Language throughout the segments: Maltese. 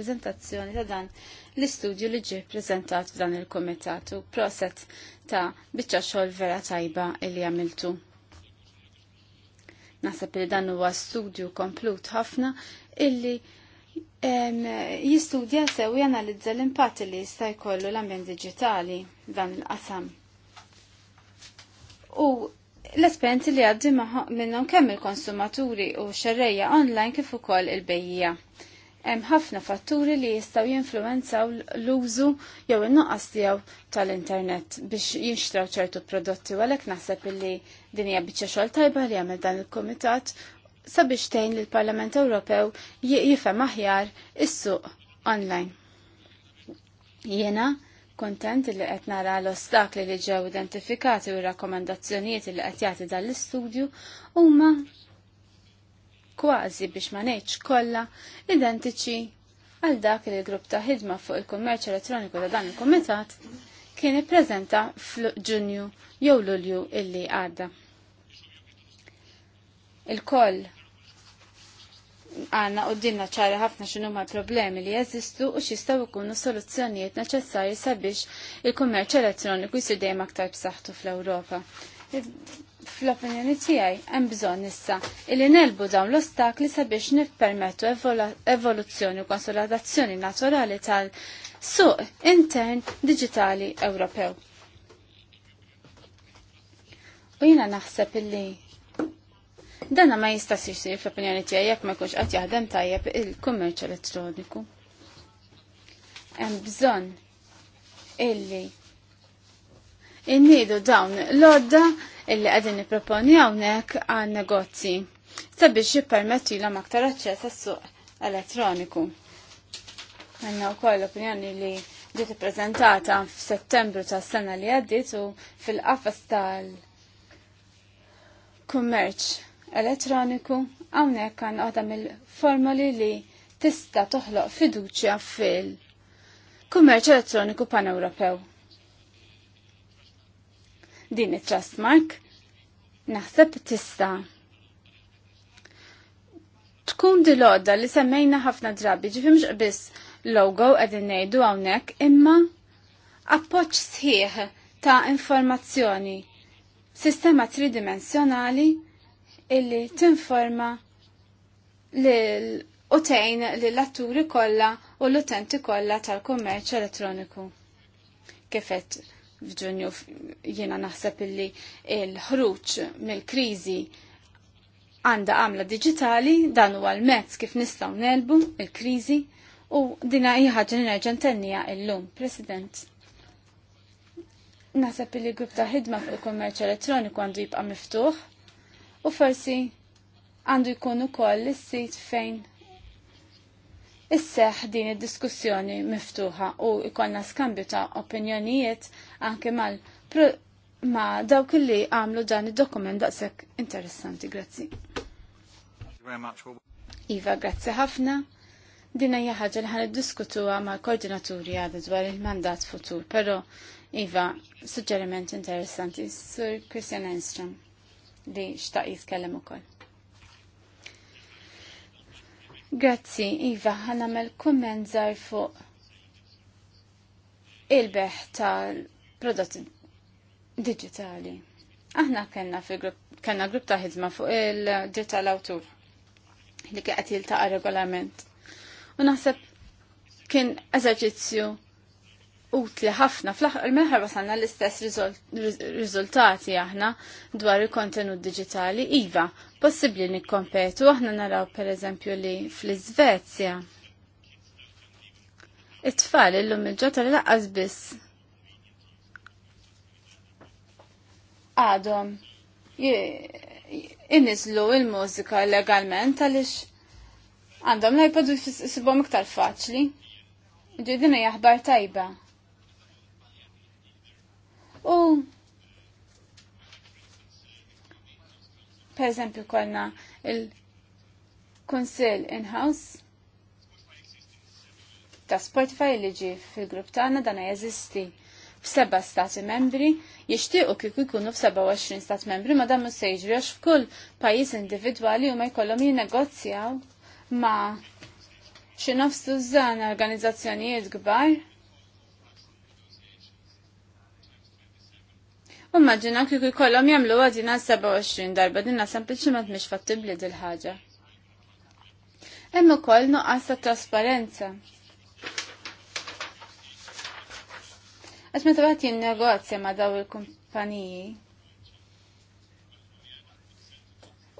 prezentazzjoni ta' dan l-istudju li ġie prezentat f'dan il komitatu u proset ta' biċċa xogħol vera tajba li għamiltu. Naħseb li dan huwa studju komplut ħafna illi jistudja sew janalizza l-impatt li jista' jkollu l-ambjent diġitali dan il-qasam. U l-esperjenzi li għaddi minnhom kemm il-konsumaturi u xerreja online kif ukoll il bejja hemm ħafna fatturi li jistgħu jinfluwenzaw l-użu jew in-nuqqas tiegħu tal-internet biex jinxtraw ċertu prodotti u għalhekk naħseb illi din hija biċċa xogħol tajba li jagħmel dan il-kumitat sabiex tgħin lill parlament Ewropew jifhem aħjar is-suq online. Jiena kontent li qed nara l-ostakli li ġew identifikati u r rakkomandazzjonijiet li qed jagħti dan l istudju huma kważi biex ma ngħidx kollha identiċi għal dak li l-grupp ta' ħidma fuq il-kummerċ elettroniku ta' dan il-kumitat kien ippreżenta fl-Ġunju jew Lulju illi għadda. Il-koll għanna u dinna ċara ħafna xinu ma problemi li jeżistu u xistaw ikunu soluzzjonijiet neċessarji sabiex il-kummerċ elettroniku jisir dejjem aktar b'saħħtu fl-Ewropa fl-opinjoni tiegħi hemm bżonn issa li nelbu dawn l-ostakli sabiex nippermettu evoluzzjoni u konsolidazzjoni naturali tal-suq intern digitali Ewropew. U jiena naħseb illi Danna ma jistax jisir fl-opinjoni tiegħi jekk ma jkunx qed jaħdem tajjeb il-kummerċ elettroniku. Hemm bżonn illi innidu dawn l-odda illi għedin niproponi għawnek għan negozji sabiex jippermettu l aktar aċċess għas-suq elettroniku. Għanna u koll opinjoni li ġiet ippreżentata f'Settembru tas-sena li għaddiet u fil-qafas tal-kummerċ elettroniku hawnhekk għan għadha mill-formoli li tista toħloq fiduċja fil-kummerċ elettroniku pan-Ewropew din it-trust mark naħseb tista' tkun dil-odda li semmejna ħafna drabi ġifimx biss logo għedin nejdu għawnek imma appoċ sħiħ ta' informazzjoni sistema tridimensjonali illi tinforma l-utejn li l-atturi kolla u l-utenti kolla tal kommerċ elettroniku. Kifet f'Ġunju jiena naħseb illi il-ħruġ mill-kriżi għandha għamla digitali dan huwa l-mezz kif nistgħu nelbu il-kriżi u dina hija ħaġa nerġa' ntennija illum. President. Naħseb illi grupp ta' ħidma fuq il-kummerċ elettroniku għandu jibqa' miftuħ u forsi għandu jkun ukoll is-sit fejn isseħ din id-diskussjoni miftuħa u ikonna skambju ta' opinjonijiet anke mal ma dawk li għamlu dan id-dokument daqshekk interessanti, grazzi. Iva, grazzi ħafna. Din hija ħaġa li ħan iddiskutuha mal-koordinaturi għadha dwar il-mandat futur, però Iva, suġġeriment interessanti, Sur Christian Enstrom li xtaq jitkellem ukoll. Grazzi, Iva, ħanamel kumment żgħar fuq il-beħ tal-prodotti digitali. Aħna kellna fi grupp kena grupp ta' ħidma fuq il-dritt tal-awtur li qed jiltaqa' regolament. U naħseb kien eżerċizzju utli ħafna fl-aħħar meħar wasalna l-istess riżultati aħna dwar il-kontenut digitali iva, possibbli nikkompetu aħna naraw per eżempju li fl-Iżvezja. It-tfal illum il-ġota li laqqas biss. Għadhom inizlu il-mużika legalment għaliex għandhom l-iPad u iktar faċli. Ġidina jaħbar tajba. U per eżempju kolna il-Kunsil in-house ta' Spotify li ġi fil-grupp tagħna dan jeżisti f'seba' stati membri, jixtiequ kieku jkunu f'27 stat membri ma dan se jiġri għax f'kull pajjiż individwali huma jkollhom jinnegozjaw ma' xi nofs tużan organizzazzjonijiet kbar Immaġina kieku jkollhom jagħmlu għadina 27 darba dinna sempliċement mhix fattibbli dil-ħaġa. Hemm ukoll nuqqas ta' trasparenza. Għax meta jinn jinnegozja ma' daw il-kumpaniji,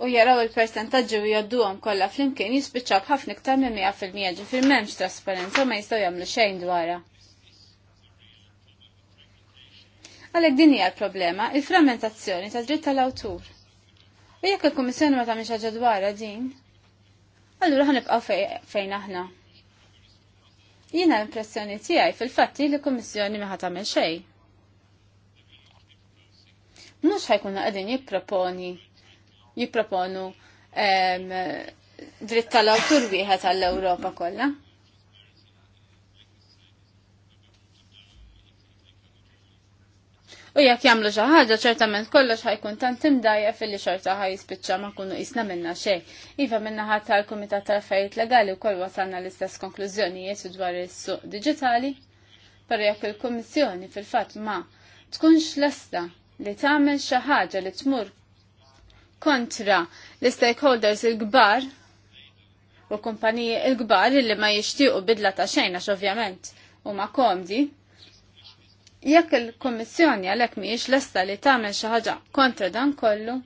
u jaraw il-percentagġi u jadduhom kollha flimkien jispiċċaw ħafna iktar minn 100% ġifier m'hemmx trasparenza u ma jistgħu jagħmlu xejn dwarha. Għalhekk din hija l-problema, il-frammentazzjoni ta' dritt tal-awtur. U jekk il-Kummissjoni ma tagħmilx ħaġa dwarha din, allura ħanibqgħu fejn aħna. Jiena l-impressjoni tiegħi fil-fatti li l-Kummissjoni ma tagħmel xejn. Mhux ħajkun qegħdin jipproponi jipproponu ehm, dritt tal-awtur wieħed għall-Ewropa kollha. U jekk jagħmlu xi ħaġa ċertament kollox ħajkun tant imdajja fil-li xorta jispiċċa ma nkunu qisna minna xejn. Iva minna ħadd tal-Kumitat tal-Affarijiet Legali wkoll wasalna l-istess konklużjonijiet dwar is-suq diġitali, però jekk il-Kummissjoni fil-fatt ma tkunx lesta li tagħmel xi ħaġa li tmur kontra l-stakeholders il-kbar u kumpaniji il-kbar li ma jixtiequ bidla ta' xejn għax ovvjament huma komdi Jekk il-Kummissjoni għalhekk mhijiex lesta li tagħmel xi ħaġa kontra dan kollu,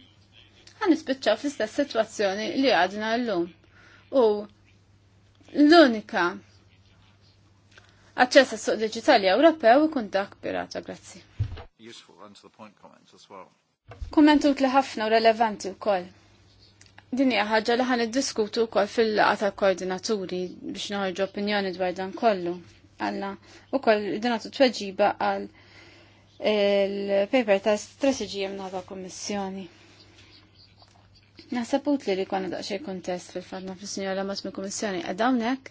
ħanispiċċaw fl-istess sitwazzjoni li għadna llum. U l-unika aċċess għas-suq digitali Ewropew ikun dak pirata, grazzi. Kommentu li ħafna u relevanti wkoll. Din hija ħaġa li ħan u wkoll fil għata tal-koordinaturi biex noħorġu opinjoni dwar dan kollu għanna u koll donatu tweġiba għal il-paper ta' strategija mnaħda kommissjoni. Nasabut li li kwana daqxej kontest fil-fatna fil-sinjora la smi kommissjoni għadawnek,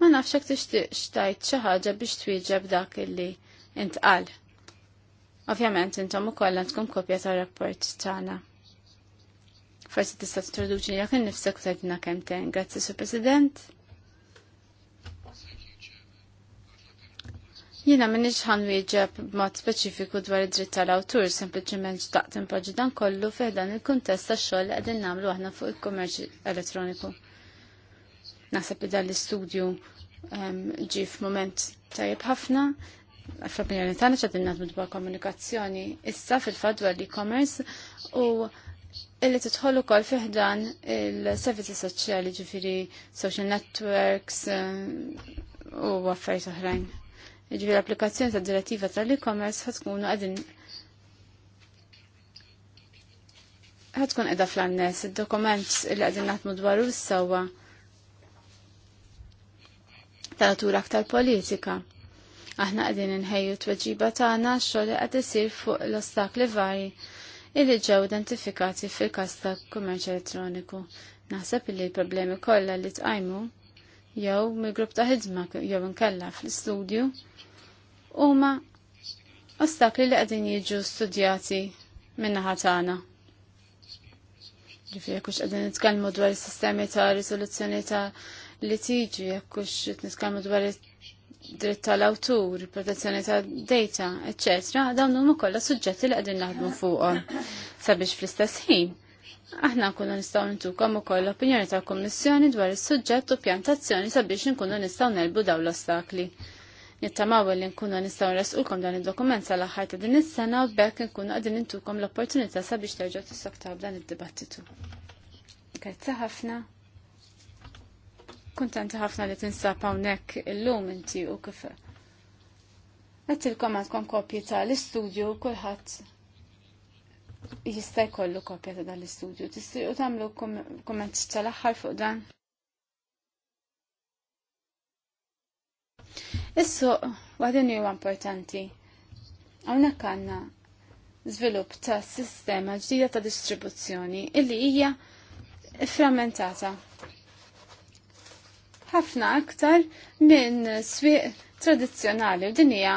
ma t tixtiq xtajt xaħġa biex twieġeb dak illi intqal. Ovvjament, intom u koll għandkom kopja ta' rapport tagħna. Forsi tista' t-traduċi jak nifsek kem ten. Grazzi, Sur President. Jina minn iġħan wieġeb b'mod speċifiku dwar id-dritt tal-awtur, sempliċiment xtaqt impoġi dan kollu fiħdan il-kuntest tax-xogħol li qegħdin nagħmlu aħna fuq il-kummerċ elettroniku. Naħseb li dan l-istudju ehm, ġif f'mument tajjeb ħafna, fl-opinjoni tagħna ċadin naħdmu dwar komunikazzjoni issa fil-fatt dwar l-e-commerce u illi tidħol ukoll fiħdan il-servizzi soċjali ġifieri social networks ehm, u affarijiet oħrajn. Ġifi l-applikazzjoni ta' direttiva tal-e-commerce ħatkunu għadin ħatkun edha fl-annes, il-dokument li għadin naħdmu dwaru s-sawa ta' natura aktar politika. Aħna għadin nħejju t-weġiba tagħna xogħol qed isir fuq l-ostakli varji illi ġew identifikati fil-kas ta' kummerċ elettroniku. Naħseb illi l-problemi kollha li tqajmu jew mill-grupp ta' ħidma jew inkella fl-istudju huma ostakli li qegħdin jiġu studjati min-naħa tagħna. Ġifieri kux qegħdin nitkellmu dwar is-sistemi ta' riżoluzzjoni ta' li tiġi jekk hux nitkellmu dwar dritt tal-awtur, protezzjoni ta' data, ecc. dawn huma kollha suġġetti li qegħdin naħdmu fuqhom. Sabiex fl-istess ħin, Aħna nkunu nistgħu ntukom ukoll l-opinjoni tal-Kummissjoni dwar is-suġġett u pjantazzjoni sabiex nkunu nistgħu nelbu dawn l-ostakli. Nittamaw li nkunu nistgħu nresqulkom dan id-dokument sal aħħar ta' din is-sena u bekk nkunu qegħdin intukom l-opportunità sabiex terġgħu tissoktaw dan id-dibattitu. Grazzi ħafna. Kuntenti ħafna li tinsab hawnhekk illum inti u kif. Għattilkom għandkom kopji tal-istudju kulħadd jista' jkollu kopja ta' dan l-istudju. Tistgħu tagħmlu kumment tal-aħħar fuq dan? is għadin ju huwa importanti. Hawnhekk għandna żvilupp ta' sistema ġdida ta' distribuzzjoni illi hija frammentata. Ħafna aktar minn swieq tradizzjonali u din hija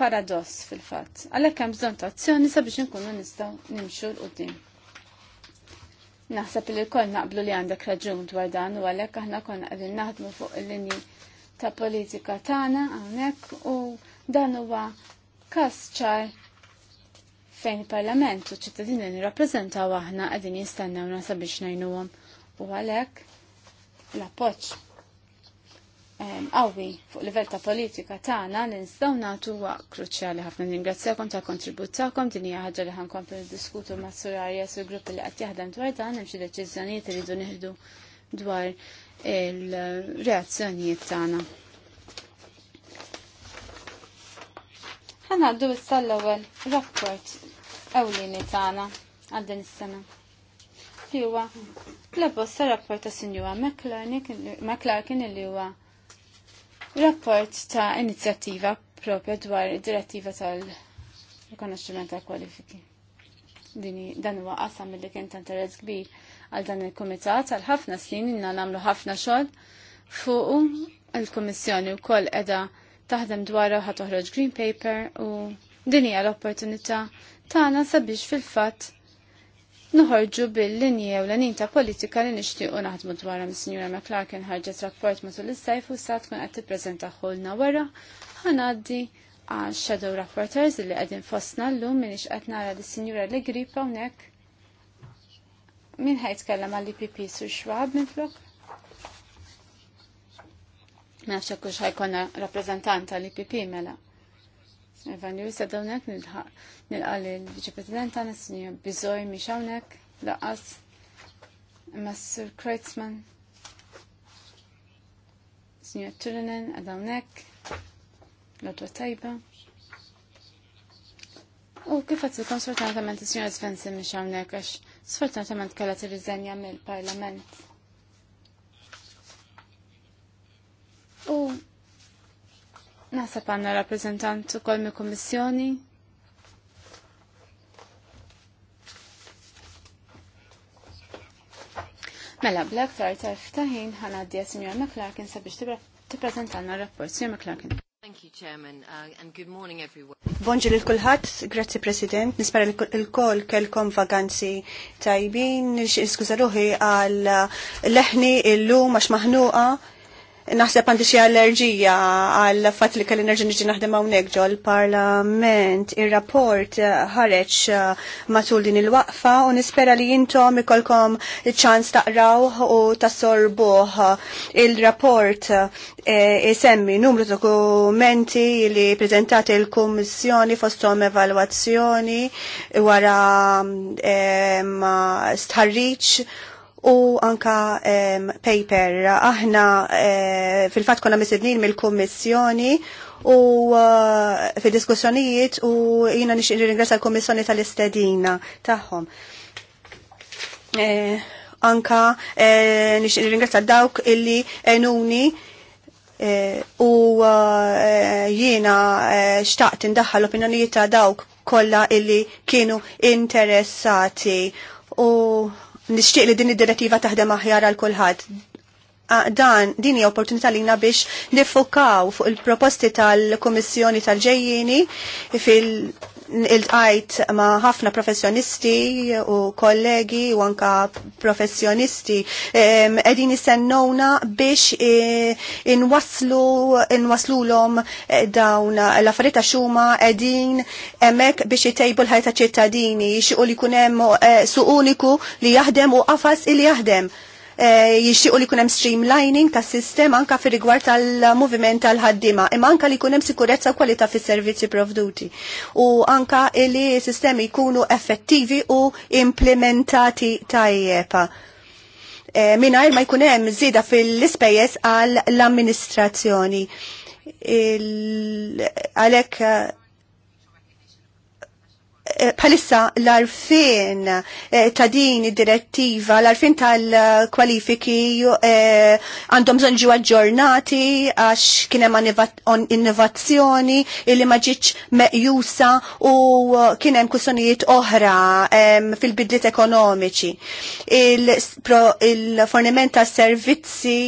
paradoss fil-fatt. Għalhekk hemm bżonn ta' azzjoni sabiex inkunu nistgħu nimxu l qudiem Naħseb li l naqblu li għandek raġun dwar dan u għalhekk aħna konna qegħdin naħdmu fuq il-linji ta' politika tagħna hawnhekk u dan huwa każ ċar fejn il-Parlament u ċittadini li rappreżentaw aħna qegħdin jistennewna sabiex ngħinuhom u għalhekk l-appoġġ għawi fuq livell ta' politika tagħna l nistgħu nagħtu huwa kruċjali ħafna ningrazzjakom tal kontribut tagħkom din hija ħaġa li ħankomplu diskutu ma' Sur Arias grupp li qed jaħdem dwar dan hemm xi deċiżjonijiet li jridu dwar il-reazzjonijiet tagħna. Ħanaddu issa l-ewwel rapport ewlieni tagħna għal din is-sena. Li huwa l rapport ta' Sinjura McClarkin li huwa rapport ta' inizjattiva propja dwar id-direttiva tal-rikonoxximent tal-kwalifiki. Dini dan huwa qasam li kien ta' interess kbir għal dan il-Kumitat għal ħafna snin inna namlu ħafna xogħol fuq il-Kummissjoni wkoll qiegħda taħdem dwarha ħa toħroġ Green Paper u din hija l-opportunità tagħna sabiex fil-fatt Nħorġu bil-linji u l-għanin ta' politika li nishtiqu naħdmu dwarra mis-Sinjura McClarkin ħarġet rapport matul is-sajf u sa' tkun qed tippreżenta ħolna wara ħanaddi għal shadow rapporters li qegħdin fostna llum minix qed nara lis-Sinjura Legripa hawnhekk Min ħajt kellem għall pipi sur xwab min flok? Ma nafx kux ħajkonna rappresentant għall-IPP mela. Evan Jus dawnek nil-għalli l-Viċi-President għana s-sinja Bizoj Mishawnek laqas imma sur Kreutzmann Signor Turinen għadawnek l-għadwa tajba. U kif għazzu konsultantament s-sinja mi Mishawnek għax Sfortunatament kellha tirriżenja mill-Parlament. U naħseb għandna rappreżentant ukoll mill-Kummissjoni. Mela, bl-aktar tarf ħin ħanaddi għas-Sinjor McClarkin sabiex tippreżentanna r-rapport. Sinjor McClarkin. Thank you, Chairman, uh, and good morning, everyone. Bonġi li kulħadd, grazzi President, nispera l-kol kelkom vaganzi tajbin, skuza ruħi għal leħni il-lum għax maħnuqa naħseb għandi xi allerġija għal fatt li kelli nerġa' niġi naħdem hawnhekk ġol parlament ir-rapport ħareġ uh, matul din il-waqfa u nispera li jintom ikolkom ċans taqrawh u tassorbuh il-rapport uh, e, isemmi numru dokumenti li prezentati l-Kummissjoni fosthom evalwazzjoni wara um, e, stħarriċ u anka um, paper. Aħna uh, fil-fat konna misednin mill-kommissjoni u uh, fil-diskussjonijiet u jina nix ringressa l-kommissjoni tal-istedina taħħom. Uh, eh, anka uh, nix ringressa dawk illi enuni u jiena xtaqt indaħħal l-opinjonijiet ta' dawk kolla illi kienu interessati u nixtieq li din id-direttiva taħdem aħjar għal kulħadd dan dini opportunità li biex nifokaw fuq il-proposti tal-Komissjoni tal-ġejjini fil- il tajt ma ħafna professjonisti u kollegi u anka professjonisti edin jisennowna biex e, inwaslu inwaslu l-om e, dawn l-affarita xuma edin emek biex jitejbu l-ħajta ċittadini xie u li kunem e, uniku li jahdem u qafas il-jahdem. Eh, jixtiequ li jkun hemm streamlining tas sistema anka fi rigward tal-moviment tal ħaddima imma anka li jkun hemm sikurezza u kwalità fis-servizzi provduti. U anka li sistemi jkunu effettivi u implementati tajjeb. E, Mingħajr ma jkun hemm żieda fil-ispejjeż għall-amministrazzjoni. Għalhekk palissa eh, l-arfin eh, ta' din id-direttiva, l-arfin tal-kwalifiki eh, għandhom bżonn ġu aġġornati għax kien hemm innovazzjoni illi ma ġietx meqjusa u kien hemm kussonijiet oħra fil-bidliet ekonomiċi. Il-forniment tas servizzi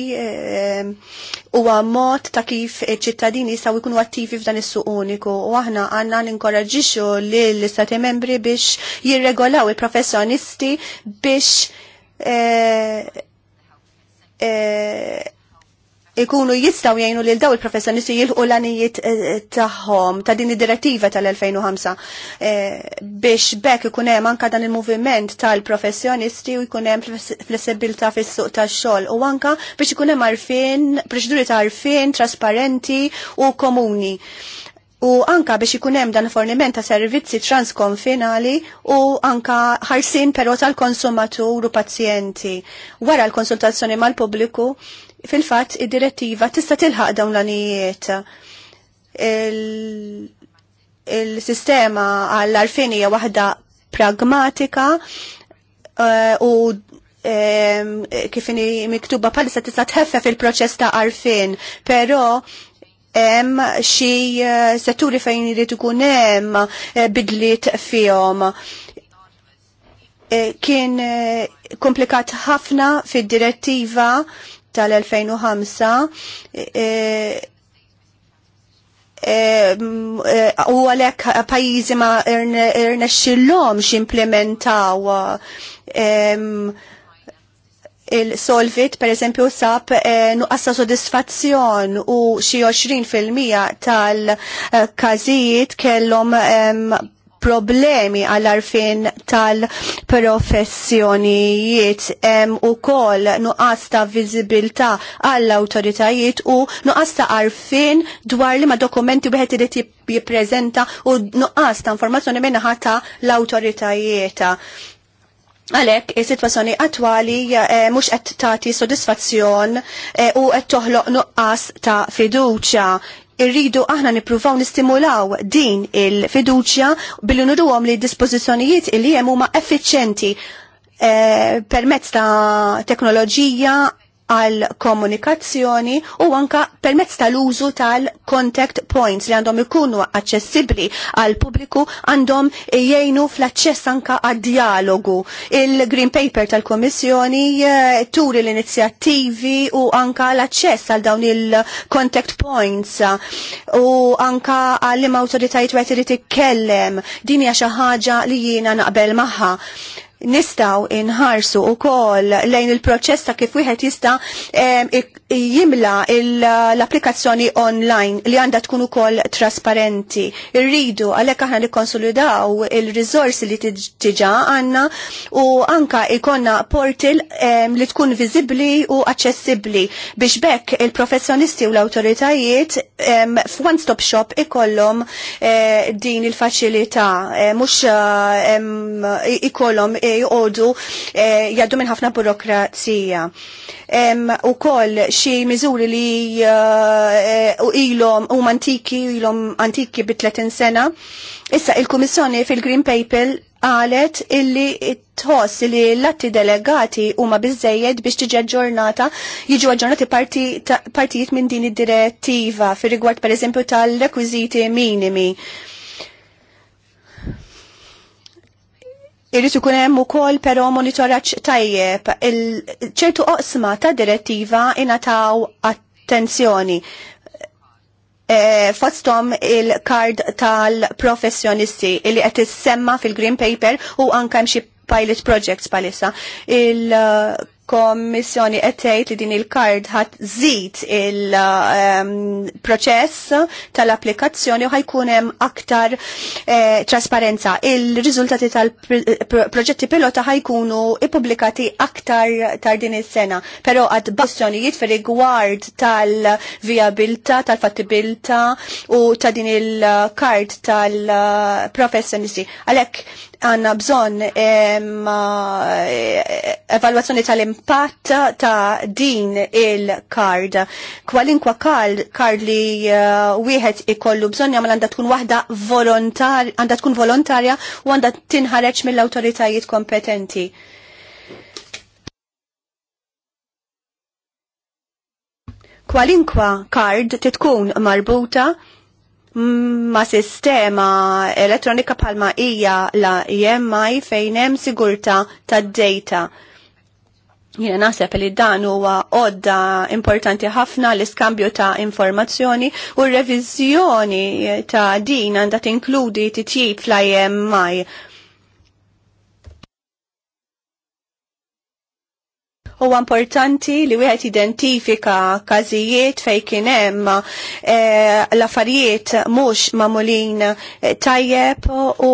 huwa mod ta' kif ċittadini jistgħu jkunu attivi f'dan is-suq uniku u aħna għandna ninkoraġġixxu lill istati membri biex jirregolaw il-professjonisti biex eh, eh, ikunu jistaw jgħinu lil daw il-professjonisti jilħu l-anijiet eh, eh, tagħhom ta' din id-direttiva tal-2005 eh, biex bekk ikun hemm anka dan il-moviment tal-professjonisti u jkun hemm flessibilità fis-suq tax-xogħol u anka biex ikun hemm għarfien, proċeduri ta' għarfien trasparenti u komuni. U anka biex ikun hemm dan forniment ta' servizzi transkonfinali u anka ħarsin però tal-konsumatur u pazjenti. Wara l-konsultazzjoni mal-pubbliku, fil-fatt id-direttiva tista' tilħaq dawn l-anijiet. Il-sistema il għall-arfin hija waħda pragmatika uh, u um, kifini miktuba palissa tista' tħeffef il-proċess ta' arfin, però hemm xi eh, setturi fejn irid ikun hemm eh, bidliet fihom. Kien komplikat ħafna fid-direttiva tal-2005 e, e, e, u għalek pajizi ma irnexxillom ximplementaw il-solvit, per eżempju, sab nuqqassa sodisfazzjon u xi 20% tal-każijiet kellhom problemi għal-arfin tal-professjonijiet em u kol nuqqas ta' vizibilta għall-autoritajiet u nuqqas ta' arfin dwar li ma' dokumenti biħet irrit jiprezenta u nuqqas ta' informazzjoni minna ħata l-autoritajiet. Għalek, il-situazzjoni attwali eh, mhux mux qed tagħti sodisfazzjon eh, u qed toħloq nuqqas ta' fiduċja. Irridu aħna nippruvaw nistimulaw din il-fiduċja billi nuduhom li dispożizzjonijiet li hemm huma effiċjenti eh, permezz ta' teknoloġija għal komunikazzjoni u anka permezz tal-użu tal-contact points li għandhom ikunu aċċessibbli għal pubbliku għandhom jgħinu fl-aċċess anka għad dialogu. Il-Green Paper tal-Komissjoni eh, turi l-inizjattivi u anka l-aċċess għal dawn il-contact points u anka għal-lim autoritajiet għet irid kellem din hija xi ħaġa li jiena naqbel magħha nistaw inħarsu u kol lejn il-proċess ta' kif wieħed jista' eh, jimla l-applikazzjoni online li għandha tkun ukoll trasparenti. Irridu għalhekk aħna nikkonsolidaw il-riżorsi li tiġa għandna u anka ikonna portal eh, li tkun viżibbli u aċċessibbli biex bekk il-professjonisti u l-awtoritajiet eh, f'one stop shop ikollhom din il-faċilità mhux ikollhom E, jgħodu e, jgħaddu minn ħafna burokrazija. U koll xie miżuri li e, u ilom u antiki, u ilom antiki bit 30 sena. Issa il-Kummissjoni fil-Green Paper għalet illi tħoss li l-atti delegati huma biżejjed biex tiġi ġurnata jiġu ġurnati partijiet minn din id-direttiva fir rigward per eżempju tal-rekwiziti minimi. Irrit ikun hemm ukoll però monitoraġġ tajjeb ċertu oqsma ta' direttiva ingħataw attenzjoni e, fostom il-kard tal-professjonisti li qed issemma fil-Green Paper u anke xi pilot projects palissa. Il- kommissjoni għettejt li din il-kard ħat zid il-proċess ehm, tal-applikazzjoni u ħajkunem aktar eh, trasparenza. Il-rizultati tal-proġetti pilota ħajkunu ippubblikati aktar tar din is-sena. Però għad bastjonijiet fir rigward tal-viabilta, tal-fattibilta u ta' din il-kard tal-professjonisti. Għalek, għanna bżon eh, evalwazzjoni tal-impatt ta' din il-kard. Kwalinkwa kard li eh, wieħed ikollu bżon jagħmel għandha tkun waħda volontarja, għandha tkun volontarja u għandha tinħareġ mill-awtoritajiet kompetenti. Kwalinkwa kard titkun marbuta ma sistema elettronika palma hija la jemmaj fejn hemm sigurta tad-data. Jiena naħseb li dan huwa odda importanti ħafna l-iskambju ta' informazzjoni u r-reviżjoni ta' din għandha tinkludi titjib fl-IMI Huwa importanti li wieħed identifika każijiet fejn kien hemm eh, l-affarijiet mhux magħmulin eh, tajjeb u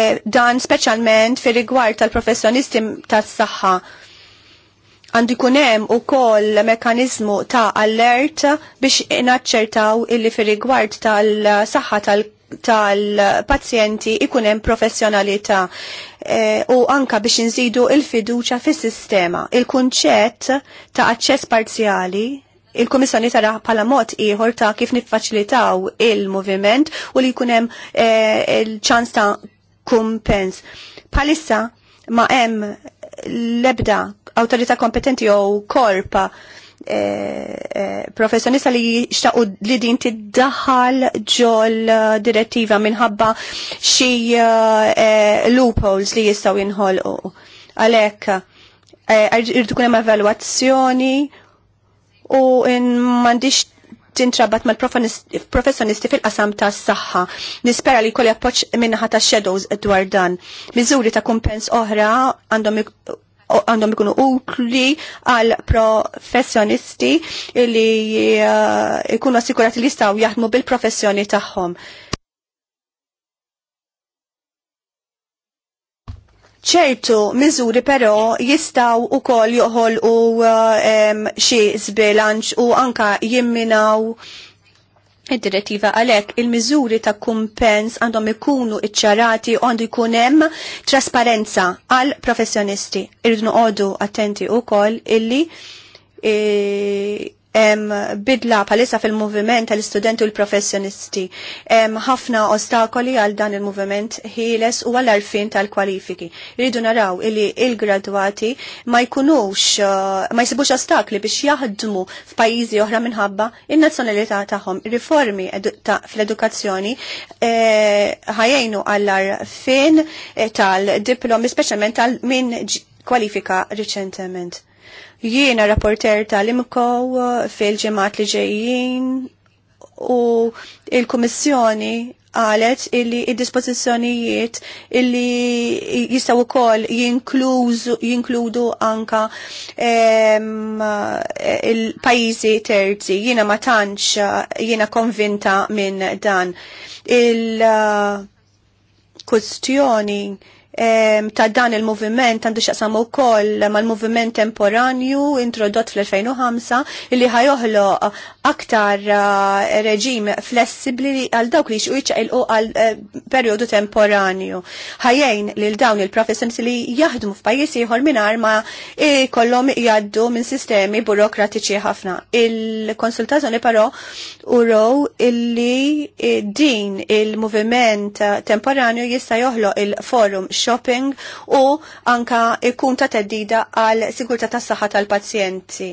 eh, dan speċjalment fir-rigward tal-professjonisti tas-saħħa għandu jkun hemm ukoll mekanizmu ta' alert biex inaċċertaw illi fi rigward tal-saħħa tal tal-pazjenti ikun hemm professjonalità e, u anka biex inżidu il-fiduċa fis-sistema. Il-kunċett ta' aċċess parzjali il-Komissjoni tara bħala mod ieħor ta' kif niffaċilitaw il-moviment u li jkun hemm e, il-ċans ta' kumpens. Palissa ma' hemm l-ebda awtorità kompetenti jew korpa Eh, eh, professjonista li xtaqu li din tiddaħal ġol eh, direttiva minħabba xi loopholes li jistaw jinħolqu. Għalek, irdu kunem evaluazzjoni u mandiċ tintrabat mal professjonisti fil-qasam ta' s-saxħa. Nispera li kolli appoċ minnaħa ta' shadows dwar dan. Miżuri ta' kumpens oħra għandhom għandhom ikunu ukli għal professjonisti li eh, ikunu assikurati li staw jaħdmu bil-professjoni tagħhom. ċertu miżuri però jistaw u kol joħol u eh, xie zbilanċ u anka jimminaw Id-direttiva għalek il-miżuri ta' kumpens għandhom ikunu iċċarati għandu jkun hemm trasparenza għal professjonisti. Irridu noqogħdu attenti wkoll illi eh, bidla palissa fil-moviment tal-istudenti u l-professjonisti. ħafna ostakoli għal dan il-moviment ħieles u għal arfin tal-kwalifiki. Rridu naraw illi il-graduati ma jkunux, eh, ma jisibux ostakli biex jaħdmu f'pajjiżi oħra minħabba in-nazzjonalità tagħhom. Riformi fl-edukazzjoni eh, ħajjejnu għall arfin eh, tal diplomi speċjalment tal-min kwalifika riċentement. Jiena rapporter tal-IMCO fil-ġemat li ġejjin u il-Kummissjoni għalet illi id-dispozizjonijiet illi jistaw ukoll jinkludu anka il-pajizi terzi. Jiena ma tantx jiena konvinta minn dan. Il-kustjoni eh, uh, ta' dan il-moviment għandu xaqsamu kol mal-moviment temporanju introdott fl-2005 illi ħajohlo aktar eh, reġim flessibli għal dawk li xuħiċ il għal eh, periodu temporanju. li lil dawn il-professors li jaħdmu f'pajjiż ieħor mingħajr ma eh, kollhom jgħaddu minn sistemi burokratiċi ħafna. Il-konsultazzjoni però uraw illi din il-moviment temporanju jista' joħloq il-forum shopping u anka ikun ta' teddida għal sigurta tas saħħa tal-pazjenti.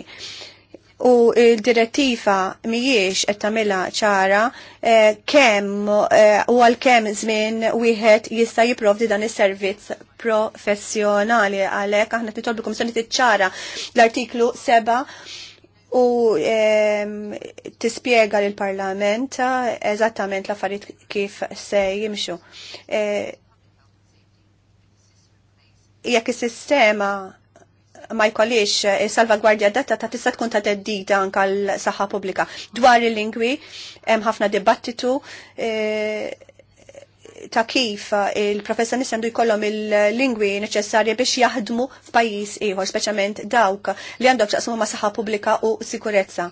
U il-direttiva mijiex qed tagħmilha ċara eh, kemm eh, u għal kemm żmien wieħed jista' jipprovdi dan is-servizz professjonali għalhekk aħna nitolbukom se ċara l-artiklu 7 u ehm, tispjega tispiega l-parlament eżattament l-affarijiet kif se jimxu. Eh, jekk is-sistema ma jkollix eh, salvagwardja data ta' tista' tkun ta' teddida anka l-saħħa pubblika. Dwar il-lingwi hemm ħafna dibattitu eh, ta' kif eh, il professjonisti għandu jkollhom il-lingwi neċessarji biex jaħdmu f'pajjiż ieħor, speċjalment dawk li għandhom x'qasmu ma' saħħa pubblika u sikurezza.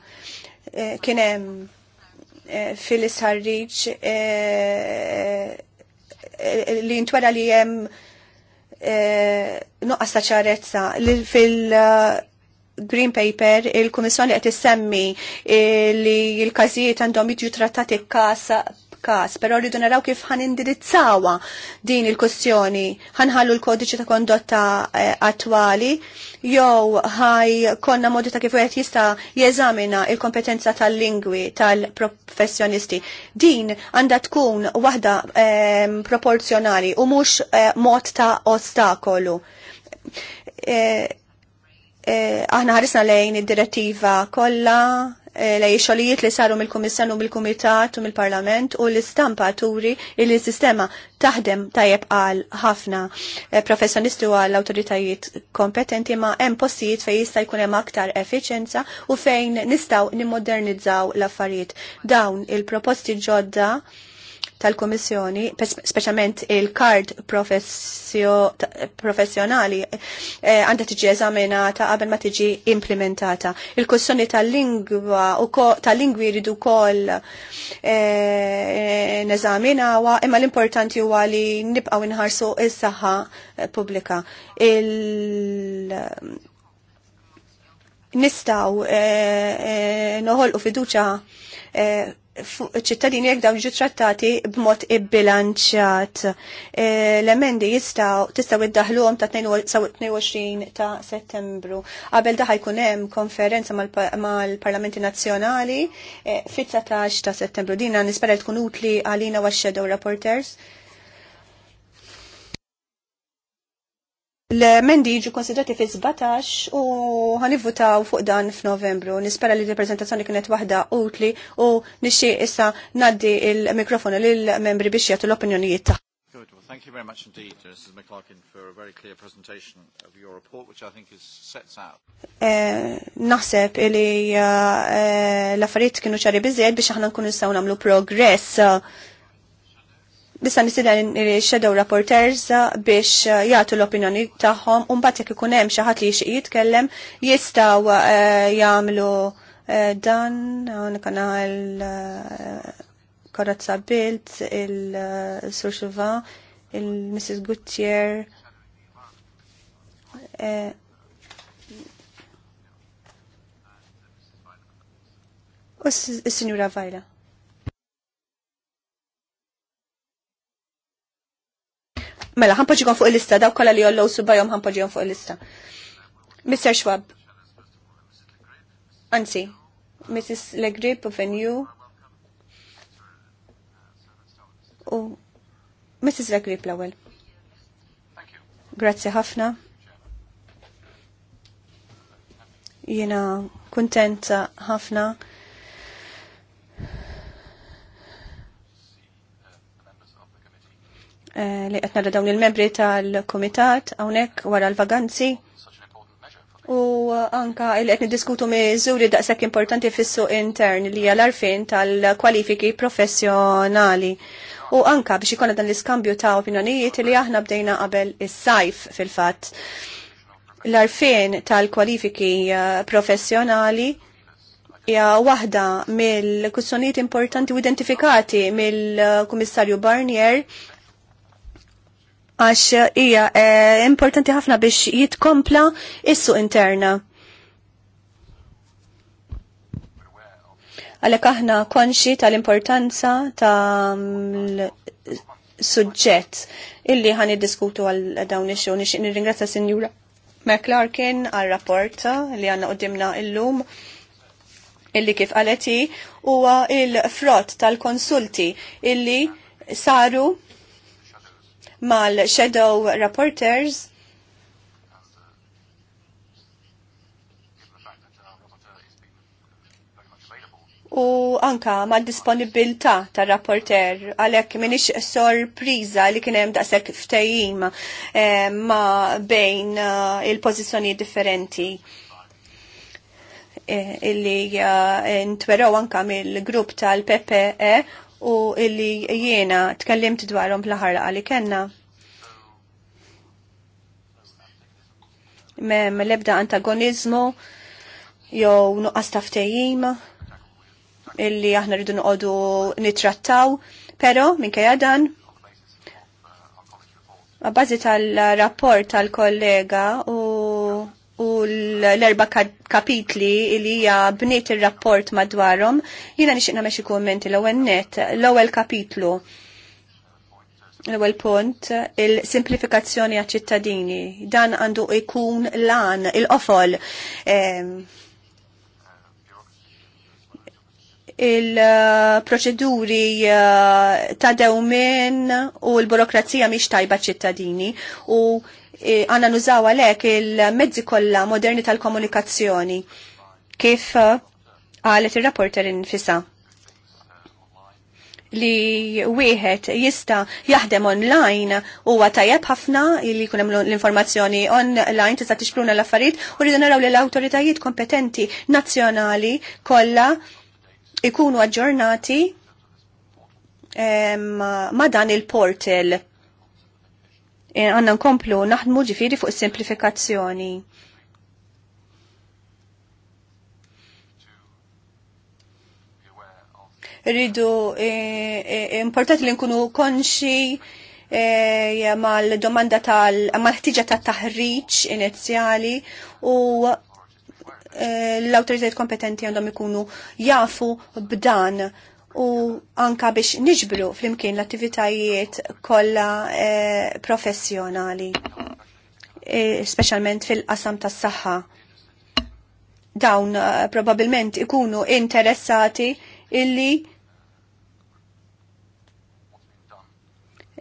Kien hemm fil-isħarriġ li ntwera li hemm E, nuqqas ta' ċarezza fil- Green Paper il-Kummissjoni qed issemmi e, li l-każijiet għandhom jiġu trattati kas każ, però rridu naraw kif ħan indirizzawa din il kustjoni Ħanħallu l-kodiċi ta' kondotta eh, attwali jew ħaj konna modi ta' kif qed jista' jeżamina il-kompetenza tal-lingwi tal-professjonisti. Din għandha tkun waħda ehm, proporzjonali u mhux eh, mod ta' ostakolu eh, aħna ħarisna lejn id-direttiva kollha lej xolijiet li saru mill komissan u mill-Kumitat u mill-Parlament u l-istampa turi li sistema taħdem tajjeb għal ħafna eh, professjonisti u għal autoritajiet kompetenti ma' hemm postijiet fejn jista' jkun hemm aktar efficienza u fejn nistgħu nimmodernizzaw l-affarijiet. Dawn il-proposti ġodda tal-Komissjoni, speċjalment il-kard professjonali, eh, għandha tiġi eżaminata qabel ma tiġi implementata. Il-kussjoni tal-lingwa u tal-lingwi kol wkoll eh, neżaminawa, imma l-importanti huwa li nibqgħu inħarsu is-saħħa pubblika. Nistaw eh, noħolqu fiduċa ċittadini jekk dawn ġu trattati b'mod bilanċat e, L-emendi jistaw tistaw għom ta' 22 ta' Settembru. Qabel daħ jkun hemm konferenza mal-Parlamenti Nazzjonali e, fit 13 ta' Settembru. Dina nispera tkun utli għalina wax-Shadow Reporters L-mendi ġu konsidrati fi 17 u għanivvutaw fuq dan f'Novembru. Nispera li l reprezentazzjoni kienet waħda utli u nixxie issa naddi il-mikrofonu lill-membri biex jagħtu l-opinjonijiet tagħhom. thank you very much indeed, uh, Mrs. McLaughlin, for a very clear presentation of your report, which I think is sets out. Eh, Naseb ili uh, eh, la farit kienu ċari biżjed biex aħna nkunu nistgħu nagħmlu progress uh, Nista' nisilha shadow rapporters biex uh, jagħtu l-opinjoni tagħhom u mbagħad jekk ikun hemm xi ħadd li xie jitkellem jistgħu uh, jagħmlu uh, dan hawnhekk il-Karazza Bilt, il surxuva il-Mrs. Gutier U s-Sinjura Vajla. Mela, ħanpoġikom fuq il-lista, daw kolla li jollow subajom ħanpoġikom fuq il-lista. Mr. Schwab. Anzi, Mrs. Legrip of NU. U Mrs. Legrip l-ewel. Grazie ħafna. Jena kontenta ħafna Eh, li qed nara dawn il-membri tal-kumitat hawnhekk wara l-vaganzi. U anka li qed niddiskutu miżuri daqshekk importanti fis-suq intern li hija l-arfin tal-kwalifiki professjonali. U anka biex ikonna dan l-iskambju ta' opinjonijiet li aħna bdejna qabel is-sajf fil-fatt. L-arfin tal-kwalifiki eh, professjonali hija waħda mill-kussjonijiet importanti u identifikati mill-Kummissarju Barnier għax hija eh, importanti ħafna biex jitkompla issu interna. Għalek aħna konxi tal-importanza tal sujġet illi ħan diskutu għal dawn ix nixin nixtieq nirringrazzja Sinjura McLarkin għal rapport li għanna qoddimna illum illi kif għaleti huwa il-frott tal-konsulti illi saru mal-shadow rapporters. u anka ma disponibilta ta' rapporter għalek minix sorpriza li kienem daqsek ftajim eh, ma bejn eh, il-pozizjoni differenti eh, illi eh, ntweraw anka mill-grupp tal-PPE u illi jiena tkellimt dwarhom fl aħħar li kellna. Mem l-ebda antagonizmu jew nuqqas taftejjim illi aħna rridu noqogħdu nitrattaw, però minkejja dan bażi tal-rapport tal-kollega u u l-erba kapitli li hija bniet ir-rapport madwarhom, jiena nixtieq nagħmel xi kummenti l-ewwel net, l-ewwel kapitlu. L-ewwel punt, il-simplifikazzjoni għaċ-ċittadini. Dan għandu jkun lan il-qofol. Ehm, il-proċeduri eh, ta' dewmien u l-burokrazija miex tajba ċittadini u E, għanna nużaw għalek il-mezzi kollha moderni tal-komunikazzjoni kif uh, għalet il-rapporter infisa li wieħed jista jaħdem online huwa tajjeb ħafna li jkun hemm l-informazzjoni online tista' tixpruna l-affarijiet u rridu naraw li l-awtoritajiet kompetenti nazzjonali kollha ikunu aġġornati ma dan il-portal Eh, għanna nkomplu naħdmu ġifiri fuq simplifikazzjoni. Rridu eh, eh, importanti li nkunu konxi mal domanda tal l ħtiġa ta' taħriġ inizjali u l-autorizzajt kompetenti għandhom ikunu jafu b'dan u anka biex niġbru flimkien l-attivitajiet kollha eh, professjonali, eh, specialment fil-qasam tas-saħħa. Dawn eh, probabilment ikunu interessati illi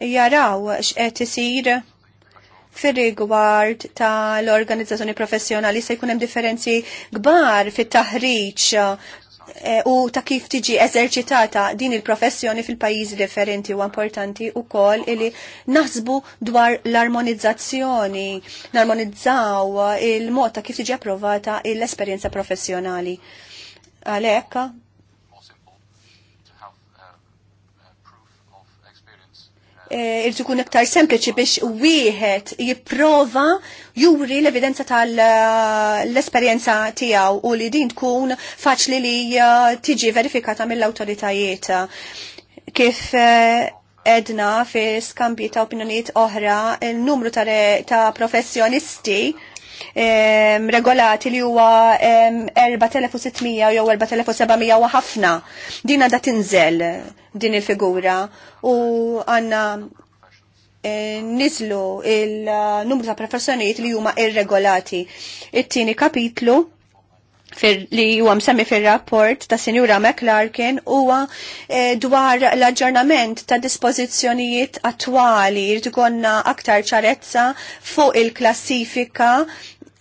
jaraw x'qed isir fir-rigward tal-organizzazzjoni professjonali se jkun hemm differenzi kbar fit-taħriġ Eh, u ta' kif tiġi eżerċitata din il-professjoni fil-pajjiżi differenti u importanti u kol illi naħsbu dwar l-armonizzazzjoni, narmonizzaw il-mod ta' kif tiġi approvata l-esperjenza professjonali. Għalhekk Eh, irġu kun iktar sempliċi biex wieħed jipprova juri l-evidenza tal eh, esperienza tiegħu u li din tkun faċli li eh, tiġi verifikata mill-awtoritajiet. Kif edna fi skambji ta' opinjonijiet oħra, il-numru ta', professjonisti regolati li huwa 4600 jew 4700 u ħafna. Din għadha tinżel din il-figura u għandna e, nizlu il-numru ta' professjonijiet li huma irregolati. It-tieni kapitlu li huwa msemmi fir-rapport ta' Sinjura McLarkin huwa e, dwar l-aġġornament ta' dispożizzjonijiet attwali jrid ikonna aktar ċarezza fuq il-klassifika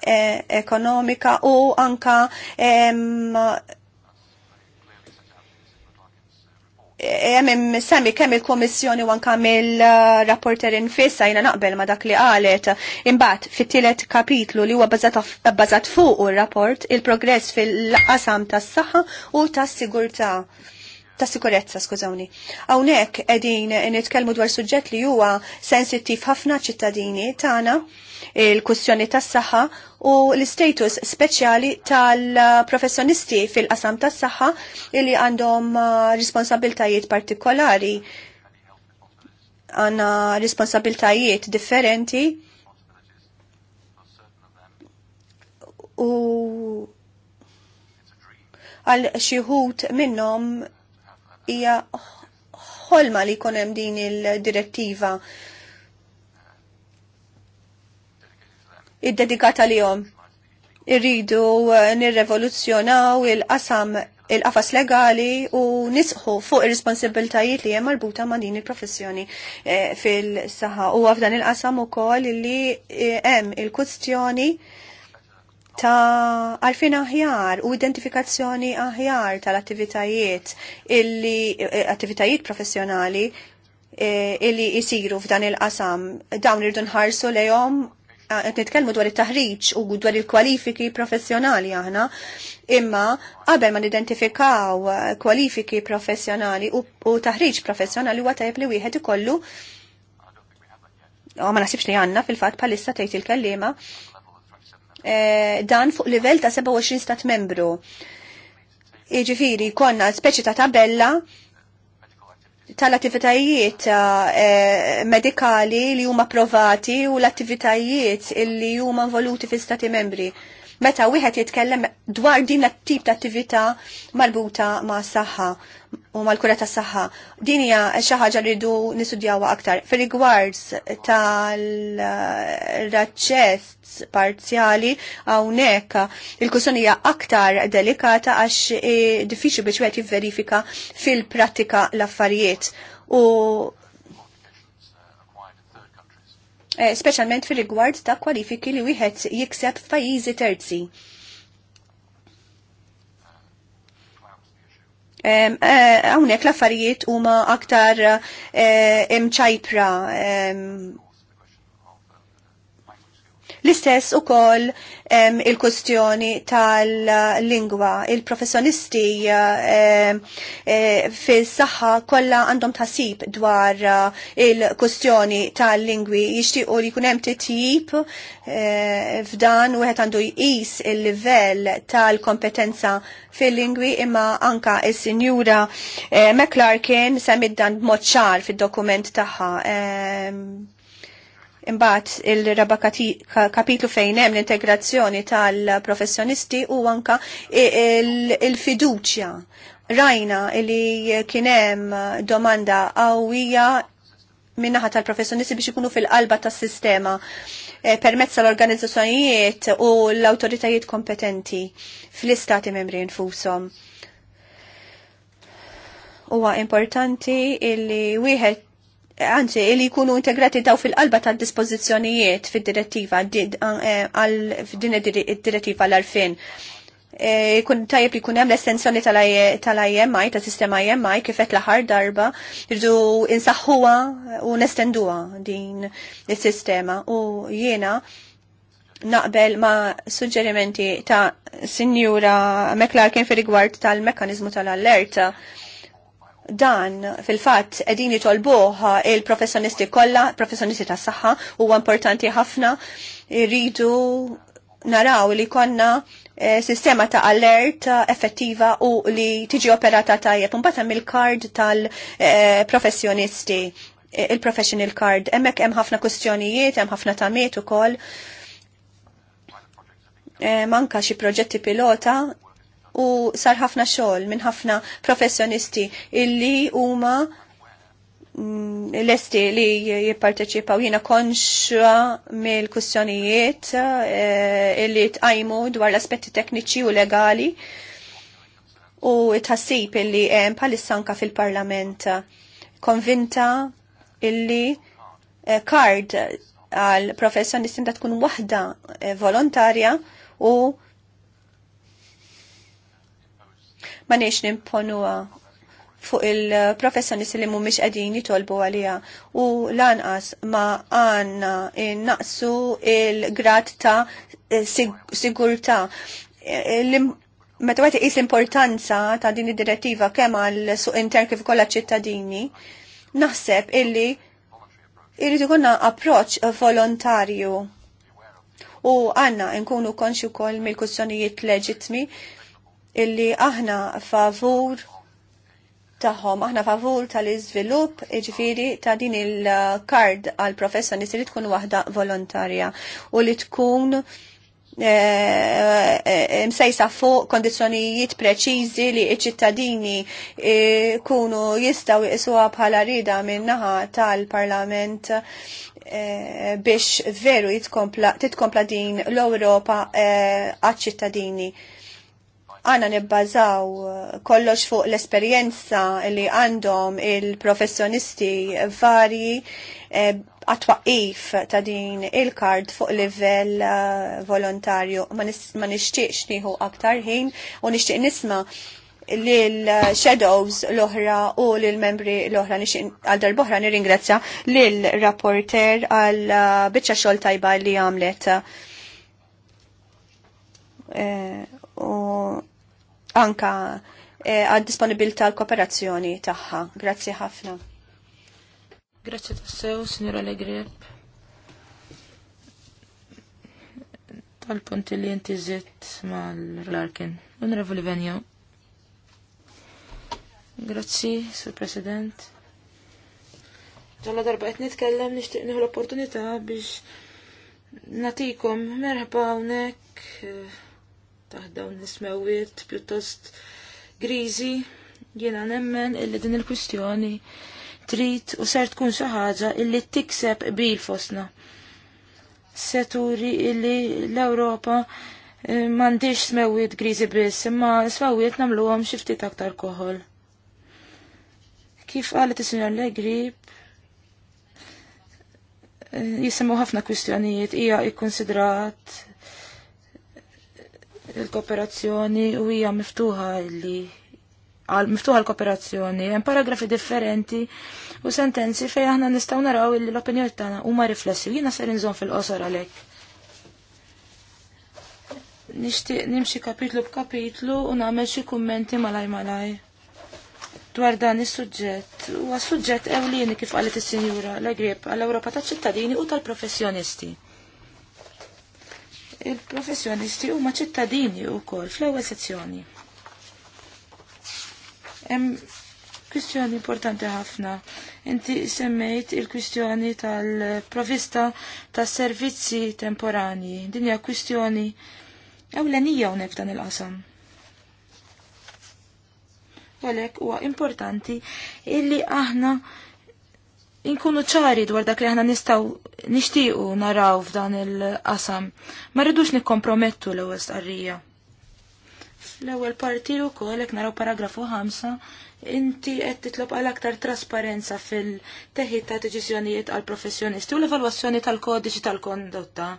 E, ekonomika u anka hemm semmi kemm il-Komissjoni u anke mill-rapporter infissa jina naqbel ma dak li qalet. Imbagħad fit-tielet kapitlu li huwa bbażat fuq ir-rapport il-progress fil-qasam tas-saħħa u tas-sigurtà ta' sikurezza, skużawni. Hawnhekk qegħdin nitkellmu dwar suġġett li huwa sensittiv ħafna ċittadini tagħna il kussjoni tas-saħħa u l-status speċjali tal-professjonisti fil-qasam tas-saħħa li għandhom uh, responsabiltajiet partikolari għanna responsabiltajiet differenti u għal xieħut minnom hija ħolma li jkun hemm din il-direttiva id-dedikata li jom. Irridu eh, nirrevoluzzjonaw il-qasam il-qafas legali u nisħu fuq ir-responsibiltajiet li hemm marbuta ma' din il-professjoni eh, fil-saħħa. U f'dan il-qasam ukoll li eh, hemm il-kwistjoni il kustjoni il ta' għalfin aħjar u identifikazzjoni aħjar tal-attivitajiet illi eh, attivitajiet professjonali eh, illi jisiru f'dan il-qasam. Dawn irdu nħarsu lejhom eh, nitkellmu dwar it-taħriġ u dwar il-kwalifiki professjonali aħna, imma qabel ma nidentifikaw kwalifiki professjonali u, u taħriġ professjonali huwa tajjeb li wieħed ikollu ma nasibx li għanna fil-fatt bħalissa tgħid il-kellima Eh, dan fuq livell ta' 27 stat membru. Iġifiri, konna speċi ta' tabella tal-attivitajiet eh, medikali li huma provati u l-attivitajiet li huma involuti fil-stati membri meta wieħed jitkellem dwar din tip ta' attività marbuta ma' saħħa u mal-kura ta' saħħa. Din hija xi ħaġa rridu nistudjawha aktar. Fir-rigwards tal-raċċess parzjali hawnhekk il-kussjoni hija aktar delikata għax diffiċli biex wieħed jivverifika fil-prattika l-affarijiet. U Eh, specialment fil-rigward ta' kwalifiki li wieħed jikseb f'pajjiżi terzi. Eh, hawnhekk l-affarijiet huma aktar eh, imċajpra L-istess u koll il-kustjoni tal-lingwa. Il-professjonisti eh, fil-saxħa kolla għandhom tasib dwar eh, il-kustjoni tal-lingwi. u li kunem titjib eh, f'dan u għet għandu jqis il-level tal-kompetenza fil-lingwi imma anka il-sinjura McClarkin semmid dan b'mod ċar fil-dokument taħħa Imbagħad il-raba kapitlu fejn hemm l-integrazzjoni tal-professjonisti u anka il-fiduċja. Rajna li kien hemm domanda qawwija minnaħa tal-professjonisti biex ikunu fil-qalba tas-sistema eh, permezz tal-organizzazzjonijiet u l-awtoritajiet kompetenti fl-istati membri infushom. Huwa importanti illi wieħed anzi li jkunu integrati daw fil-qalba ta' dispożizzjonijiet fid-direttiva e, għal-din id-direttiva l-2000 e, kun tajjeb li jkun hemm l-estensjoni tal-IMI, ta' sistema IMI, kifet laħar l-aħħar darba, irdu insaħħuha u nestenduha din is-sistema. U jiena naqbel ma' suġġerimenti ta' Sinjura McLarkin fir rigward tal-mekkaniżmu tal-allerta. tal tal tal mekkaniżmu tal allerta dan fil-fatt edin jitolbuħ il-professjonisti kollha, professjonisti tas saħħa huwa importanti ħafna rridu naraw li konna e, sistema ta' alert effettiva u li tiġi operata tajjeb. Mbagħad hemm mill kard tal-professjonisti, eh, e, eh, il-professional card. Hemmhekk hemm ħafna kwistjonijiet, hemm ħafna tamiet ukoll. E, manka xi proġetti pilota u sar ħafna xogħol minn ħafna professjonisti illi huma mm, l-esti li jipparteċipaw jina konxra mill-kussjonijiet eh, illi tqajmu dwar l-aspetti tekniċi u legali u tħassib illi hemm bħalissanka fil-Parlament konvinta illi kard eh, għal professjonisti ta' tkun waħda eh, volontarja u ma nex nimponuwa fuq il-professjonisti li mhumiex qegħdin jitolbu għalija u lanqas ma għandna naqsu il-grad ta' sigurtà. Meta wieħed iqis l-importanza ta' din id-direttiva kemm għal suq Inter kif ukoll ċittadini, naħseb illi irrid ikunna approċċ volontarju u għanna nkunu konxu kol mill-kussjonijiet leġitmi illi aħna favur taħħom, aħna favur tal-izvilup iġifiri ta' din il-kard għal professa nisir tkun waħda volontarja u li tkun eh, eh, msejsa fuq kondizjonijiet preċiżi li iċ-ċittadini eh, kunu jistaw jisua bħala rida minnaħa tal-Parlament biex veru titkompla din l-Europa għal-ċittadini għana nibbażaw uh, kollox fuq l-esperienza li għandhom il-professjonisti varji eh, għatwaqif ta' din il-kard fuq livell uh, volontarju. Ma nixtieqx nieħu aktar ħin u nixtieq nisma' lil-shadows l-oħra u lil-membri l-oħra għal darboħra nir-ingrazzja lil-rapporter għal uh, bicċa xol tajba li għamlet. Eh, anka eh, għad disponibilità l kooperazzjoni tagħha. Grazzi ħafna. Grazzi tassew, signora Legrip. Tal-punti li jinti zitt mal-Larkin. Unrevoli Venja. Grazzi, Sur President. Ġalla darba qed nitkellem nixtieq nieħu l-opportunità biex natikom merħba hawnhekk eh, taħt dawn l-ismewiet pjuttost griżi jiena nemmen illi din il-kwistjoni trid u ser tkun xi ħaġa illi tikseb bil fosna. Seturi illi l-Ewropa eh, m'għandix smewiet griżi biss, imma smewiet nagħmluhom xi ftit aktar koħol. Kif qalet is-Sinjor Legri, eh, jisimu ħafna kwistjonijiet hija ikkonsidrat il-kooperazzjoni u hija miftuħa li għal miftuħa l-kooperazzjoni, hemm paragrafi differenti u sentenzi fejn aħna nistgħu naraw li l-opinjoni tagħna huma riflessi jiena ser inżomm fil-qosor għalhekk. Nixtieq nimxi kapitlu b'kapitlu u nagħmel xi kummenti malaj malaj dwar dan is-suġġett huwa suġġett ewlieni kif qalet is-Sinjura l-Egrib għall-Ewropa taċ-ċittadini u tal-professjonisti il-professjonisti huma ċittadini wkoll fl-ewwel sezzjoni. Hemm kwistjoni importanti ħafna. Inti semmejt il-kwistjoni tal-provista tas servizzi temporani. Din hija kwistjoni ewlenija hawnhekk dan il-qasam. Għalek, huwa importanti illi aħna inkunu ċari dwar dak li aħna nistgħu nixtiequ naraw f'dan il-qasam. Ma rridux nikkompromettu l-ewwel starrija. L-ewwel parti wkoll hekk naraw paragrafu 5 inti qed titlob għal aktar trasparenza fil-teħid ta' deċiżjonijiet għal professjonisti u l-evalwazzjoni tal-kodiċi tal-kondotta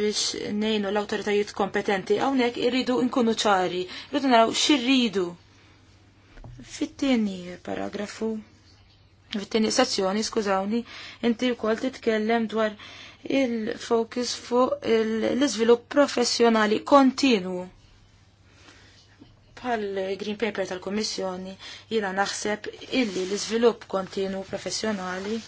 biex nejnu l-autoritajiet kompetenti hawnhekk irridu nkunu ċari, irridu naraw xirridu. Fit-tieni paragrafu fit-tieni sezzjoni, skużawni, inti wkoll titkellem dwar il-fokus fuq l-iżvilupp professjonali kontinu. Bħal Green Paper tal-Kommissjoni, jina naħseb illi l-iżvilupp kontinu professjonali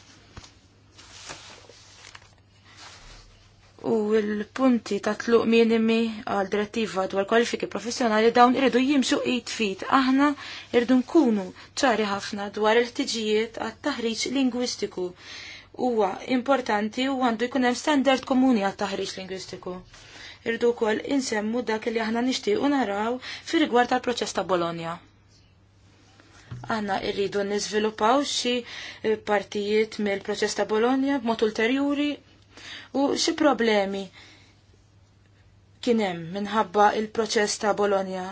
u l-punti ta' tluq minimi għal direttiva dwar kwalifiki professjonali dawn irridu jimxu 8 feet. Aħna irridu nkunu ċari ħafna dwar il-ħtiġijiet għat taħriġ lingwistiku. Huwa importanti u għandu jkun hemm standard komuni għat taħriġ lingwistiku. Irridu wkoll insemmu dak li aħna nixtiequ naraw fi rigward tal-proċess ta' Bologna. Aħna irridu nizvilupaw xi partijiet mill-proċess ta' Bologna b'mod ulterjuri U xi problemi kien hemm minħabba il-proċess ta' Bologna.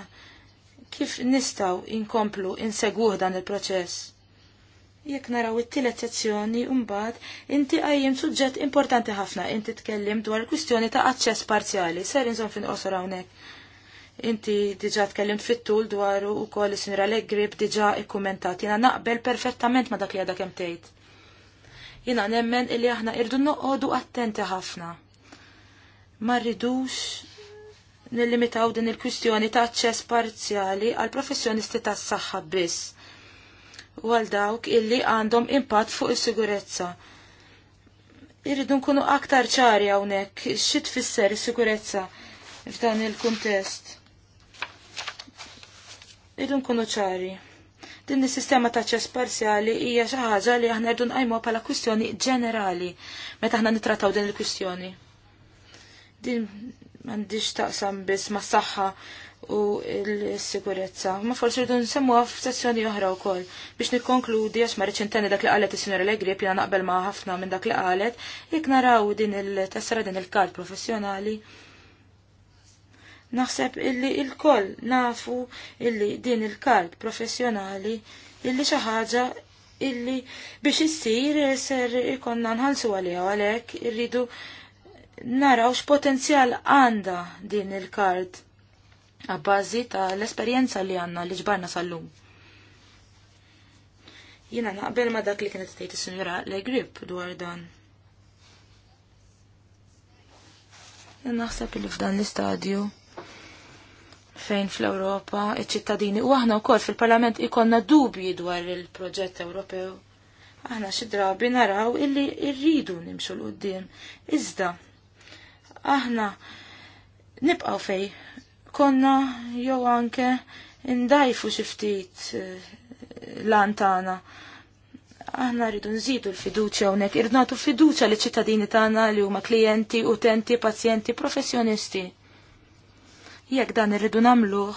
Kif nistaw inkomplu inseguħ dan il-proċess? Jekk naraw it-tielet sezzjoni mbagħad inti qajjim suġġett importanti ħafna inti tkellim dwar il-kwistjoni ta' aċċess parzjali, ser inżon fin qosor hawnhekk. Inti diġa tkellimt fit-tul dwar ukoll is-Sinra Legrib diġa ikkumentat jiena naqbel perfettament ma dak li għadha kemm tgħid jina nemmen illi aħna irdu noqodu attenti ħafna. Ma rridux nillimitaw din il-kwistjoni ta' aċċess parzjali għal professjonisti tas saħħa biss u għal dawk illi għandhom impatt fuq is-sigurezza. Irridu nkunu aktar ċari hawnhekk xi tfisser is-sigurezza f'dan il-kuntest. Irridu nkunu ċari. Din is-sistema ta' ċess parzjali hija xi ħaġa li aħna rdu nqajmu bħala kwistjoni ġenerali meta aħna nittrattaw din il-kwistjoni. Din m'għandix taqsam biss mas-saħħa u l-sigurezza. Ma forsi rridu nsemmuha f'sessjoni oħra wkoll. Biex nikkonkludi għax ma reċenteni dak li qalet is-Sinjora Allegri jiena naqbel ma' ħafna minn dak li qalet, jekk naraw din il-tessera din il kart professjonali Naħseb illi il-koll nafu illi din il kalb professjonali illi xi ħaġa illi biex issir jesser ikonna nħallsu għaliha għalhekk irridu naraw x'potenzjal għandha din il kard għabbażi ta' l-esperjenza li għanna li ġbarna sal-lum. Jina naqbel ma dak li kienet tejt is-sinjura le grip dwar dan. Naħseb li f'dan l-istadju fejn fl-Ewropa iċ-ċittadini u aħna wkoll fil-Parlament ikonna dubji dwar il-proġett Ewropew. Aħna xi drabi naraw illi rridu nimxu l qudiem Iżda aħna nibqgħu fej konna jew anke ndajfu xi ftit eh, lantana. Aħna rridu nżidu l-fiduċja hawnhekk, irnatu fiduċja li ċittadini tagħna li huma klijenti, utenti, pazjenti, professjonisti Jekk dan irridu nagħmluh,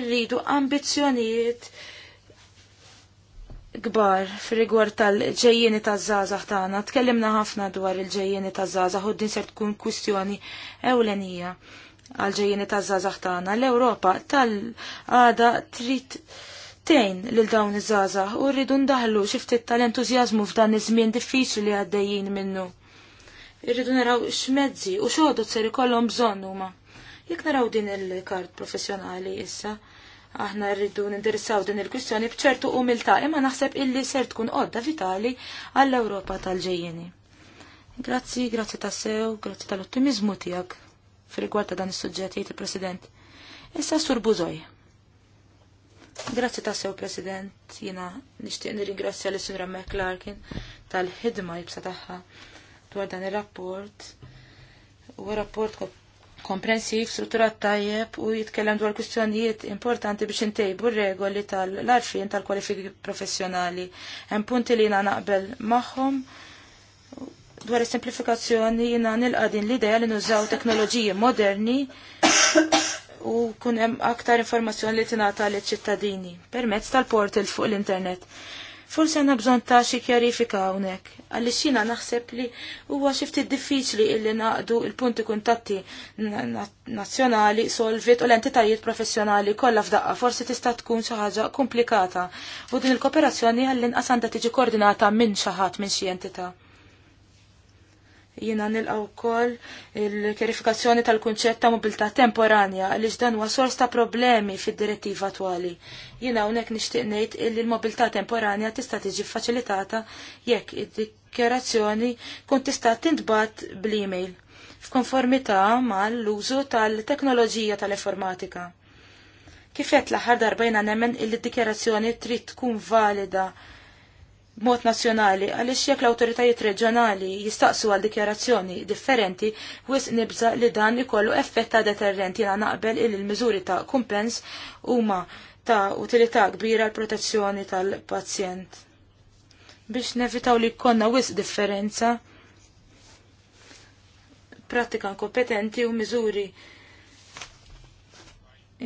irridu ambizzjonijiet kbar fir-rigward tal-ġejjeni taż-żgħażagħ tagħna. Tkellimna ħafna dwar il-ġejjeni taż-żgħażagħ u din ser tkun kwistjoni ewlenija għal ġejjeni taż-żgħażagħ tagħna. L-Ewropa tal-għada trid tejn lil dawn iż żgħażagħ u rridu ndaħlu xi ftit tal-entużjażmu f'dan iż-żmien diffiċli li għaddejjin minnu. Irridu naraw x'mezzi u x'għodu ser ikollhom bżonn huma. Jek naraw din il-kart professjonali issa, aħna rridu nindirissaw din il-kwistjoni bċertu umiltà imma naħseb illi ser tkun qodda vitali għall-Ewropa tal-ġejjeni. Grazzi, grazzi tassew, grazzi tal-ottimizmu tiegħek fil-rigward ta' dan is-suġġett il-President. Issa Sur Buzoj. Grazzi tassew, President, jiena nixtieq nirringrazzja lis sinra McClarkin tal-ħidma jibsa tagħha dwar dan ir-rapport. Huwa rapport komprensiv, strutturat tajjeb u jitkellem dwar kwistjonijiet importanti biex intejbu regoli tal-arfin tal-kwalifiki professjonali. Hemm punti li jina naqbel magħhom dwar is-simplifikazzjoni jina nilqadin din l-idea li nużaw teknoloġiji moderni u kun hemm aktar informazzjoni li tingħata liċ-ċittadini permezz tal-portal fuq l-internet. Forse għanna bżon ta' xi kjarifika hawnhekk, għaliex xina naħseb li huwa xi ftit diffiċli illi naqdu il-punti kuntatti nazzjonali solvit u l-entitajiet professjonali kollha f'daqqa forsi tista' tkun xi ħaġa komplikata u din il-kooperazzjoni għall-inqas għandha tiġi koordinata minn xi ħadd minn xi entità jina nilqaw kol il-kjerifikazzjoni tal-kunċett ta' mobilità temporanja li dan huwa sors ta' problemi fid-direttiva attwali. Jina hawnhekk nixtieq ngħid li l-mobilità temporanja tista' tiġi faċilitata jekk id-dikjerazzjoni kun tista' tintbagħat bl-email f'konformità mal-użu tal-teknoloġija tal-informatika. Kif Kifet l-aħħar darbajna nemmen il-dikjerazzjoni trid tkun valida mod nazzjonali għaliex jekk l-awtoritajiet reġjonali jistaqsu għal dikjarazzjoni differenti wis nibża li dan ikollu effett ta' deterrenti għal naqbel il miżuri ta' kumpens huma ta' utilità kbira l protezzjoni tal-pazjent. Biex nevitaw li konna wis differenza pratika kompetenti u miżuri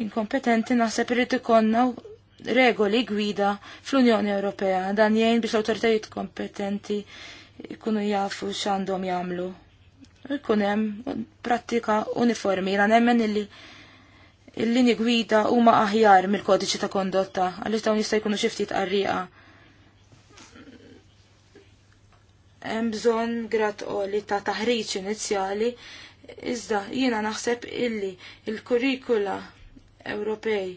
inkompetenti naħseb irid ikonna regoli gwida fl-Unjoni Ewropea dan jgħin biex l-autoritajiet kompetenti jkunu jafu xandom jagħmlu. Ikun hemm prattika uniformi ra nemmen illi il-linji gwida huma aħjar mill-kodiċi ta' kondotta għaliex dawn jista' jkunu xi ftit qarrieqa. Hemm bżonn grad ta' taħriġ inizjali iżda jiena naħseb illi il-kurrikula Ewropej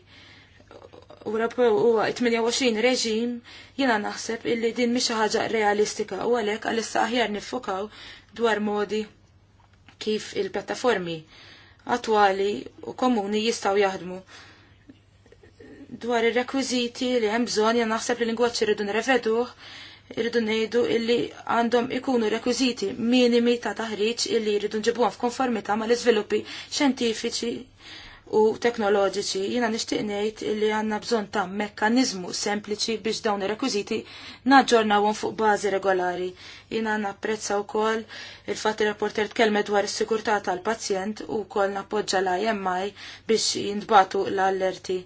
Ewropew huwa 28 reġim, jiena naħseb illi din mhix xi ħaġa realistika u għalhekk għalissa aħjar nifukaw dwar modi kif il plattaformi attwali u komuni jistgħu jaħdmu dwar ir-rekwiżiti li hemm bżonn jien naħseb li lingwaġġ irridu nirreveduh, irridu ngħidu illi għandhom ikunu rekwiżiti minimi ta' taħriġ illi jridu nġibuhom f'konformità mal-iżviluppi xjentifiċi u teknoloġiċi. Jina nishtiq ngħid li għandna bżonn ta' mekkaniżmu sempliċi biex dawn ir-rekwiżiti naġġornawhom fuq bażi regolari. Jina napprezza wkoll il-fatt ir-rapporter tkellme dwar is-sigurtà tal-pazjent u wkoll nappoġġa l jemmaj biex jintbatu l-allerti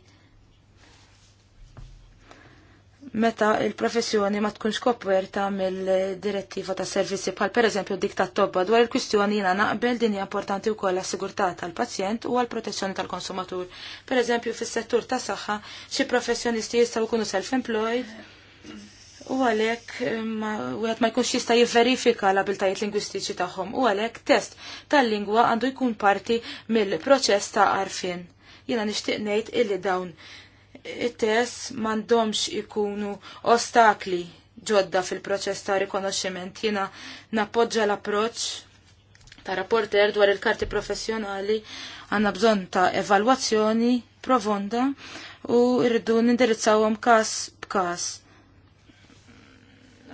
meta il-professjoni ma tkunx koperta mill-direttiva ta' servizzi bħal per eżempju dik ta' tobba dwar il-kwistjoni jina naqbel din hija importanti wkoll għas-sigurtà tal-pazjent u għall-protezzjoni tal-konsumatur. Per eżempju fis-settur ta' saħħa xi professjonisti jistgħu jkunu self-employed U għalek, u għat ma jkunx jista jiverifika l-abiltajiet lingwistiċi tagħhom. U għalek, test tal-lingwa għandu jkun parti mill-proċess ta' arfin. Jina nishtiq ngħid illi dawn it-tess mandomx ikunu ostakli ġodda fil-proċess ta' rikonoxximent. Jena nappoġġa l-approċ ta' rapporter dwar il-karti professjonali għanna bżon ta' evalwazzjoni provonda u rridu nindirizzawhom kas b'kas.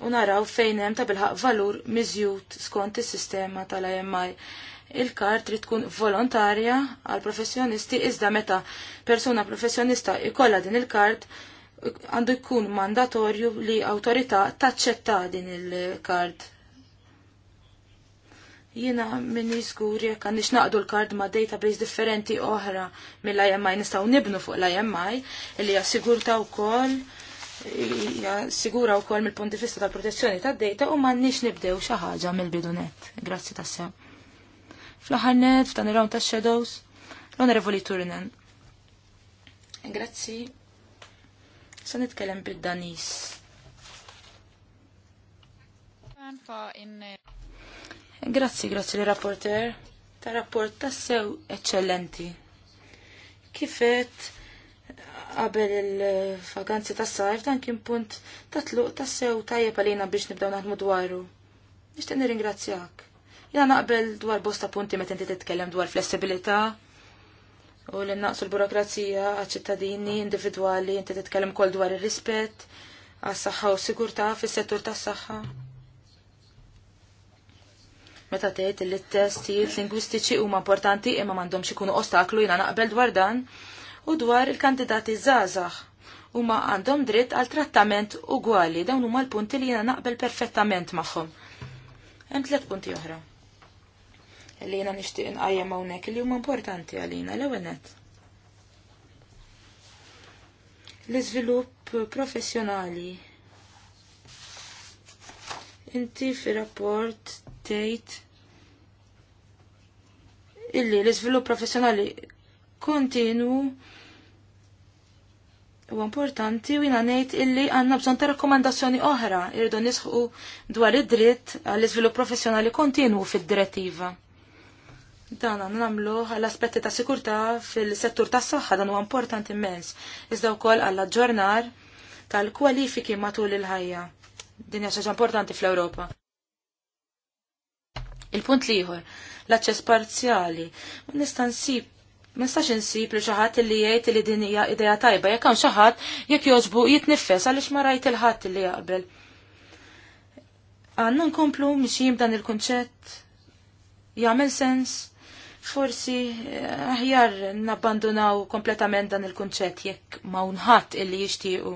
U naraw fejn hemm ta' bilħaq valur miżjud skont is-sistema tal-IMI il kart trid tkun volontarja għal professjonisti iżda meta persuna professjonista ikolla din il-kart għandu jkun mandatorju li autorità taċċetta din il kart Jina minni żgur jekk għandix naqdu l-kard ma' database differenti oħra mill-IMI nistgħu nibnu fuq l-IMI li hija sigurta wkoll hija sigura wkoll mill-punt di vista tal-protezzjoni tad-data u m'għandniex nibdew xi ħaġa mill-bidunet. Grazzi tassew fl f'dan il round ta' shadows, l-onorevoli Turinen. Grazzi. Sa' nitkellem bil-Danis. Grazzi, grazzi li rapporter ta' rapport ta' sew eccellenti. Kifet qabel il-vaganzi ta' sajf dan kien punt ta' tluq ta' sew tajjeb għalina biex nibdaw naħdmu dwaru. Nixtieq nirringrazzjak Jena naqbel dwar bosta punti meta inti titkellem dwar flessibilità u li naqsu l-burokrazija għal-ċittadini individwali, inti titkellem kol dwar ir-rispett għas-saħħa u sigurtà fis-settur tas-saħħa. Meta tgħid li t-testijiet lingwistiċi huma importanti imma m'għandhomx ikunu ostaklu jiena naqbel dwar dan u dwar il-kandidati żgħażagħ huma għandhom dritt għal trattament ugwali dawn huma l-punti li jiena naqbel perfettament magħhom. Hemm tliet punti oħra li jena nishtiq nqajjem hawnhekk li huma importanti għalina l-ewwel L-iżvilupp professjonali. Inti fir-rapport tgħid illi l-iżvilupp professjonali kontinu u importanti u jina ngħid illi għandna bżonn ta' rakkomandazzjoni oħra irridu nisħu dwar id-dritt għall iżvilupp professjonali kontinu fid-direttiva. Dan għan namlu għall-aspetti ta' sikurta fil-settur ta' soħħa dan u importanti immens. Iżda u koll għall aġġornar tal-kwalifiki matul il-ħajja. Din xaġa importanti fl-Europa. Il-punt liħor, l-aċċess parzjali. Ma nista' nsib Ma nistax insib li xi ħadd li jgħid li din hija idea tajba jekk hawn xi ħadd jekk jogħġbu jitnifes għaliex ma rajt il-ħadd li jaqbel. Għandna nkomplu mxim dan il-kunċett jagħmel sens forsi eh, aħjar nabbandunaw kompletament dan il-kunċett jekk ma unħat illi jixtiequ.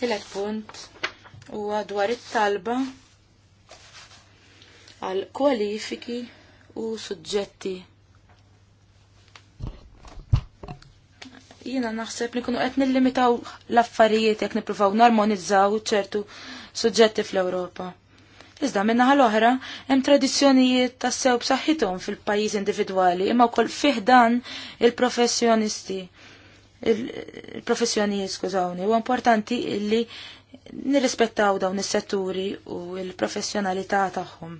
Tilet punt huwa dwar it-talba għal kwalifiki u suġġetti. Jiena naħseb li kunu qed nillimitaw l-affarijiet jekk nippruvaw narmonizzaw ċertu suġġetti fl-Ewropa. Iżda minna l-oħra hemm tradizzjonijiet tassew b'saħħithom fil-pajjiż individwali imma wkoll fih dan il-professjonisti il-professjonijiet skużawni. Huwa importanti illi nirrispettaw dawn is-setturi u l-professjonalità tagħhom.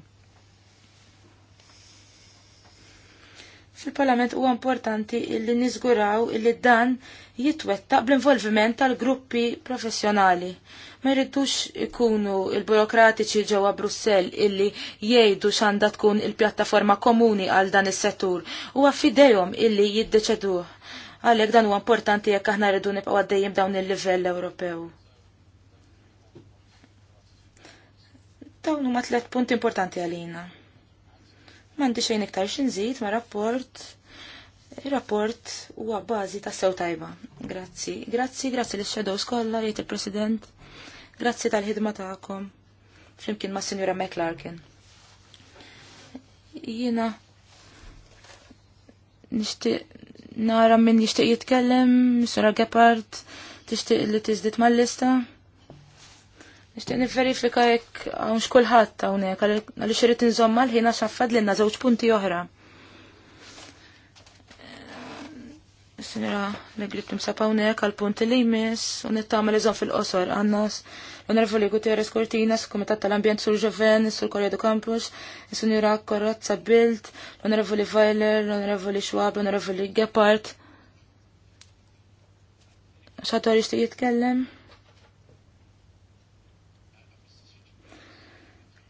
Fil-Parlament huwa importanti li niżguraw li dan jitwettaq bl-involviment tal-gruppi professjonali ma ikunu il-burokratiċi ġewwa Brussell illi jgħidu x'għandha tkun il-pjattaforma komuni għal dan is-settur huwa fidejhom illi jiddeċeduh. Għalhekk dan huwa importanti jekk aħna rridu nibqgħu għaddejjem dawn il-livell Ewropew. Dawn huma tliet punti importanti għalina. M'għandi xejn iktar x'inżid ma' rapport Il-rapport huwa bażi ta' sew tajba. Grazzi, grazzi, grazzi l shadows kollha jgħid il-President. Grazzi tal-ħidma tagħkom. Flimkien ma' Signora McLarkin. Jiena nixtieq nara min jixtieq jitkellem, Sura Gepard, tixtieq li tiżdit mal-lista. Nishti niverifika jekk hawnx kulħadd hawnhekk għaliex irid inżomm mal ħina xaffad l-inna żewġ punti oħra. Sinra, neglit nimsapaw nek għal-punti li jmiss, u nittama li fil-qosor għannas, l-onorfu li Gutierrez s Komitat tal-Ambjent Sur Ġoven, Sur Korja du Campus, Sinra Korrazza Bilt, l-onorfu li Weiler, l-onorfu li Schwab, l li Gepard. Xator ixti jitkellem?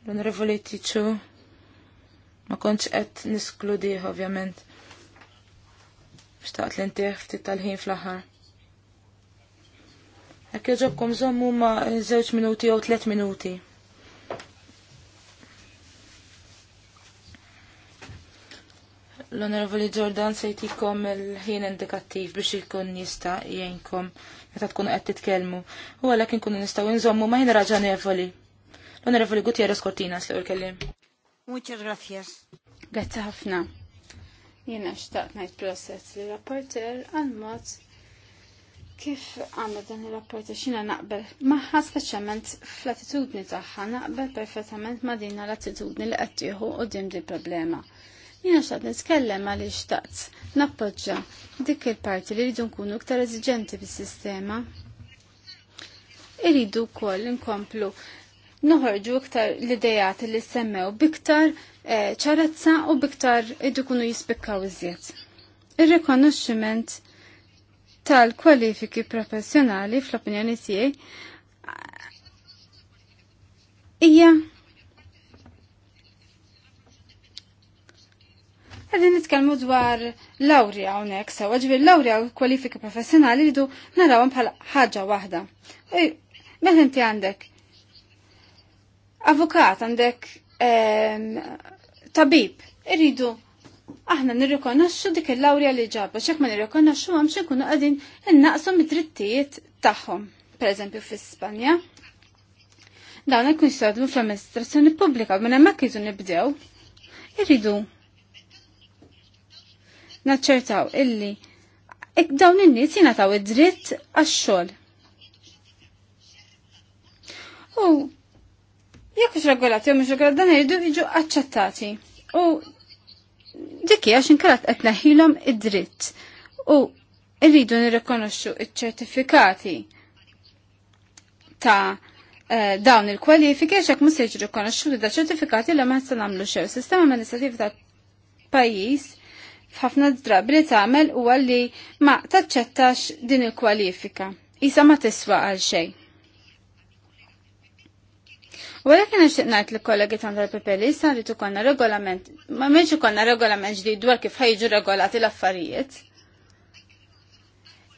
L-onorfu li Tiċu, ma konċ qed niskludiħ, ovvjament xtaqt li intieħ ftit tal-ħin fl-aħħar. Jekk jogħġobkom żommu ma' żewġ minuti jew tliet minuti. l-Onorevoli Jordan se jtikom il-ħin indikattiv biex ikun jista jgħinkom meta tkunu qed titkellmu. U għalhekk inkunu nistgħu nżommu ma ħin raġanevoli. L-Onorevoli Gutierrez Cortinas li kellim. Muchas gracias. Grazzi ħafna. Jiena xtaqt ngħid process li rapporter għal mod kif għamlu dan il-rapport xina naqbel maħħa speċjalment fl-attitudni tagħha naqbel perfettament ma' din l-attitudni li qed tieħu qudiem di problema. Jiena xtaqt nitkellem għal xtaqt nappoġġa dik il-parti li rridu nkunu iktar eżiġenti bis-sistema. Iridu wkoll inkomplu noħorġu iktar l-idejat li semmew biktar eh, ċarezza u biktar idukunu jispikkaw iżjed. Ir-rekonoxximent tal-kwalifiki professjonali fl-opinjoni tiegħi hija Għadin nitkellmu dwar lawrja hawnhekk sewa, ġifier lawrja u kwalifiki professjonali rridu narawhom bħala ħaġa waħda. Meta ti għandek avukat, għandek tabib, irridu aħna nirrikonoxxu dik il-lawrja li ġabba, xek ma nirrikonoxxu għam xekunu għadin innaqsu mit drittijiet tagħhom, per eżempju fl-Ispanja. Dawn jkun jistadlu fl-amministrazzjoni pubblika minn hemm hekk jiżu nibdew. Irridu naċċertaw illi dawn in-nies jingħataw id-dritt għax-xogħol. U Jekk mhux regolati jew mhux regolati dan iridu jiġu aċċettati. U dik hija inkarat qed neħilhom id-dritt. U rridu nirrikonoxxu iċ-ċertifikati ta' eh, dawn il-kwalifiki għax mus jiġi se li da' ċertifikati li ma se nagħmlu xew. Sistema amministrativ ta' pajjiż f'ħafna drabi li tagħmel huwa li ma taċċettax din il-kwalifika. Isa ma tiswa għal xejn. Walakin nixtieq ngħid li kollegi ta' Andra Pepeli sa rrid ukollna regolament, ma m'hemmx konna regolament ġdid dwar kif ħajġu regolati l-affarijiet.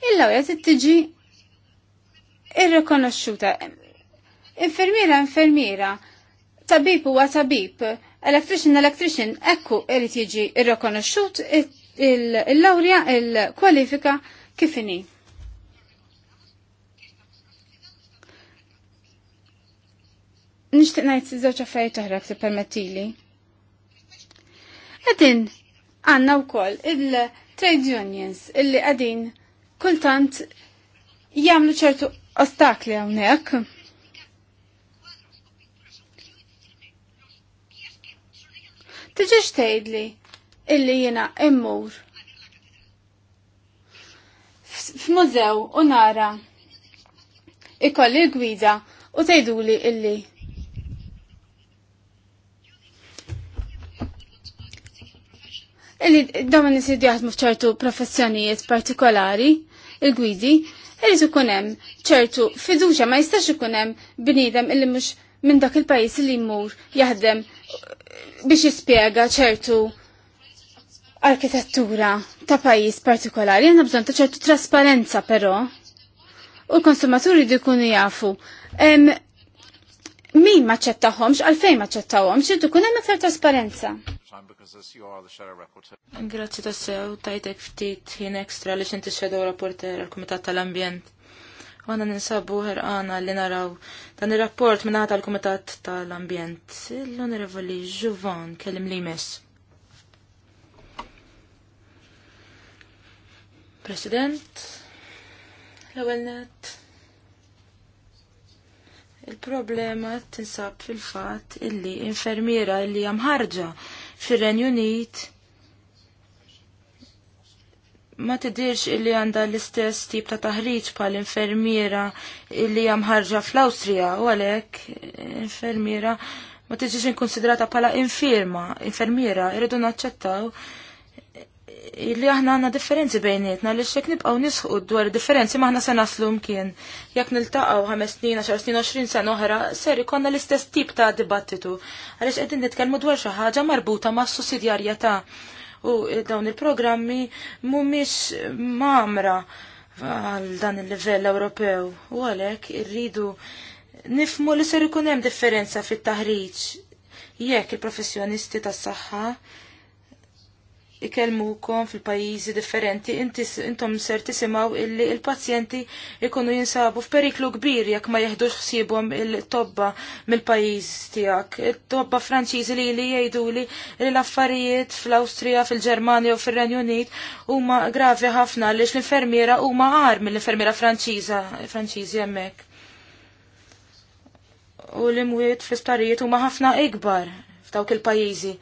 Illa wieħed tiġi irrikonoxxuta. Infermiera infermiera, tabib huwa tabib, electrician electrician, ekku irid jiġi irrikonoxxut il lawria il-kwalifika kif inhi. nishtiq najt zewċ affarijiet oħra se permettili. Għadin, għanna u koll, il-trade unions, illi għadin, kultant jamlu ċertu ostakli għawnek. Tiġiġ tgħidli illi jena immur f'mużew u nara ikolli gwida u tgħiduli illi illi dawn nisid jaħdmu f'ċertu professjonijiet partikolari, il-gwidi, irrid ikun hemm ċertu fiduċja ma jistax ikun hemm bniedem illi mhux minn dak il-pajjiż li jmur jaħdem biex jispjega ċertu arkitettura ta' pajjiż partikolari. Għandna bżonn ta' ċertu trasparenza però. U l-konsumaturi jkunu jafu min ma ċettaħomx, għalfejn ma ċettaħomx, jiddu kun hemm iktar trasparenza. Grazzi ta' sew, tajtek ftit jien ekstra li xinti xedaw rapporter għal-Kumitat tal-Ambjent. Għana ninsabu ħerqana li naraw dan il-rapport minna tal-Kumitat tal-Ambjent. L-Onorevoli Juvan kellim li mess. President, l-ewel net, Il-problema tinsab fil-fat illi infermiera illi jamħarġa fir-Renju Unit ma tidirx illi għanda l-istess tip ta' taħriġ pal infermiera illi jamħarġa fl-Awstrija u għalek infermiera ma tiġiġ inkonsidrata pala infirma, infermiera, irridu naċċettaw li aħna għanna differenzi bejnietna li xek nibqaw nisħu dwar differenzi maħna se naslu mkien. Jekk niltaqgħu ħames snin, 10 snin, 20 sena oħra, ser konna l-istess tip ta' dibattitu. Għaliex qegħdin nitkellmu dwar xi ħaġa marbuta ma' sussidjarjetà u dawn il-programmi mhumiex mamra għal dan il-livell Ewropew. U għalhekk irridu nifmu li ser ikun hemm differenza fit-taħriġ jekk il-professjonisti tas-saħħa ikelmukom fil-pajjiżi differenti, intom ser tisimaw illi il-pazjenti ikunu jinsabu f'periklu kbir jekk ma jeħdux ħsiebhom il-tobba mill pajiz tiegħek. Il-tobba Franċiżi li li jajdu li l-affarijiet fl-Awstrija, fil-Ġermanja u fir-Renju Unit huma gravi ħafna għaliex l-infermiera huma għar mill-infermiera Franċiża Franċiżi hemmhekk. U l-imwiet fl u huma ħafna ikbar f'dawk il-pajjiżi.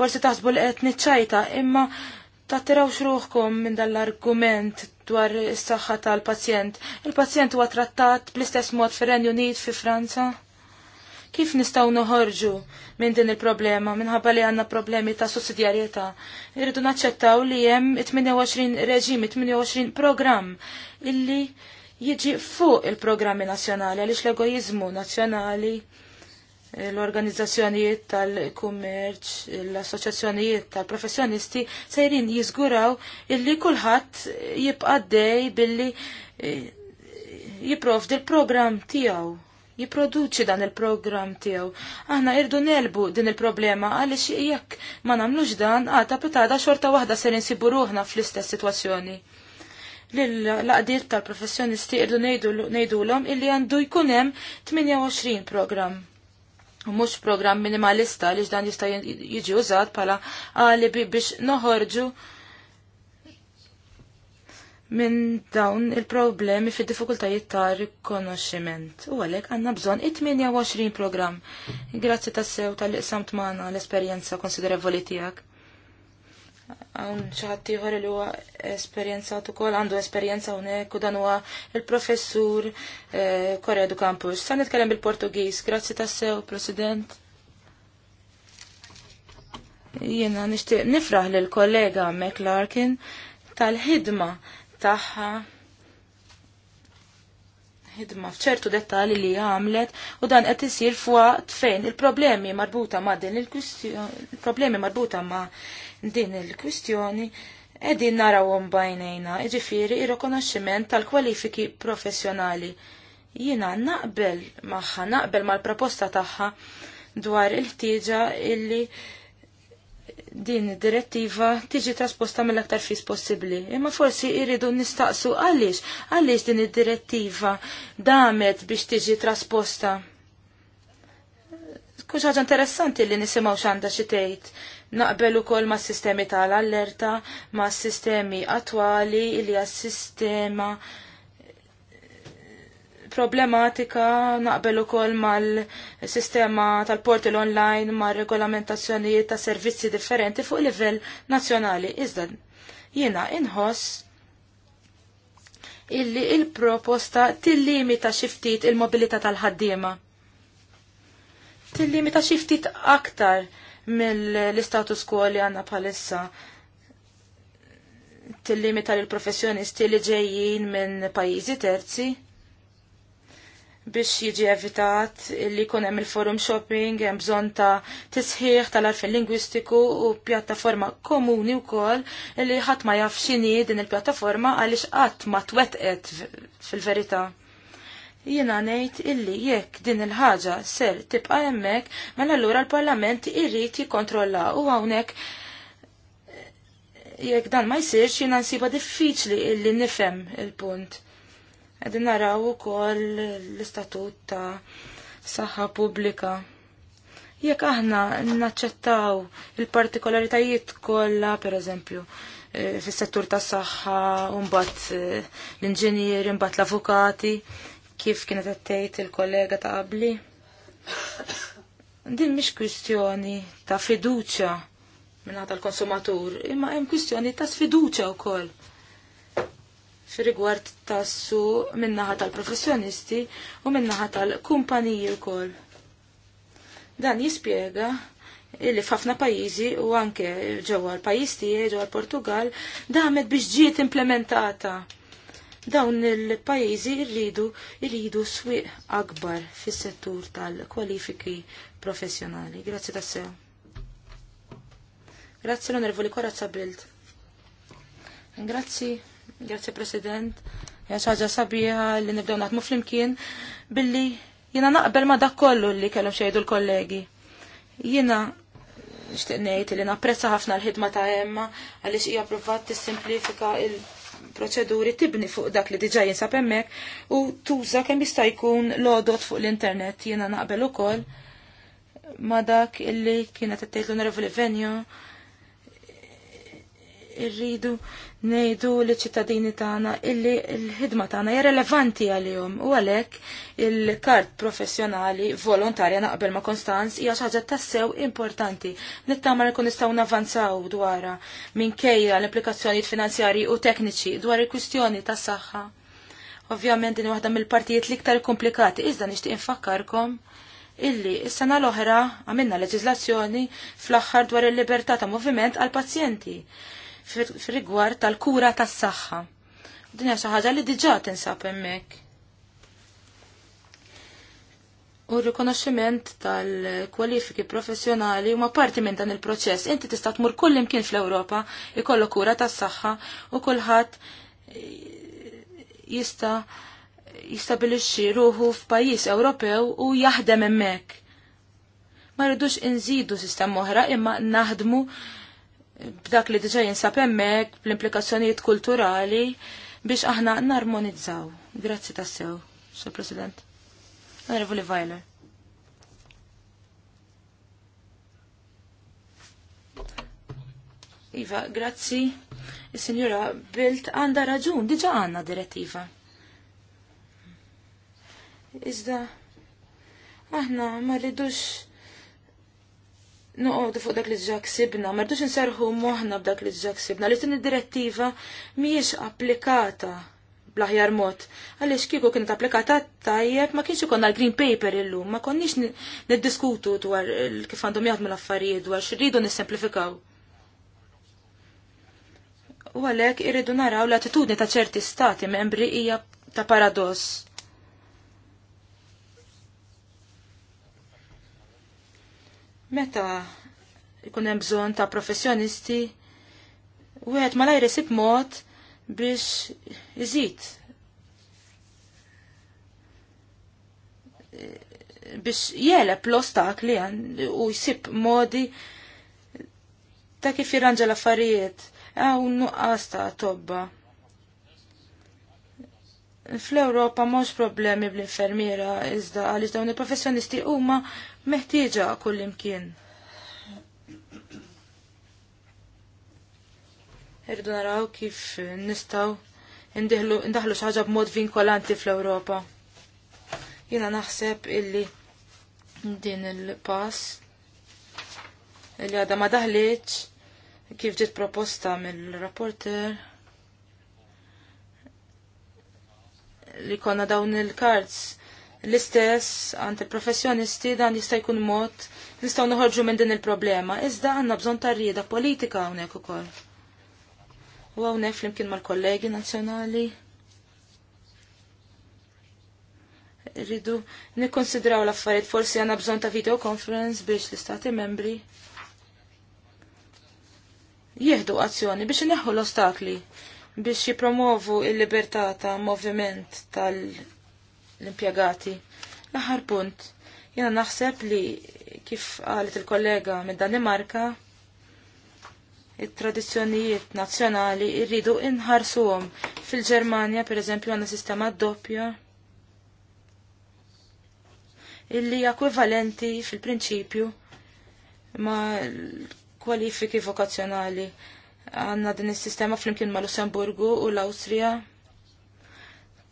Forsi taħsbu li qed niċċajta, imma tattirawx ruħkom minn dal-argument dwar is-saħħa tal-pazjent. Il-pazjent huwa trattat bl-istess mod fir-Renju Unit fi Franza. Kif nistgħu noħorġu minn din il-problema minħabba li għandna problemi ta' sussidjarjetà? Irridu naċċettaw li hemm 28 reġim, 28 programm illi jiġi fuq il-programmi nazzjonali għaliex l-egoizmu nazzjonali l-organizzazzjonijiet tal-kummerċ, l-assoċjazzjonijiet tal-professjonisti sejrin jizguraw illi kulħadd jibqaddej billi eh, jiprof l-program tiegħu, jipproduċi dan il-program tiegħu. Aħna irdu nelbu din il-problema għaliex jekk ma nagħmlux dan għata pitada xorta waħda ser insibu ruħna fl-istess sitwazzjoni. l laqdiet tal-professjonisti irdu ngħidulhom illi għandu jkun hemm 28 programm u mhux programm minimalista li dan jista' jiġi użat bħala għalibi biex noħorġu minn dawn il-problemi fid diffikultajiet ta' rikonoxximent. U għalek għanna bżon 28 program. Grazzi ta' sew tal-iqsam t-mana l-esperienza konsiderevoli tijak. Għawn ċaħat tiħor li huwa esperienza tu kol, għandu esperienza unek u dan huwa il-professur Korea eh, du Campus. Sa' nitkellem bil-Portugis, grazzi tassew, President. Jena nishtiq nifraħ l kollega McLarkin tal-ħidma taħħa ħidma fċertu dettali li għamlet u dan qed isir fwaqt fejn il-problemi marbuta ma' din il-kwistjoni il-problemi marbuta ma' din il-kwistjoni edin narawhom bajnejna, ġifiri ir-rikonoxximent tal-kwalifiki professjonali. Jina naqbel maħħa, naqbel mal-proposta tagħha dwar il-ħtieġa illi din id-direttiva tiġi trasposta mill-aktar fis possibbli. Imma forsi iridu nistaqsu għaliex, għaliex din id-direttiva damet biex tiġi trasposta. Kux ħaġa interessanti li nisimaw xanda xitejt. Naqbel ukoll ma' sistemi tal-allerta, ma' sistemi attwali li għas-sistema problematika naqbel ukoll mal-sistema tal-portal online ma' regolamentazzjonijiet ta' servizzi differenti fuq livell nazzjonali. Iżda jiena inħoss illi il-proposta tillimita xiftit il-mobilità tal-ħaddiema. Tillimita xiftit aktar mill status quo li għanna palissa tillimita il professjonisti li ġejjin minn pajjiżi terzi biex jiġi evitat li kun hemm il-forum shopping, hemm bżonn ta' tisħiħ tal-arfin lingwistiku u pjattaforma komuni wkoll li ħadd ma jafx x'inhi din il-pjattaforma għaliex qatt ma twettqet fil-verità jiena ngħid illi jekk din il-ħaġa ser tibqa' hemmhekk mela allura l-Parlament irrid jikkontrolla u hawnhekk eh, jekk dan ma jsirx jiena nsiba diffiċli illi nifhem il-punt. Qegħdin naraw ukoll l-istatut ta' saħħa pubblika jekk aħna naċċettaw il-partikolaritajiet kollha, per eżempju, eh, fis-settur tas-saħħa, u mbagħad eh, l inġinieri mbagħad l-avukati, kif kienet għattejt il-kollega ta' qabli. Din mish kwistjoni ta' fiduċa minna tal-konsumatur, imma hemm kwistjoni ta' sfiduċa u koll. Fi rigward minn minnaħa tal-professjonisti u min-naħa tal-kumpaniji u koll. Dan jispiega illi f'ħafna pajjiżi u anke ġewwa l-pajjiż tiegħi ġewwa l-Portugal damet biex ġiet implementata dawn il-pajjiżi rridu jridu swieq akbar fis-settur tal-kwalifiki professjonali. Grazzi tassew. Grazzi l-onorevoli Korazza Bild. Grazzi, grazzi President. Ja ħaġa sabiħa li nibdew naħdmu flimkien billi jiena naqbel ma dak kollu li kellhom xejdu l-kollegi. Jiena nixtieq ngħid li napprezza ħafna l-ħidma ta' Emma għaliex hija provat tissimplifika il- proċeduri tibni fuq dak li diġa jinsab hemmhekk u tuża kemm jista' jkun lodot fuq l-internet jiena naqbel ukoll ma dak illi kienet qed tgħid l venju Venjo irridu ngħidu li ċittadini tagħna illi l-ħidma tagħna hija relevanti għalihom u għalhekk il-kart professjonali volontarja naqbel ma' Konstanz hija xi ħaġa tassew importanti. Nittama li kun nistgħu navanzaw dwarha minkejja l-implikazzjonijiet finanzjarji u tekniċi dwar il-kwistjoni tas-saħħa. Ovvjament din waħda mill-partijiet l-iktar komplikati, iżda nixtieq infakkarkom illi s-sena l-oħra għamilna leġizlazzjoni fl aħħar dwar il-libertà ta' moviment għal pazjenti fir-rigward tal-kura tas-saħħa. Din hija xi ħaġa li diġà tinsab hemmhekk. U r-rikonoxximent tal-kwalifiki professjonali huma parti minn dan il-proċess. Inti tista' tmur kull imkien fl-Ewropa ikollu kura tas-saħħa u kulħadd jista' jistabilixxi ruħu f'pajjiż Ewropew u jaħdem hemmhekk. Ma rridux inżidu sistema oħra imma naħdmu b'dak li diġa jinsab hemmhekk bl-implikazzjonijiet kulturali biex aħna narmonizzaw. Grazzi tassew, Sur President. Onorevoli Vajler. Iva, grazzi. Is-Sinjura Bilt għandha raġun, diġa għandna direttiva. Iżda, aħna ma rridux noqogħdu fuq dak li ġa ksibna, merdux nserħu moħħna b'dak li ġa ksibna, li din id-direttiva mhijiex applikata bl-aħjar mod. Għaliex kieku kienet applikata tajjeb ma kienx ikonna l-green paper illum, ma konniex niddiskutu dwar kif għandhom jaħdmu l-affarijiet dwar x'ridu nissemplifikaw. U għalhekk irridu naraw l-attitudni ta' ċerti stati membri hija ta' paradoss Meta ikun hemm bżonn ta' professjonisti, wieħed ma lajr isib mod biex iżid biex jeleb l-ostakli u jisib modi ta' kif jirranġa l-affarijiet. Għaw nuqqas ta' tobba fl-Ewropa mhux problemi bl-infermiera iżda għaliex dawn il-professjonisti huma meħtieġa kullimkien. Irdu naraw kif nistgħu ndaħlu xi ħaġa b'mod vinkolanti fl-Ewropa. Jiena naħseb illi din il-pass illi għadha ma daħliċ kif ġiet proposta mill-rapporter li konna dawn il-kards l-istess għant il-professjonisti dan jista' jkun mod nistgħu noħorġu minn din il-problema, iżda għandna bżonn ta' rieda politika hawnhekk ukoll. U hawnhekk flimkien mal-kollegi nazzjonali. Rridu nikkonsidraw l-affarijiet forsi għandna bżonn ta' video conference biex l-istati membri jieħdu azzjoni biex ineħħu l-ostakli biex jipromovu il-libertà ta' moviment tal-impjegati. L-aħħar punt, jena naħseb li kif qalet il-kollega mid Danimarka, il tradizzjonijiet nazzjonali irridu inħarsuhom fil-Ġermanja pereżempju għandna sistema doppja illi ekwivalenti fil-prinċipju ma kwalifiki vokazzjonali għanna din is-sistema flimkien ma' Lussemburgu u l-Awstrija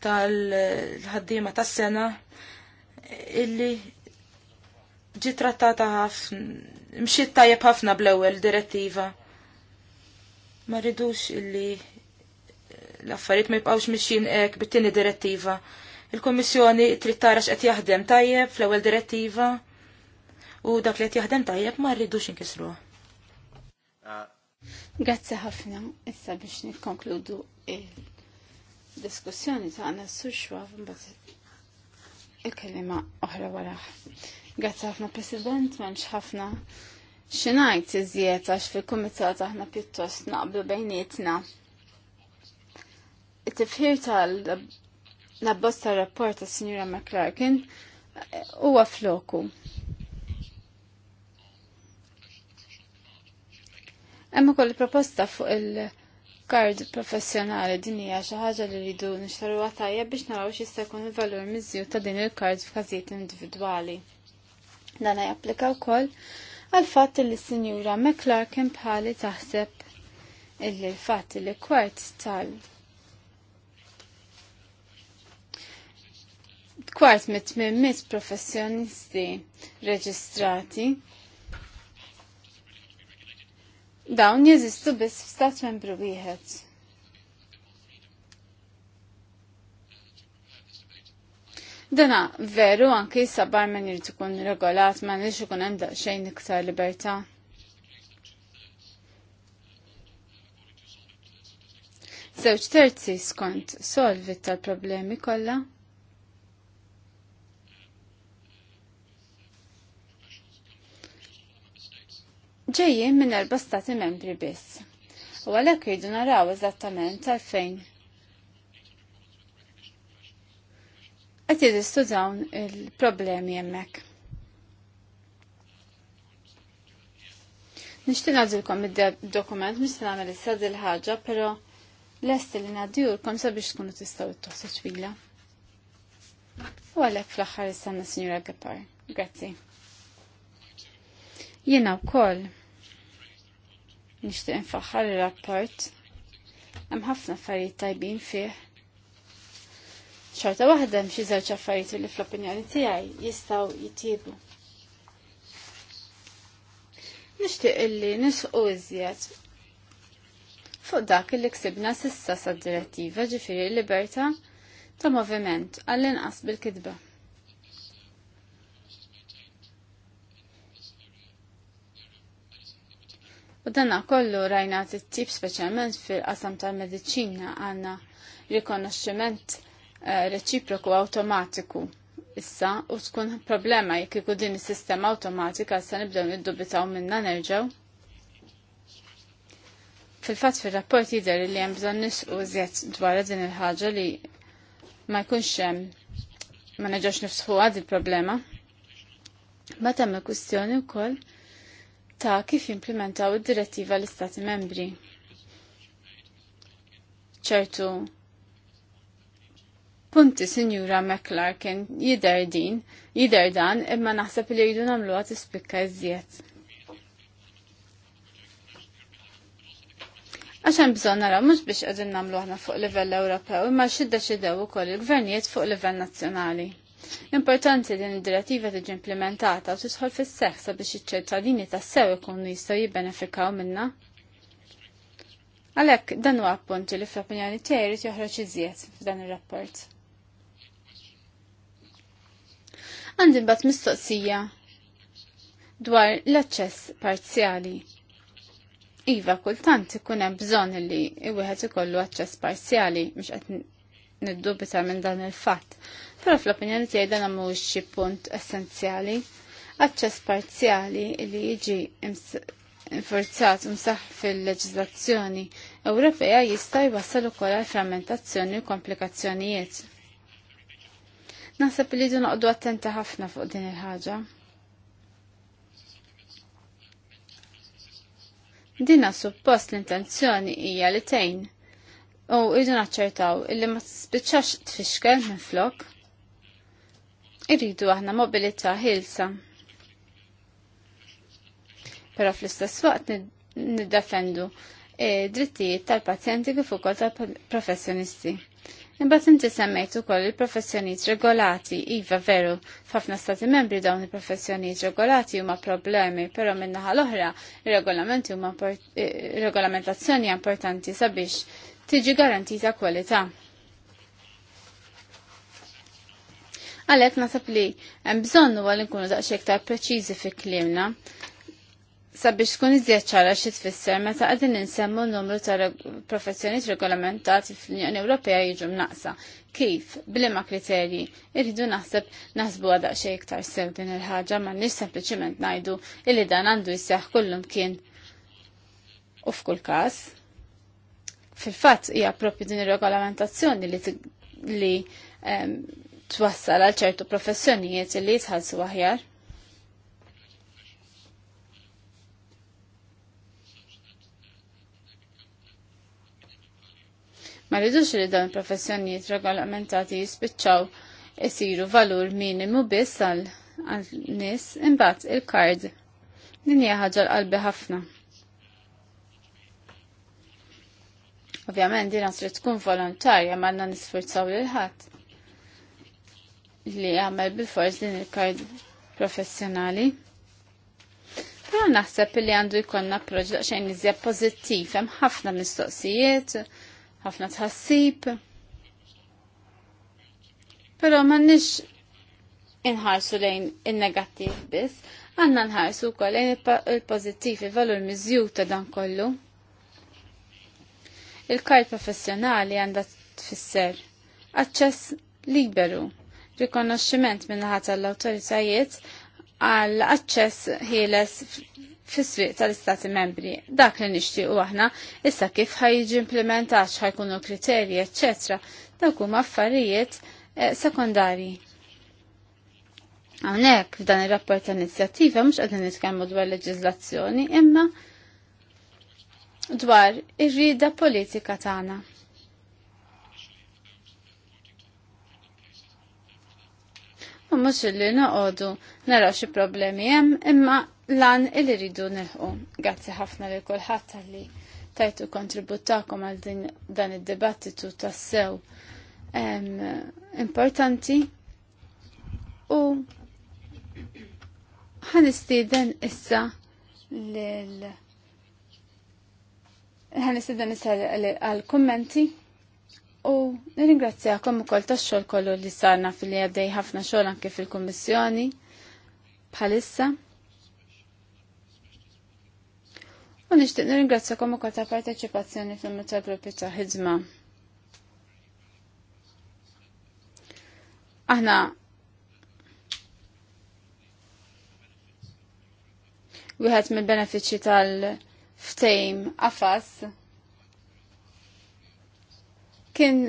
tal-ħaddiema tas-sena illi ġi trattata ħafna mxiet tajjeb ħafna bl-ewwel direttiva. Ma rridux illi l-affarijiet ma jibqgħux mixin hekk bit-tieni direttiva. Il-Kommissjoni trid tara x'qed jaħdem tajjeb fl-ewwel direttiva u dak li qed jaħdem tajjeb ma rridux inkisruha. Grazzi ħafna, issa biex nikkonkludu il-diskussjoni ta' għana s-surxwa il-kelima oħra waraħ. Grazzi ħafna, President, manx ħafna xinajt iżjed għax fil-kumitat aħna pjuttost naqblu bejnietna. It-tifħir tal nabbosta rapport tas-Sinjura McClarkin huwa floku. Hemm ukoll proposta fuq il-kard professjonali din hija xi ħaġa li rridu nixtaruha tajjeb biex naraw x'jista' jkun il-valur miżjud ta' din il-kard f'każijiet individwali. Dan japplika wkoll għal fatt li s-Sinjura McClarkin bħali taħseb il l-fatt li kwart tal- kwart mit mimmis professjonisti reġistrati dawn jeżistu biss f'stat membru wieħed. Dana veru anki sabar ma nirtu kun regolat ma nirtu kun hemm daqsxejn iktar libertà. Żewġ terzi skont solvit tal-problemi kollha. ġejjin minn erba' stati membri biss. U għalhekk jridu naraw eżattament għalfejn qed jidhistu dawn il-problemi hemmhekk. Nixtieq ngħidilkom id-dokument mhux nagħmel issa din ħaġa, però lest li ngħaddilkom sabiex tkunu tistgħu ittoħsu twila. U għalhekk fl-aħħar istanna Sinjura Gepar. Grazzi. Jiena wkoll Nixtieq nfaħħar ir-rapport. Hemm ħafna affarijiet tajbin fih. Xorta waħda hemm xi żewġ affarijiet li fl-opinjoni tiegħi jistgħu jitjiebu. Nixtieq illi nisqu iżjed fuq dak li ksibna sissa sa' direttiva ġifieri l-libertà ta' moviment għall-inqas bil-kidba. U danna kollu rajna t-tip specialment fil-qasam tal-medicina għanna rikonoxximent eh, reċiproku automatiku issa u tkun problema jekk iku din is-sistema automatika issa nibdew niddubitaw minna nerġgħu. Fil-fatt fir-rapport jidher li hemm bżonn nisqu iżjed dwar din il-ħaġa li ma jkunx hemm ma neġax nifsħu għad il-problema. Meta hemm kwistjoni wkoll ta' kif implementaw id-direttiva l-Istati membri. ċertu punti sinjura McClarkin jider din, jider dan, imma naħseb li jridu namlu għat ispikka iżjed. Għaxan bżon naraw, mux biex għadin namlu għana fuq livell Ewropew, imma xidda xidda u koll il-gvernijiet fuq livell nazzjonali. Importanti din id-direttiva tiġi implementata u tisħol fis-seħħ sabiex iċ-ċittadini sew ikunu jistgħu jibbenefikaw minnha. Għalhekk dan huwa appunti li fl-opinjoni tiegħi jrid joħroġ iżjed f'dan ir-rapport. Għandi mbagħad mistoqsija dwar l-aċċess parzjali. Iva, kultant ikun hemm bżonn li wieħed ikollu aċċess parzjali biex qed niddubita minn dan il-fatt. Però fl-opinjoni tiegħi dan mhuwiex xi punt essenzjali. Aċċess parzjali li jiġi infurzat msaħ fil-leġiżlazzjoni Ewropea jista' jwassal ukoll għal frammentazzjoni u komplikazzjonijiet. Naħseb li du noqdu attenti ħafna fuq din il-ħaġa. Dina suppost l-intenzjoni hija li tgħin U irridu naċċertaw illi ma spiċċax tfixkel minn flok. Irridu aħna mobilità ħilsa. Però fl-istess waqt niddefendu e, drittijiet tal-pazjenti kif ukoll tal-professjonisti. Imbagħad inti semmejt ukoll il-professjonijiet regolati, iva veru, f'ħafna stati membri dawn il-professjonijiet regolati huma problemi, però min-naħa l-oħra ir-regolamenti huma eh, regolamentazzjoni importanti sabiex tiġi garantita kwalità. Għalek nasab li hemm bżonn huwa li nkunu daqsxejn iktar preċiżi fi klimna sabiex tkun iżjed ċara xi tfisser meta qegħdin insemmu n-numru ta' professjonijiet regolamentati fl-Unjoni Ewropea jiġu mnaqsa. Kif, b'liema kriterji, irridu naħseb naħsbu għadaq xejn iktar sew din il-ħaġa m'għandniex sempliċiment ngħidu illi dan għandu jseħħ kullum kien u f'kull każ fil-fatt hija propju din ir-regolamentazzjoni li li twassal għal ċertu professjonijiet li jitħallsu aħjar. Ma rridux li dawn professjonijiet regolamentati jispiċċaw isiru valur minimu biss għal nies imbagħad il-kard. Din hija ħaġa l-qalbi ħafna. Ovvjament din trid tkun volontarja ma għandna nisfurzaw lil ħadd li għamel bil-fors din il-kard professjonali. Però naħseb li għandu jkollna approċ xejn iżjed pożittiv, hemm ħafna mistoqsijiet, ħafna tħassib. Però m'għandniex inħarsu lejn in-negattiv biss, għandna nħarsu wkoll lejn il-pożittiv, il-valur miżjud ta' dan kollu. Il-kart professjonali għandha tfisser aċċess liberu, rikonoxximent minn ħadd tal-awtoritajiet għal aċċess ħieles fis-swieq tal-Istati Membri. Dak li nixtiequ aħna issa kif ħajġi implementax ħajkunu kriterji, ecc. Dak huma affarijiet eh, sekondarji. Hawnhekk f'dan ir-rapport ta' inizjattiva mhux qegħdin nitkellmu dwar leġiżlazzjoni, imma dwar ir-rida politika tagħna. U mhux illi noqogħdu naraw xi problemi hemm imma lan il rridu nilħu. Grazzi ħafna lil kulħadd li tajtu kontribut għal dan id-dibattitu tassew importanti u ħanistieden issa lil ħan nistidda nisal għal-kommenti u nirringrazzjakom ukoll tax-xogħol kollu li sarna fil-li għaddej ħafna xogħol anke fil-Kummissjoni bħalissa. U nixtieq u ukoll ta' parteċipazzjoni fil-numru gruppi ta' ħidma. Aħna wieħed mill-benefiċċji tal- ftejm għafas kien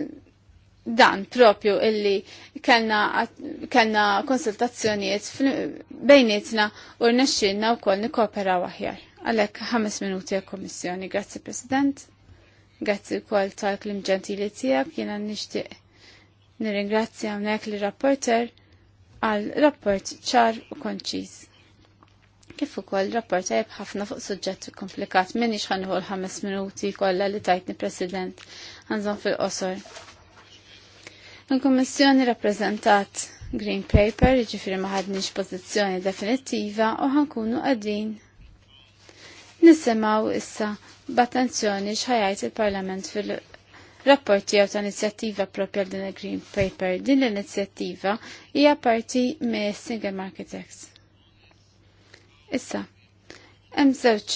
dan propju illi kellna, kellna konsultazzjonijiet bejnietna u rnexxinna wkoll nikkooperaw aħjar. Għalhekk ħames minuti għal-Kommissjoni. Grazzi President. Grazzi wkoll tal-klim ġentili tiegħek jiena nixtieq nirringrazzja hawnhekk li rapporter għal rapport ċar u konċiż kif ukoll l-rapporta tajb ħafna fuq suġġett komplikat minni xħanħu l-ħames minuti kollha li tajtni President għandhom fil-qosor. Il-Kommissjoni rappreżentat Green Paper, jiġifieri ma ħadniex pożizzjoni definittiva u ħankunu qegħdin. Nisimgħu issa b'attenzjoni xħajajt il-Parlament fil- rapporti għaw ta' inizjattiva propja din il-Green Paper. Din l-inizjattiva hija parti me Single Market Act. Issa, hemm żewġ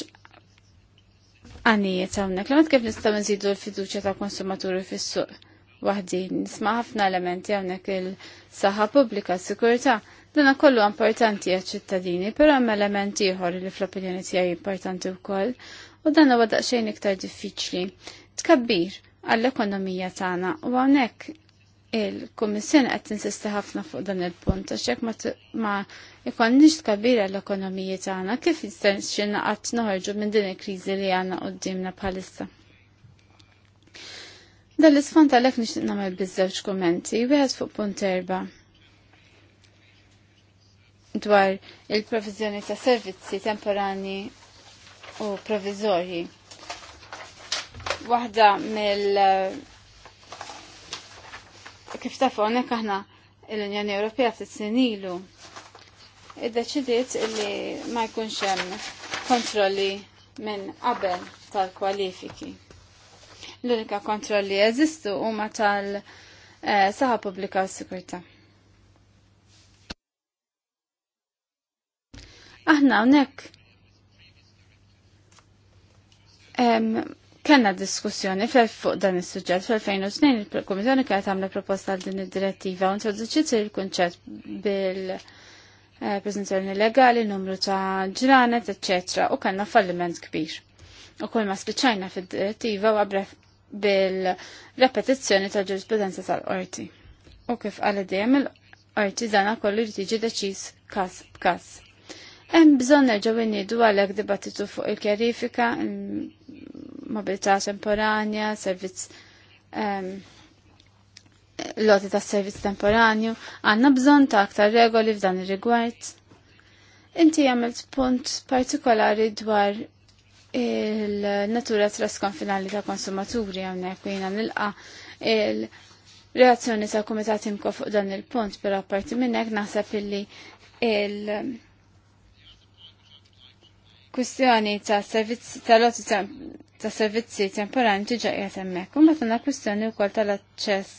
għanijiet hawnhekk l kif nistgħu nżidu l-fiduċja ta' konsumaturi fis-suq waħdin. Nisma' ħafna elementi hawnhekk il-saħħa pubblika, s-sikurtà. Dana kollu importanti għaċ-ċittadini, però hemm elementi ieħor li fl-opinjoni tiegħi importanti wkoll u dan huwa daqsxejn iktar diffiċli. Tkabbir għall-ekonomija tagħna u hawnhekk il-Kommissjoni qed tinsisti ħafna fuq dan il-punt għax jekk ma ikonniex kabira l-ekonomiji tagħna kif jistenxinna qatt noħorġu minn din il-kriżi li għandna quddiemna bħalissa. Dal-isfond għalhekk nixtieq nagħmel biżewġ kummenti, wieħed fuq punt erba' dwar il-provizjoni ta' servizzi temporani u provizorji. Waħda mill- kif tafu hawnhekk aħna l-Unjoni Ewropea ftit id iddeċidiet li ma jkunx hemm kontrolli minn qabel tal-kwalifiki. L-unika kontrolli jeżistu huma tal-saħa pubblika u sikurta. Aħna hawnhekk kena diskussjoni fuq dan is-suġġett fl-2002 il-Kummissjoni kienet għamla proposta għal din id-direttiva u introduċiet il-kunċett bil eh, preżenzjoni legali, numru ta' ġranet, eccetera, u kellna falliment kbir. U kull ma spiċċajna fid-direttiva u għabref bil-repetizzjoni ta' ġurisprudenza tal-qorti. U kif għal dejjem il-qorti dana kollu jrid jiġi deċiż każ b'każ. Hemm bżonn nerġgħu innidu għalhekk dibattitu fuq il-kjarifika, mobilità temporanja, servizz um, ehm, loti ta' servizz temporanju, għandna bżonn ta' aktar regoli f'dan ir-rigward. Inti għamilt punt partikolari dwar il-natura trasconfinali ta' konsumaturi għamnek jina nilqa il-reazzjoni ta' komitat imko fuq dan il-punt, pero apparti minnek naħseb illi il- kustjoni ta' servizzi tal-lotu ta' servizzi temporani tiġa qiegħed hemmhekk. U meta kwistjoni wkoll tal-aċċess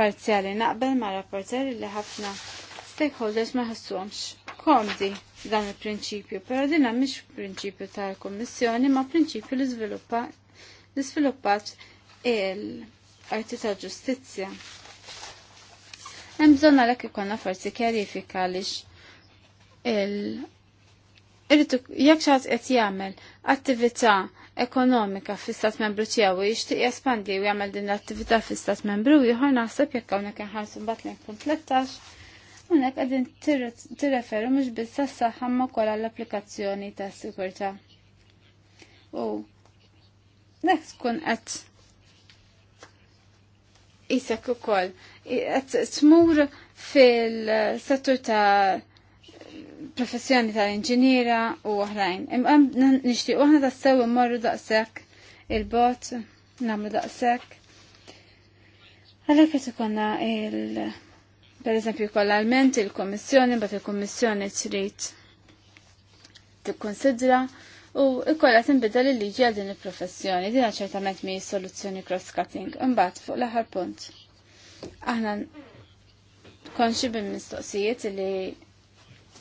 parzjali naqbel ma' rapporter li ħafna stakeholders ma ħassuhomx komdi dan il-prinċipju, però din mhix prinċipju tal-Kummissjoni ma' prinċipju li żviluppa li sviluppat il-arti tal-ġustizzja. Hemm bżonn għalhekk ikollna forsi kjarifika għaliex il irritu jekk xaħat qed jagħmel attività ekonomika fl-istat membru tiegħu jixtieq jespandi u jagħmel din l-attività fl-istat membru ieħor naħseb jekk hawnhekk inħarsu mbagħad li punt 13 hawnhekk qegħdin tirreferu mhux biss sas-saħħa ma wkoll għall-applikazzjoni ta' sigurtà. U dak tkun qed isek ukoll qed tmur fil-settur ta' professjoni tal-inġiniera u oħrajn. Imqam nixtiequ aħna tassew immorru daqshekk il-bot, nagħmlu daqshekk. Għalhekk qed konna il per eżempju kollalment il-Kummissjoni, bat il-Kummissjoni trid tikkonsidra u t tinbidel li liġi għal din il-professjoni, din ċertament mi soluzzjoni cross-cutting. Imbagħad fuq l-aħħar punt. Aħna konxi bil-mistoqsijiet li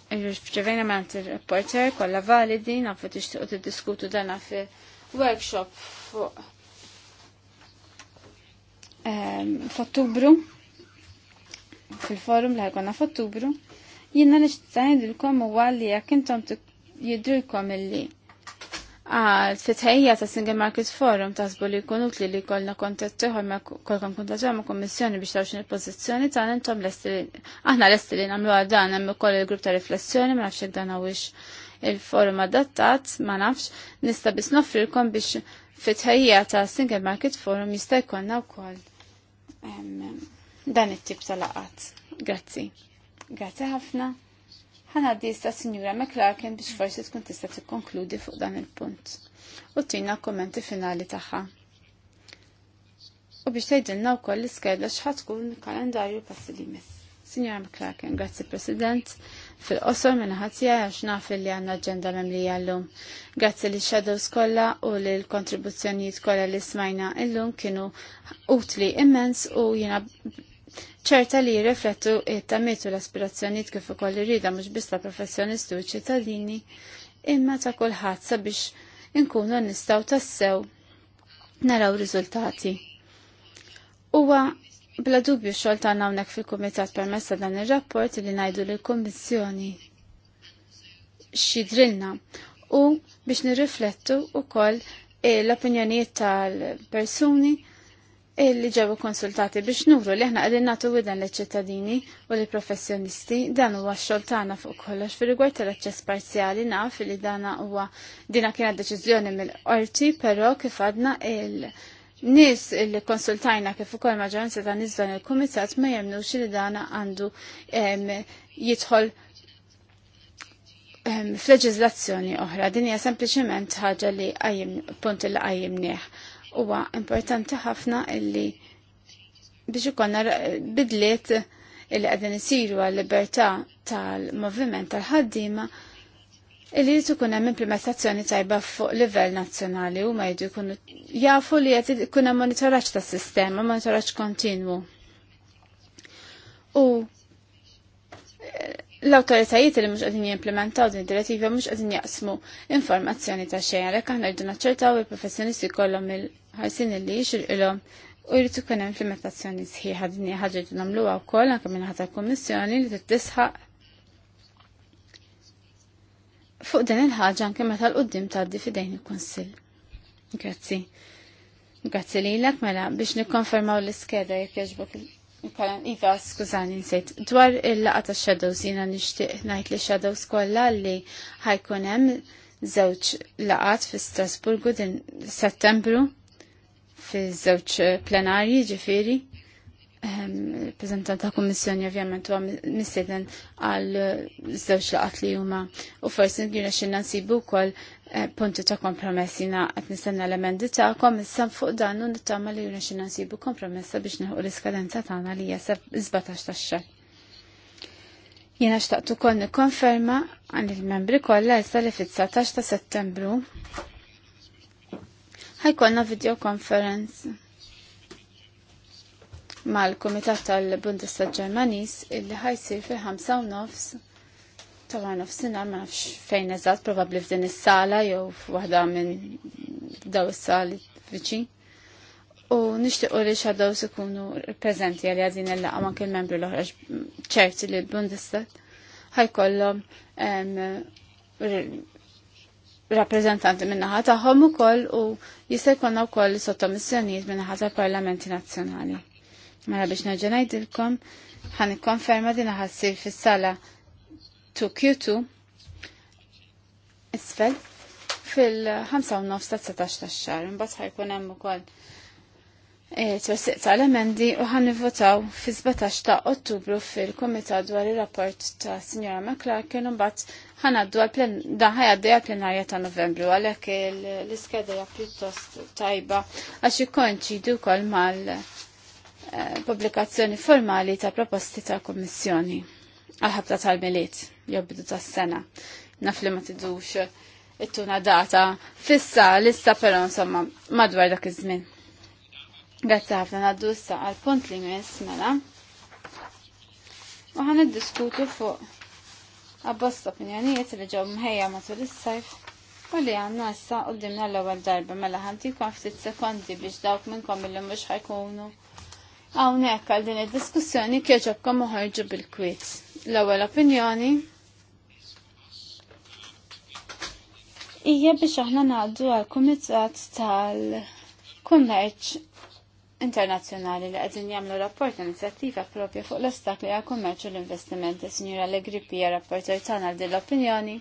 Irċevejna ment il-reporter kolla validi, nafu tixtiqu t-diskutu dana fi workshop fuq ehm, f'Ottubru fil-forum li għagħna f'Ottubru. Jina nixtajn dilkom u għalli jek intom il illi għal fitħejja ta' Single Market Forum tasbu li jkun li li kolna kontett ma kolkom kuntaġġa ma' kommissjoni biex tawxin il-pożizzjoni tagħna intom lesti aħna l li nagħmlu għadan dan hemm ukoll il-grupp ta' riflessjoni ma nafx dan hawnx il-forum adattat ma nafx nista' biss noffrilkom biex fitħejja ta' Single Market Forum jista' jkollna wkoll ehm, dan it-tip tal-laqat. Grazzi. Grazzi ħafna ħanaddi sta' Sinjura McClarkin biex forsi tkun tista' tikkonkludi fuq dan il-punt. U tina kommenti finali tagħha. U biex tgħidilna wkoll l-iskedla x'ħatkun kalendarju passi li miss. Sinjura McClarkin, grazzi President fil-qosor minn ħatija għax naf li għanna ġenda memlija l-lum. Grazzi li shadows kolla u li l-kontribuzzjonijiet kolla li smajna l-lum kienu utli immens u jina ċerta li jirreflettu it-tamitu l-aspirazzjoniet kif ukoll irrida mhux biss ta' professjonisti u ċittadini imma ta' kulħadd sabiex inkunu nistgħu tassew naraw riżultati. Huwa bla dubju xogħol tagħna hawnhekk fil-kumitat permessa dan ir-rapport li ngħidu lill kummissjoni xidrilna u biex nirriflettu wkoll l-opinjonijiet tal-persuni illi ġew konsultati biex nuru li aħna għadin nagħtu widan l ċittadini u li professjonisti dan huwa x-xogħol tagħna fuq kollox fil rigward tal-aċċess parzjali naf li dana huwa dina kienet deċiżjoni mill-qorti, però kif għadna il- Nis li konsultajna kif ukoll maġġoranza ta' nies dan il-kumitat ma jemnux li dana għandu jidħol f'leġiżlazzjoni oħra. Din hija sempliċement ħaġa li punt il li neħ huwa importanti ħafna illi biex ikonna bidliet illi qegħdin isiru għal-libertà tal-moviment tal-ħaddiema Illi jitu kun hemm implementazzjoni tajba fuq livell nazzjonali u ma jkunu jafu li qed ikun hemm monitoraġġ tas-sistema, monitoraġġ kontinwu. U eh, l-autoritajiet li mhux qegħdin jimplementaw din id-direttiva mhux qegħdin jaqsmu informazzjoni ta' xejn għalhekk aħna rridu naċċertaw il-professjonisti kollhom il-ħarsin li jixilqilhom u jrid ikun hemm implementazzjoni sħiħa din hija ħaġa li nagħmluha wkoll anke minn ħadd il-Kummissjoni li tittisħaq fuq din il-ħaġa anke meta l quddiem tgħaddi f'idejn il-Kunsill. Grazzi. Grazzi lilek mela biex nikkonfermaw l-iskeda jekk jogħġbok Iva, skużani, nsejt. Dwar il-laqa ta' Shadows, jina nishtiq najt li Shadows kolla li ħajkun hemm żewġ laqat fi Strasburgu din settembru fi żewġ plenarji ġifiri. Ehm, Prezentant ta' kommissjoni ovvjament huwa missieden għal żewġ laqat li huma u forsi ngira xinna nsibu wkoll Eh, punti ta' kompromessi na qed nistenna l-emendi tagħkom issa fuq dan u nittama li jurna xina nsibu kompromessa biex neħu l-iskadenza tagħna li hija 17 tax-xar. Jiena xtaqt konni nikkonferma għan il-membri kollha issa li fit-19 ta' Settembru konna video conference mal-Kumitat tal-Bundestag Ġermaniż illi ħajsir fil-5 u nofs Tawa nofsina ma nafx fejn eżatt, probabli f'din is-sala jew f'waħda minn daw is-sali viċin. U nixtiequ li xadow ikunu preżenti għal għadin il-laqa ma membru l-oħra ċerti li l-Bundestat ħajkollhom rappreżentanti min-naħa tagħhom ukoll u jista' jkollna wkoll sottomissjonijiet min-naħa tal-Parlamenti Nazzjonali. Mela biex nerġa' ngħidilkom ħanikkonferma din ħassir fis-sala to Q2 isfel fil-5 ta' 19 ta' xar. Mbagħad ħajkun hemm ukoll e, twessiq tal-emendi u ħan votaw fi 17 ta' Ottubru fil-Kumitat dwar ir-rapport ta' Sinjora McClarkin u mbagħad għaddu għal dan ħajgħaddi għal plenarja ta' Novembru għalhekk l-iskedeja pjuttost tajba għax ikkonċidu wkoll mal e, pubblikazzjoni formali ta' proposti ta' Kummissjoni għal ħabta tal-miliet jew bidu tas-sena. Naf li ma tidux it-tuna data fissa lissa però insomma madwar dak iż-żmien. Grazzi ħafna ngħaddu issa għal punt li jmiss mela. U ħan iddiskutu fuq abbost opinjonijiet li ġew mħejja matul is-sajf u li għandna issa qudiemna l-ewwel darba mela ħantikom ftit sekondi biex dawk minnkom illi mhux ħajkunu Hawnhekk għal din id-diskussjoni kieġobkom uħarġu bil-kwiz. L-ewwel opinjoni hija biex aħna ngħaddu għal kumitat tal-kummerċ internazzjonali li qegħdin jagħmlu rapport inizjattiva propja fuq l-ostakli għal kummerċ u l-investimenti. Signora Legrippi hija rapporter tagħna għal din l-opinjoni.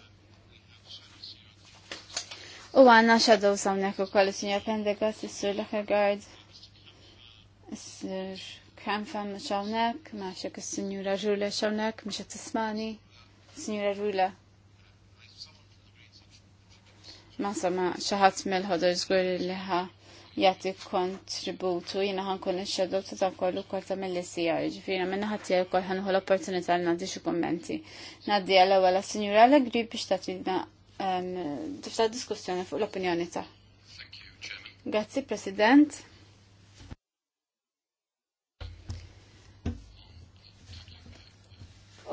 U għanna xadow samnek u kolli signor Pendegas, s-sur Lekagard, s-sur Kramfam xawnek, maċek s signora Rula xawnek, mxet s-smani, s signora Rula ma sama xaħat mill-ħodor zgur li ħa jati kontributu jina ħankun il-xedow ta' ta' kollu kol ta' mill-ICR ġifina minna ħat għal kol ħanħu l-opportunità li naddi xie kommenti. Naddi għal għala signora Allegri biex ta' tidna tifta' diskussjoni fuq l-opinjoni ta' Grazzi, President.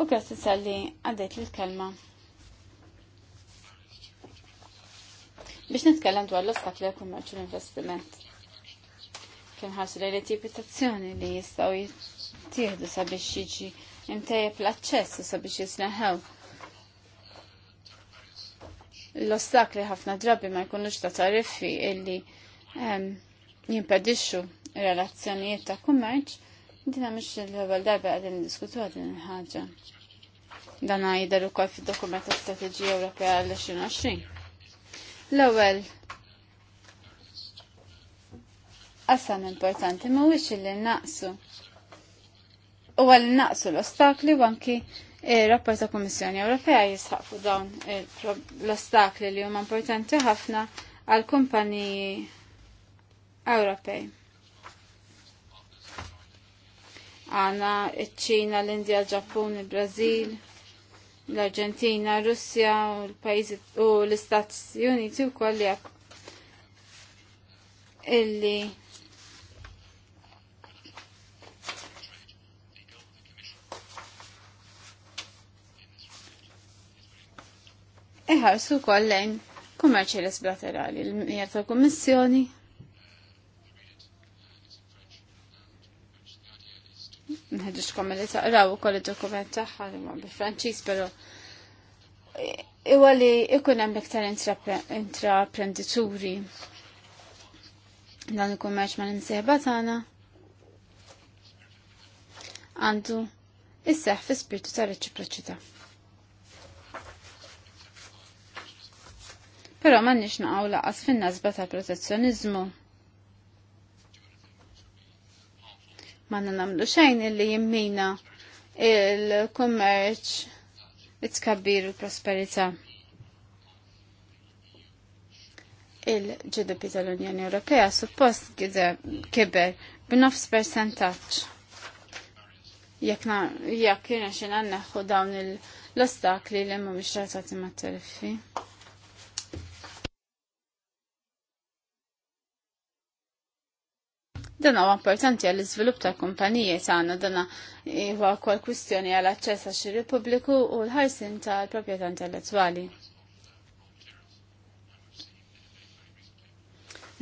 U grazie, tal-li għaddejt l-kelma. biex nitkellem dwar l-ostakli għal kummerċu l-investiment. Kien ħarsu li tipi tazzjoni li jistaw jittieħdu sabiex jiġi imtejjeb l-aċċess u sabiex jisneħew. L-ostakli ħafna drabi ma jkunux ta' tariffi illi ehm, jimpedixxu relazzjonijiet ta' kummerċ, dina mhix l-ewwel darba qegħdin niddiskutu din il-ħaġa. Dan jidher ukoll fid-dokument Strateġija Ewropea l-2020 L-ewwel qasam importanti mhuwiex illi naqsu. U għal naqsu l-ostakli u il eh, rapport ta' Kummissjoni Ewropea jisħaq fuq dawn eh, l-ostakli li huma importanti ħafna għal kumpaniji Ewropej. Għana iċ-Ċina, l-Indja, l-Ġappun, il-Brażil. il brazil il brażil l-Arġentina, Russja u l-Pajzi u l-Istati Uniti u koll illi iħarsu kollejn kummerċi l-esbilaterali, l-mija tal kummissjoni. nħedġiġkom li taqraw u koll il-dokument taħħa li ma bil-Franċis, pero iwa li ikun hemm iktar intraprendituri dan il-kummerċ ma l-imsieħba tagħna għandu isseħ fi spirtu ta' reċiproċità. Però ma nix naqgħu laqas fin-nazba ta' protezzjonizmu. ma nagħmlu xejn illi jimmina il-kummerċ it-tkabbir u prosperità. Il-GDP tal-Unjoni Ewropea suppost kiber b'nofs percentaġġ. Jekk jekk jiena xi dawn l-ostakli li mhumiex relatati mat-tariffi. Dan huwa importanti għall iżvilupp tal kumpaniji tagħna dan huwa wkoll kwistjoni għal aċċess għax pubbliku u l-ħarsin tal-proprjetà intellettwali.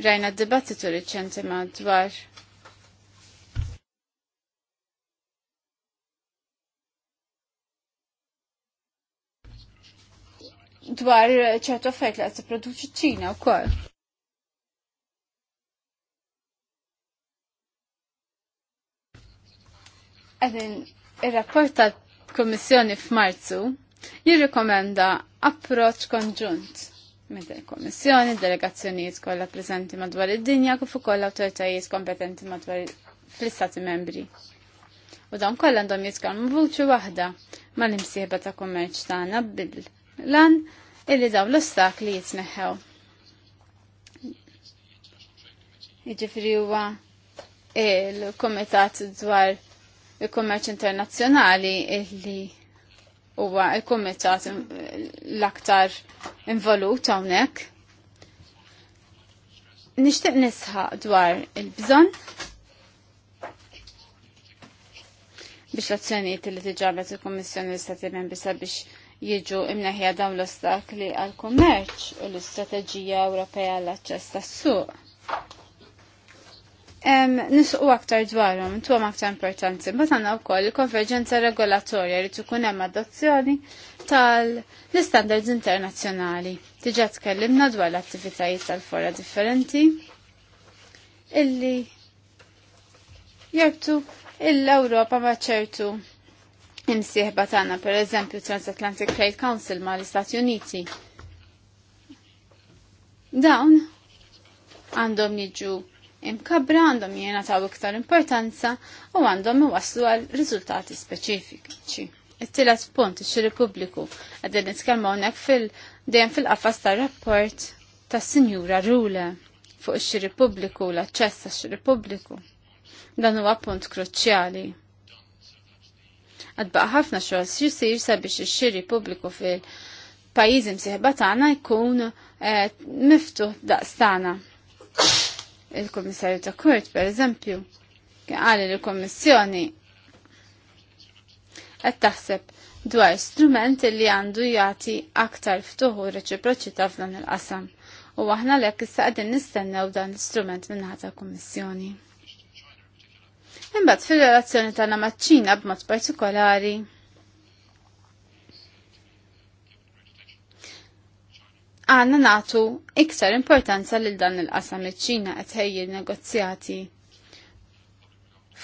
Rajna d-dibattitu riċenti madwar dwar dwar ċertu affajt li għat produċi ċina u kol. Għedin, il-rapport tal-Komissjoni f'Marzu jirrikomenda approċ konġunt minn il-Komissjoni, delegazzjonijiet kollha preżenti madwar id-dinja kif ukoll awtoritajiet kompetenti madwar fl-Istati membri. U dawn kollha għandhom jitkellmu vuċi waħda mal-imsieħba ta' kummerċ tagħna bil-lan illi dawn l-ostakli jitneħħew. Jiġifieri huwa il komitat dwar il-kummerċ internazzjonali illi huwa il-kumitat l-aktar involut hawnhekk. Nixtieq nisħaq dwar il-bżonn biex l-azzjonijiet li tiġabet il-Kummissjoni l-Istati Membri sabiex jiġu imneħja dawn l-ostakli għal-kummerċ u l-Istrateġija Ewropea għall-aċċess tas-suq nisqu aktar dwarhom, tuhom aktar importanti. Mbagħad għandna wkoll il-konverġenza regolatorja li tkun hemm adozzjoni tal-istandards internazzjonali. Diġà tkellimna dwar l-attivitajiet tal-fora differenti illi jartu l-Ewropa ma ċertu imsieħba tagħna pereżempju Transatlantic Trade Council mal istati Uniti. Dawn għandhom jiġu imkabra għandhom jiena iktar importanza u għandhom iwaslu għal riżultati speċifiċi. It-tielet punt ix-xiri pubbliku qegħdin nitkellmu hawnhekk fil dejjem fil-qafas tar-rapport tas-Sinjura Rule fuq ix-xiri pubbliku u l-aċċess tax xiri pubbliku. Dan huwa punt kruċjali. Għadbaq ħafna xogħol jsir sabiex ix-xiri pubbliku fil-pajjiżi msieħba tagħna jkun eh, miftuħ daqstana il-Komissarju ta' Kurt, per eżempju, kien għal il-Komissjoni qed taħseb dwar strument li għandu jagħti aktar ftuħu reċiproċità f'dan il-qasam u aħna lek issa qegħdin nistennew dan l strument minnaħa tal-Kummissjoni. Imbagħad fil relazzjoni tagħna maċ-Ċina b'mod partikolari għanna natu iktar importanza lil dan il-qasam iċ-Ċina qed ħejjir negozjati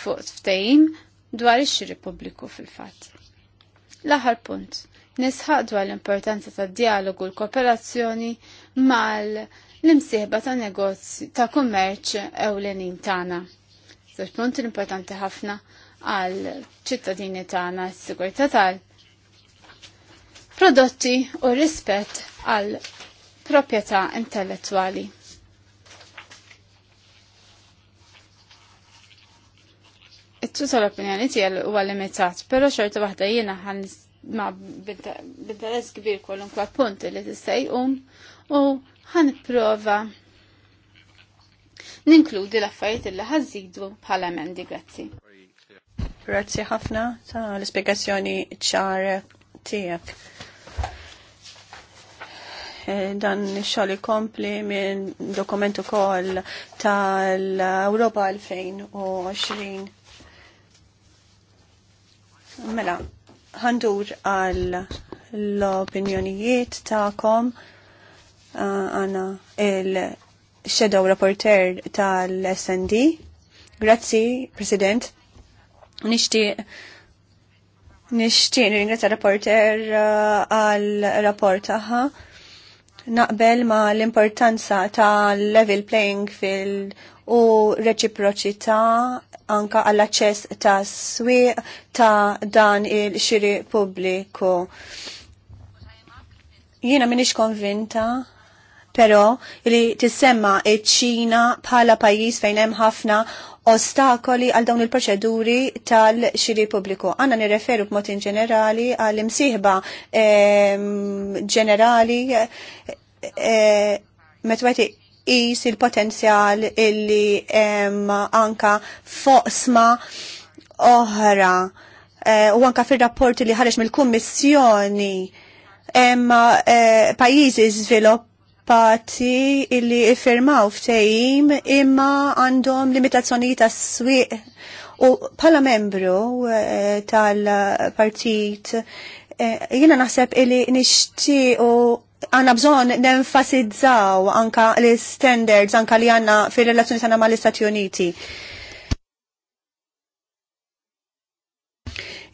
fuq ftehim dwar ix-xiri pubbliku fil-fatt. L-aħħar punt, nisħaq dwar l-importanza tad-dialogu u l-kooperazzjoni mal l-imsieħba ta' negozju ta' kummerċ ewlenin tagħna. Żewġ punt importanti ħafna għal ċittadini tagħna s-sigurtà tal prodotti u rispett għal proprjetà intellettwali. It-tu tal-opinjoni tiegħi huwa limitat, però xorta waħda jiena għan ma b'interess kbir kwalunkwa punt li tista' jqum u prova ninkludi l-affarijiet li ħażidu bħala emendi grazzi. Grazzi ħafna ta' l-ispjegazzjoni ċar tiegħek. Eh, dan xali kompli minn dokumentu ukoll tal europa 2020. Mela, għandur għal l-opinjonijiet ta' kom eh, għana uh, il-shadow rapporter tal-SND. Grazzi, President. Nishti nishti ringrazzja reporter eh, għal rapport taħħa naqbel ma l-importanza ta' level playing field u reċiproċità anka għall aċċess ta' swieq ta' dan il-xiri pubbliku. Jiena minix konvinta pero li tissemma iċ-Ċina bħala pajjiż fejn hemm ħafna ostakoli għal dawn il-proċeduri tal-xiri pubbliku. Għanna nirreferu b'mod in ġenerali għal imsieħba ehm, ġenerali eh, metweti is il-potenzjal illi ehm, anka foqsma oħra eh, u anka fil-rapporti li ħareġ mill-Kummissjoni hemm eh, pajjiżi żvilupp pati illi iffirmaw ftejim imma għandhom limitazzjoni ta' swieq u pala membru eh, tal-partit eh, jina naħseb illi nishti u għanna bżon nenfasizzaw anka l-standards anka li għanna fil-relazzjoni tagħna mal-Istati Uniti.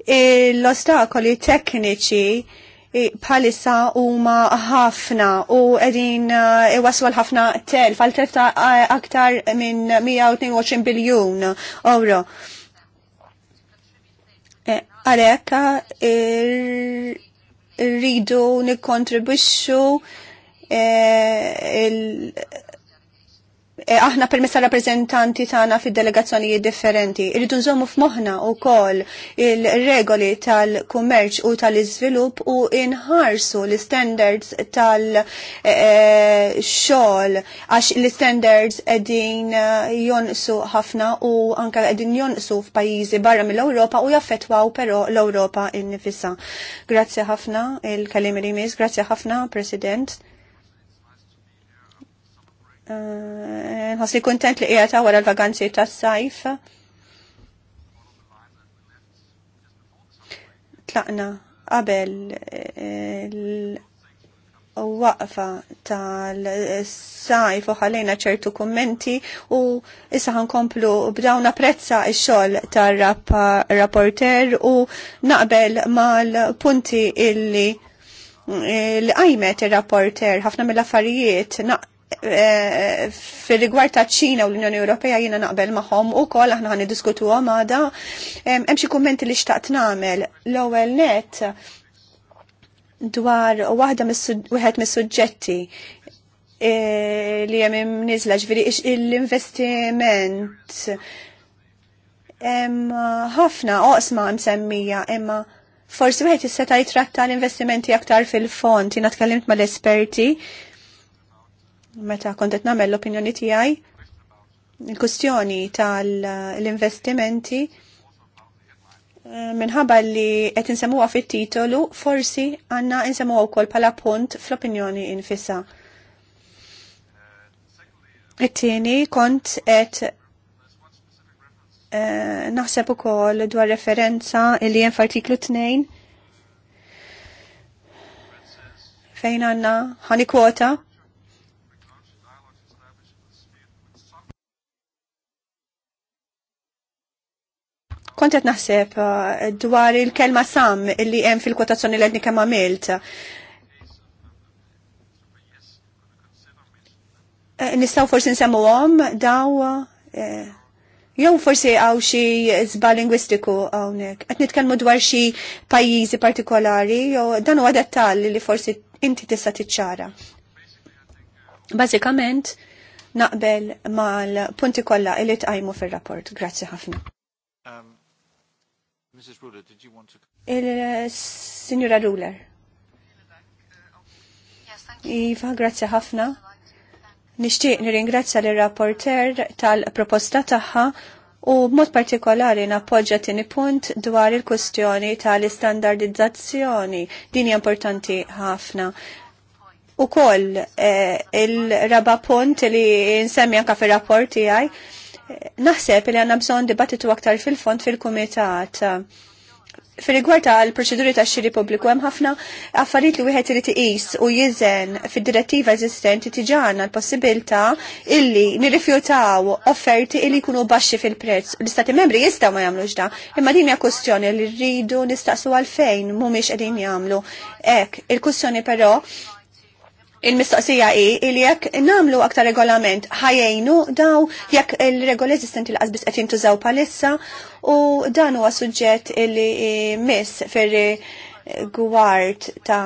Eh, l-ostakoli tekniċi u huma ħafna u qegħdin eh, iwaslu ħafna telf għal telf aktar minn 122 biljun euro. Eh, għalhekk rridu nikkontribwixxu eh, Eh, aħna permessa rappresentanti tagħna fid-delegazzjonijiet differenti. Irridu nżommu f'moħħna wkoll il-regoli tal-kummerċ u tal-iżvilupp u inħarsu l-standards tal-xogħol għax l-standards qegħdin eh, jonqsu ħafna u anke qegħdin jonqsu f'pajjiżi barra mill-Ewropa u jaffettwaw però l-Ewropa innifisha. Grazzi ħafna il-kalim Rimis, grazzi ħafna President. Eh, Nħasli kuntent li qiegħed wara l-vaganzi tas-sajf. Tlaqna qabel eh, l-waqfa tal-sajf u ħalejna ċertu kummenti u issa ħankomplu b'dawna prezza x-xogħol tar-rapporter u naqbel mal-punti illi l-għajmet il-rapporter ħafna mill-affarijiet naqbel fil rigward ta' ċina u l-Unjoni Ewropea jiena naqbel magħhom ukoll aħna ħan diskutu għamada. Hemm xi kummenti li xtaqt nagħmel. L-ewwel net dwar waħda wieħed mis-suġġetti e, li hemm niżla ġifieri l-investiment ħafna oqsma msemmija imma forsi wieħed jista' jitratta l-investimenti aktar fil-fond, jiena tkellimt mal-esperti meta kontet namel l-opinjoni tijaj, il-kustjoni tal-investimenti eh, minħabba li qed insemmuha fit-titolu, forsi għandna insemmuha wkoll bħala punt fl-opinjoni infissa. It-tieni kont qed eh, naħseb ukoll dwar referenza li hemm f'artiklu 2 fejn għandna ħani kwota Kont qed naħseb uh, dwar il-kelma sam li hemm fil-kwotazzjoni l-edni kemm għamilt. Eh, nistaw forsi nsemmuhom daw eh, jew forsi għaw xi żba lingwistiku hawnhekk. Qed nitkellmu dwar xi pajjiżi partikolari jew dan huwa dettall li forsi inti tista' tiċċara. Bażikament, naqbel mal-punti kollha li tqajmu fir-rapport. Grazzi ħafna. Um, Mrs. Ruler, did you want to... Il-Signora Ruler. Iva, grazie ħafna. Nishtiq nirringrazzja l rapporter tal-proposta tagħha u b'mod partikolari nappoġġa tieni punt dwar il-kwestjoni tal-istandardizzazzjoni. Din hija importanti ħafna. U koll eh, il-raba punt li nsemmi anka fir-rapport tiegħi Naħseb li għanna bżon dibattitu aktar fil-fond fil-kumitat. Fil-rigward l proċeduri ta' xiri pubbliku hemm ħafna affarijiet li wieħed irid iqis u jiżen fid-direttiva eżistenti tiġana l-possibilità illi nirrifjutaw offerti illi jkunu baxxi fil-prezz. L-Istati Membri jistgħu ma jagħmlux da, imma din hija kwestjoni li rridu nistaqsu għalfejn mhumiex qegħdin jagħmlu. Hekk, il-kwestjoni però Il-mistoqsija i li jekk namlu aktar regolament ħajjejnu daw jekk il regol eżistenti l qasbis qed jintużaw palissa u dan huwa suġġett li miss fir gwart ta'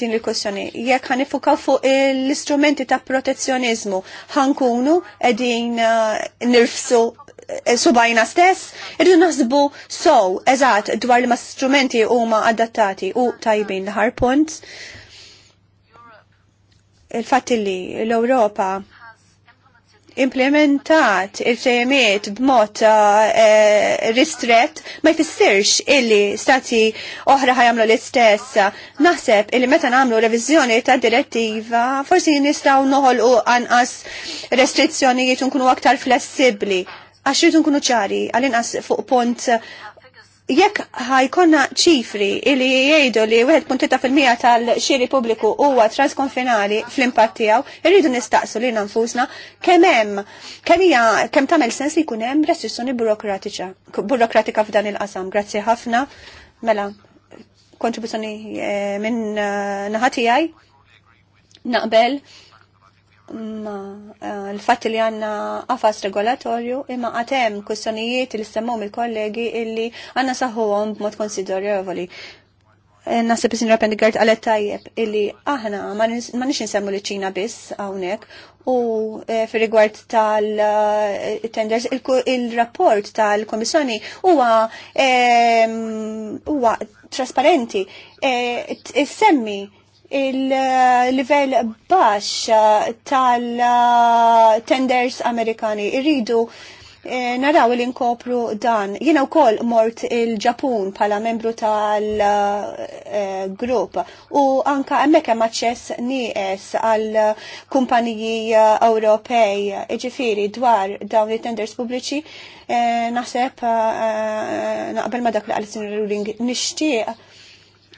din il-kussjoni. Jekk ħanifukaw fuq l-istrumenti ta' protezzjonizmu ħankunu edin eh, nirfsu eh, subajna stess, irridu naħsbu sow eżat dwar li ma strumenti huma adattati u tajbin l-ħar punt il fat li l-Ewropa implementat il-fejmiet b'mod eh, eh, ristret ma jfissirx illi stati oħra ħajamlu l-istess. Naħseb illi meta nagħmlu reviżjoni ta' direttiva forsi nistgħu noħolqu anqas restrizzjonijiet nkunu aktar flessibbli għax rridu nkunu ċari għal-inqas fuq punt jekk ħajkonna ċifri li jgħidu li 1.3% tal-xiri pubbliku huwa transkonfinali fl-impatt tiegħu, irridu nistaqsu li nfusna kemm hemm kemm hija kemm tagħmel sens li jkun hemm restrizzjoni burokratiċa burokratika f'dan il-qasam. Grazzi ħafna. Mela, kontribuzzjoni eh, minn eh, naħatijaj. tiegħi naqbel ma eh, l-fatt li għanna għafas regolatorju imma għatem kussonijiet li semmum il-kollegi illi għanna saħuhom b'mod konsiderevoli. Eh, Nasib sinra Pendigard għalet tajjeb illi aħna ma nix nsemmu li ċina biss għawnek u eh, fil-rigward tal-tenders il-rapport tal-komissjoni huwa huwa trasparenti. Semmi il-livell baxx tal-tenders Amerikani irridu eh, naraw li inkopru dan. Jiena wkoll mort il-Ġapun bħala membru tal-grupp eh, u anka hemmhekk hemm aċċess nieqes għal kumpaniji eh, Ewropej ġifieri dwar dawn il tenders pubbliċi naħseb naqbel ma dak li qal Ruling nixtieq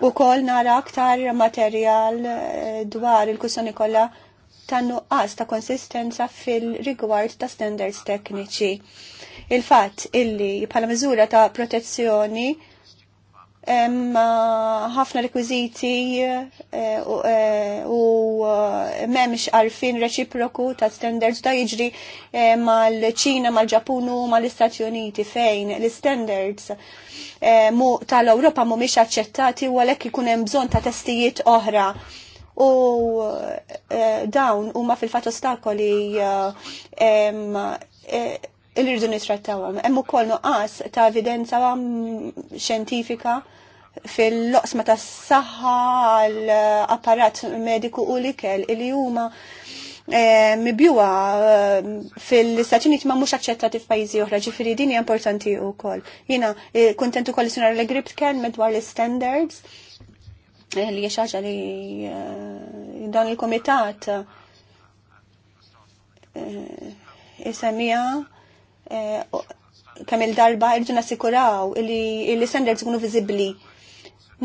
u kol nara aktar materjal eh, dwar il kussoni kollha tannu nuqqas ta' konsistenza fil-rigward ta' standards tekniċi. Il-fatt illi bħala miżura ta' protezzjoni Uh, ħafna rekwiziti eh, u eh, eh, memx għarfin reċiproku ta' standards da' jiġri mal-ċina, mal-ġapunu, mal-Istati Uniti fejn l-standards tal-Europa mu miex aċċettati u għalek ikun hemm bżon ta' testijiet oħra u dawn huma fil-fat ostakoli il-irdu nitrattawhom. Hemm ukoll nuqqas ta' evidenza um, xjentifika fil-loqsma tas saħħa l-apparat uh, mediku u likel li huma e, mibjuwa eh, fil-Stati Uniti ma mhux aċċettati f'pajjiżi oħra, ġifieri din hija importanti wkoll. Jiena eh, kuntent ukoll sunar li gribt kemm dwar l-standards li xaġa li dan il-komitat e, Eh, kemm il-darba irġu nasikuraw li standards ikunu viżibbli.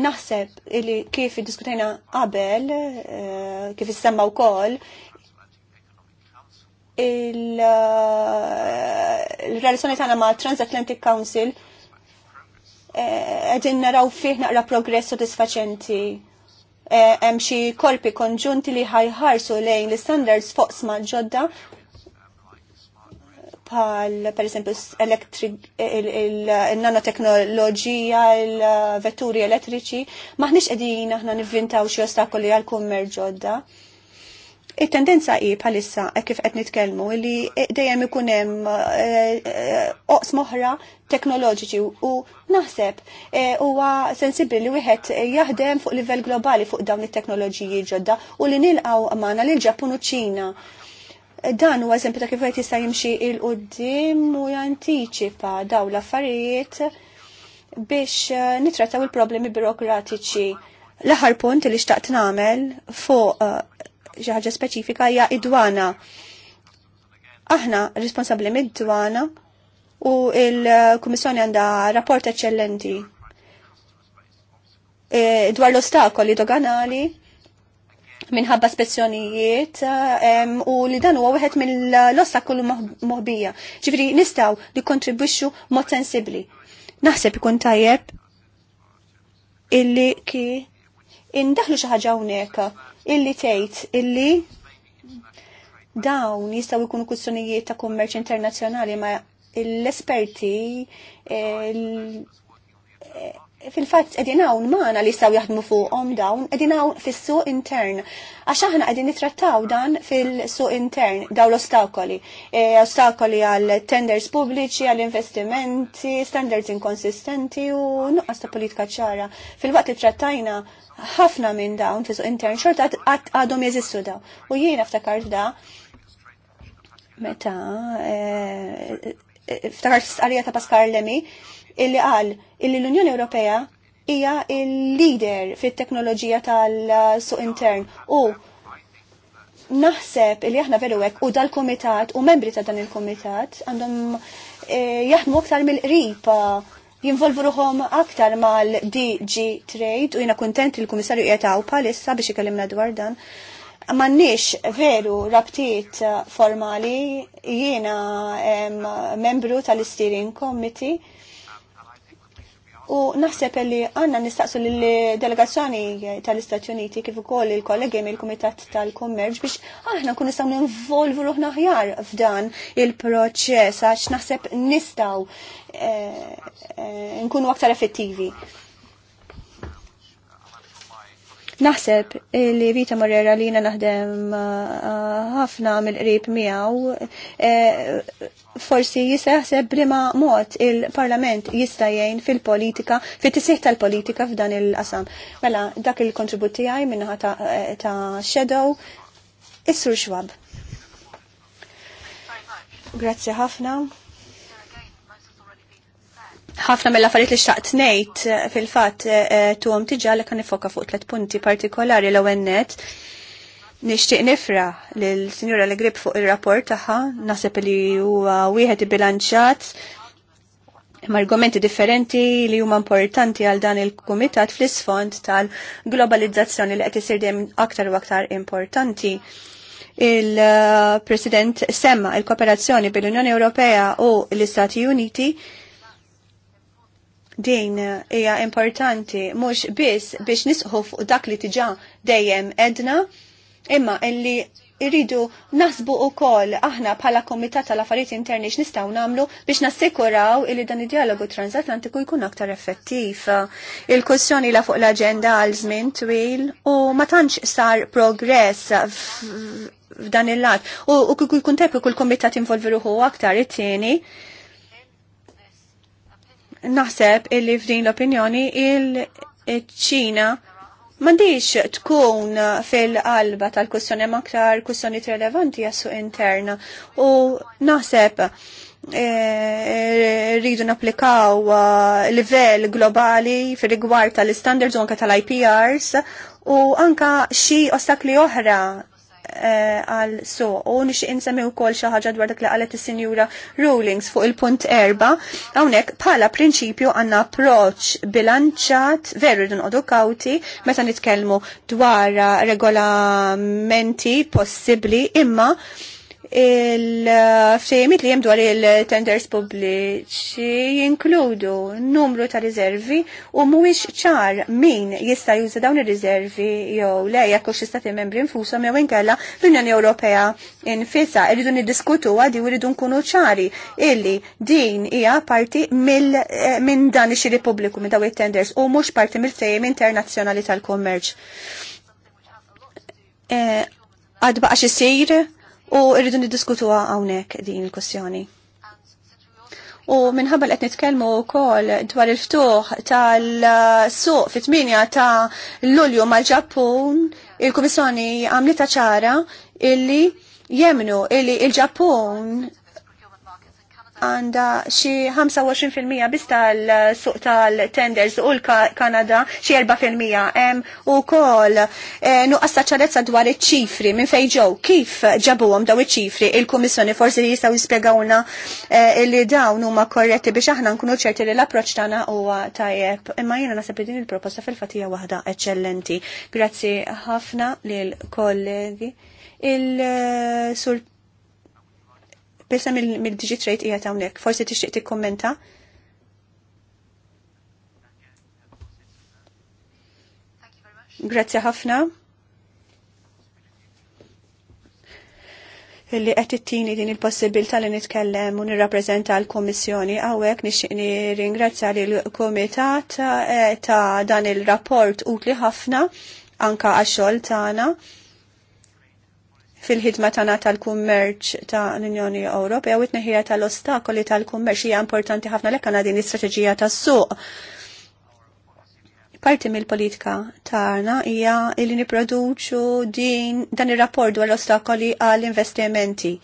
Naħseb li kif diskutajna qabel, eh, kif issemma wkoll, eh, il-relazzjoni tagħna ma' Transatlantic Council qegħdin naraw fih naqra progress sodisfaċenti. Hemm xi korpi konġunti li ħajħarsu lejn l-standards fuq sma' ġodda pal per esempio il-nanoteknoloġija, il-vetturi uh, elettriċi, maħniex edin aħna nivvintaw xi ostakoli għal kummer ġodda. Il-tendenza hi bħalissa e kif qed nitkellmu li dejjem ikun hemm uh, uh, oqs moħra teknoloġiċi u naħseb e, huwa sensibbli li wieħed jaħdem fuq livell globali fuq dawn it-teknoloġiji ġodda u li nilqgħu magħna lil Ġappun u Ċina Dan huwa eżempju ta' kif qed jista' jimxi il qoddim u jantiċipa daw l-affarijiet biex eh, nitrattaw il-problemi birokratiċi. L-aħħar punt li xtaqt nagħmel fuq eh, xi ħaġa speċifika hija id-dwana. Aħna responsabbli mid-dwana u il-Kummissjoni għandha rapport eċċellenti eh, dwar l-ostakoli doganali minħabba spezzjonijiet u li dan huwa wieħed mill kullu moħbija. Ġifri nistgħu li kontribwixxu mod sensibbli. Naħseb ikun tajjeb illi ki indaħlu xi ħaġa hawnhekk illi tgħid illi dawn jistgħu jkunu kwistjonijiet ta' kummerċ internazzjonali ma' l-esperti eh, fil-fatt edin hawn li jistgħu jaħdmu fuqhom dawn qegħdin hawn fis-suq intern. Għax aħna qegħdin nittrattaw dan fil-suq intern dawn l-ostakoli. E, ostakoli għal tenders pubbliċi, għal investimenti, standards inkonsistenti u nuqqas ta' politika ċara. Fil-waqt li trattajna ħafna minn dawn fis-suq intern xorta għadhom jeżistu dawn. U jiena ftakart da meta e, e, e ftakart s-qarija ta' Pascal Lemi illi qal illi l-Unjoni Ewropea hija il-leader fit-teknoloġija tal-suq intern u naħseb li aħna veru hekk u dal-kumitat u membri ta' dan il-kumitat għandhom eh, jaħdmu aktar mill-qrib eh, jinvolvu ruhom aktar mal-DG Trade u jina kontent il kummissarju qiegħed palissa biex ikellimna dwar dan. M'għandniex veru rabtiet formali jiena membru tal-Steering Committee U naħseb li għanna nistaqsu l-delegazzjoni tal-Istati Uniti kif ukoll il-kollegi mill-Kumitat tal-Kummerġ biex aħna nkun nistgħu nvolvu ruħna ħjar f'dan il-proċess għax naħseb nistgħu eh, eh, nkunu aktar effettivi. Naħseb li Vita Morera li jina naħdem eh, ħafna mill-qrib miegħu forsi jisaħseb brima mod il-Parlament jista' jgħin fil-politika, fit-tisih tal-politika f'dan il-qasam. Mela, dak il-kontribut tiegħi minnaħa ta', ta Shadow, Is-Sur Xwab. Grazzi ħafna. ħafna mill-affarijiet li xtaqt ngħid fil-fatt eh, eh, tuhom tiġa li kan nifoka fuq tliet punti partikolari l-ewwel Nixtieq nifra lil Sinjura Legrib fuq ir-rapport tagħha, naħseb li huwa wieħed bilanċat argumenti differenti li huma importanti għal dan il-kumitat fl-isfond tal-globalizzazzjoni li qed isir dejjem aktar u aktar importanti. Il-President semma il-kooperazzjoni bil-Unjoni Ewropea u l-Istati Uniti din hija importanti mhux biss biex nisħu fuq dak li tiġa dejjem edna imma illi irridu nasbu u kol aħna bħala komitat tal-affarijiet interni x'nistgħu nagħmlu biex nassikuraw li dan id-dialogu transatlantiku jkun aktar effettiv. Il-kwestjoni la fuq l-aġenda għal żmien twil u ma tantx sar progress f'dan il-lat. U kieku jkun kull komitat involvi ruħu aktar it-tieni. Naħseb illi f'din l-opinjoni il-Ċina il ċina mandiċ tkun fil-qalba tal-kussjoni maktar kussjoni rilevanti jassu interna u naħseb eh, rridu naplikaw eh, livell globali fil rigward tal-standards u anka tal-IPRs u anka xi ostakli oħra Eh, għal so u nix insemmi wkoll xi ħaġa dwar dak li qalet is-Sinjura rulings fuq il-punt erba' hawnhekk bħala prinċipju għandna approċċ bilanċat veru rridu għodu kawti meta nitkellmu dwar regolamenti possibbli imma il-ftejmit li jemdu dwar il-tenders pubbliċi jinkludu numru ta' riservi u mhuwiex ċar min jista' juża dawn ir rizervi jew le jekk hux istati membri nfushom jew inkella l-Unjoni Ewropea infisa irridu niddiskutu għadi u rridu nkunu ċari illi din hija parti eh, minn dan ix-xiri pubbliku minn daw it-tenders u mhux parti mill-ftehim internazzjonali tal-kummerċ. Eh, għax isir? u rridu niddiskutuha hawnhekk din il-kwestjoni. U minħabba li qed nitkellmu wkoll dwar il-ftuħ tal-suq fit-8 ta' Lulju mal-Ġappun, il-Kummissjoni għamlita ċara illi jemnu illi il-Ġappun għanda xi 25% biss tal-suq tal-tenders u l-Kanada xi 4% hemm ukoll nuqqas ċarezza dwar iċ-ċifri minn fejn ġew kif ġabuhom daw iċ-ċifri il-Kummissjoni forsi li jistgħu jispjegawna e, li dawn huma korretti biex aħna nkunu ċerti li l-approċċ tagħna huwa tajjeb. Imma jiena naħseb din il-proposta fil-fatija waħda eċċellenti. Grazzi ħafna lil kollegi il-sur e, Bisa mill ta' Trade Forse hawnhekk. Forsi tixtieq tikkummenta? Grazie ħafna. li qed tini din il-possibilità li nitkellem u nirrappreżenta l-Kummissjoni ni nixtieq nirringrazzja l kumitat eh, ta' dan il-rapport utli ħafna anka għax-xogħol tagħna fil-ħidma tagħna tal-kummerċ ta' l-Unjoni Ewropea u t-neħija tal-ostakoli tal-kummerċ hija importanti ħafna lekk għandna din l-istrateġija tas-suq. Parti mill-politika tagħna hija li nipproduċu din dan ir-rapport dwar l-ostakoli għall-investimenti.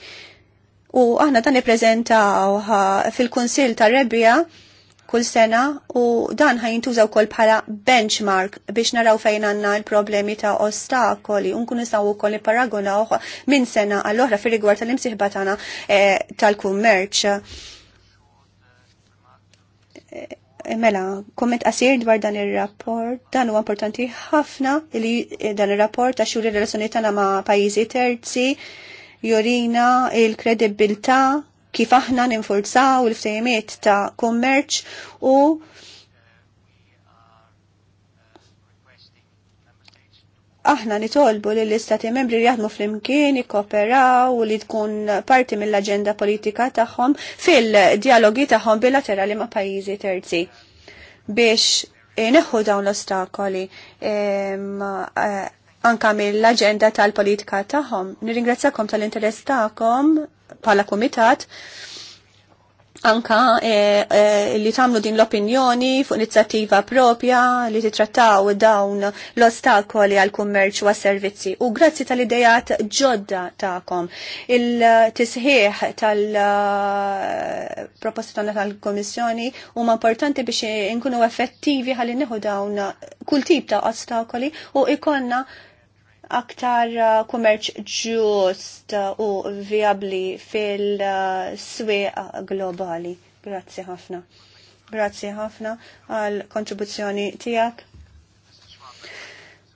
U aħna dan ippreżentawha fil-Kunsill tar-Rebbija kull sena u dan tużaw wkoll bħala benchmark biex naraw fejn għandna l-problemi ta' ostakoli u nkunu nistgħu wkoll nipparagunaw minn sena għall ohra fir-rigward tal-imsieħba tagħna eh, tal-kummerċ. Eh, mela, komment qasir dwar dan ir-rapport, dan huwa importanti ħafna li dan ir-rapport ta' xuri relazzjoni tagħna ma' pajjiżi terzi jorina il kredibilta kif aħna ninfurzaw l-ftejmiet ta' kummerċ u aħna nitolbu li l-istati membri li jaħdmu fl-imkien, ikkoperaw li tkun parti mill-agenda politika tagħhom fil-dialogi tagħhom bilaterali ma' pajjiżi terzi biex ineħħu dawn l-ostakoli eh, anka mill-agenda tal-politika tagħhom. Nirringrazzakom tal-interess tagħkom bħala kumitat anka eh, eh, li tagħmlu din l-opinjoni fuq inizjattiva propja li titrattaw dawn l-ostakoli għal kummerċ u għas-servizzi. U grazzi tal-idejat ġodda tagħkom. Il-tisħiħ tal-proposta tal-Komissjoni huma importanti biex inkunu effettivi ħalli neħu dawn kull tip ta' ostakoli u ikonna aktar uh, kummerċ ġust uh, u viabli fil-swieq globali. Grazzi ħafna. Grazzi ħafna għal kontribuzzjoni tijak.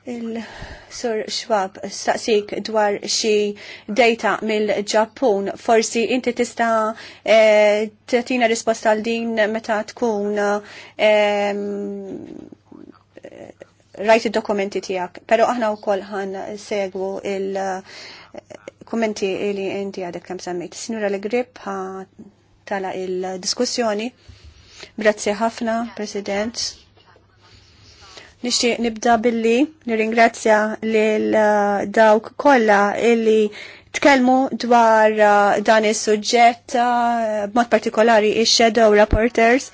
Il-Sur Schwab, staqsik dwar xi data mill-Ġappun. Forsi inti tista eh, tatina risposta għal din meta tkun eh, rajt id-dokumenti tijak, pero aħna u koll ħan segwu il-kommenti eh, li inti għadek kem semmejt. Sinura li grip tala il-diskussjoni. Grazie ħafna, President. Nixtieq nibda billi nirringrazzja lil eh, dawk kollha illi tkellmu dwar eh, dan is-suġġett b'mod partikolari ix-shadow rapporters.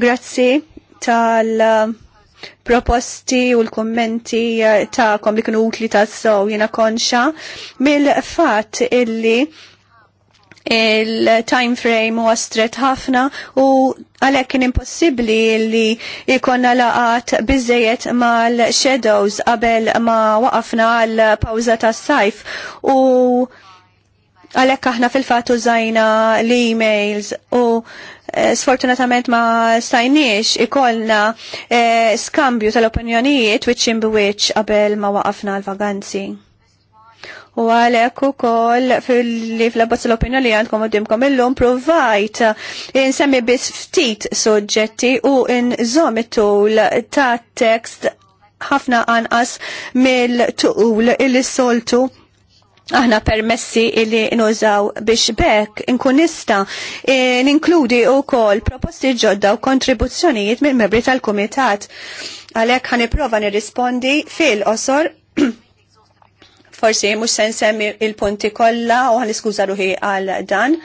Grazzi tal proposti u l-kommenti eh, ta'kom li kienu utli ta' sow jena konxa mill-fat illi il-time frame u għastret ħafna u għalek kien impossibli li ikonna laqat bizzejet mal-shadows qabel ma waqafna għal-pawza tas sajf u għalek aħna fil-fat użajna l-emails u Eh, sfortunatament ma stajniex ikolna eh, skambju tal-opinjonijiet which in which qabel ma waqafna l-vaganzi. U għalek u koll fil-li fil abbozz l-opinjoni li għandkom għoddimkom illum provajt insemmi bis ftit soġġetti u nżom it-tul ta' tekst ħafna anqas mill-tuqul il-soltu aħna permessi li nużaw biex bekk inkunista eh, ninkludi u kol proposti ġodda u kontribuzzjonijiet mill membri tal-Kumitat. Għalek ħani prova nirrispondi fil-qosor forsi mux sen semmi il-punti kolla u ħan iskuza ruħi għal dan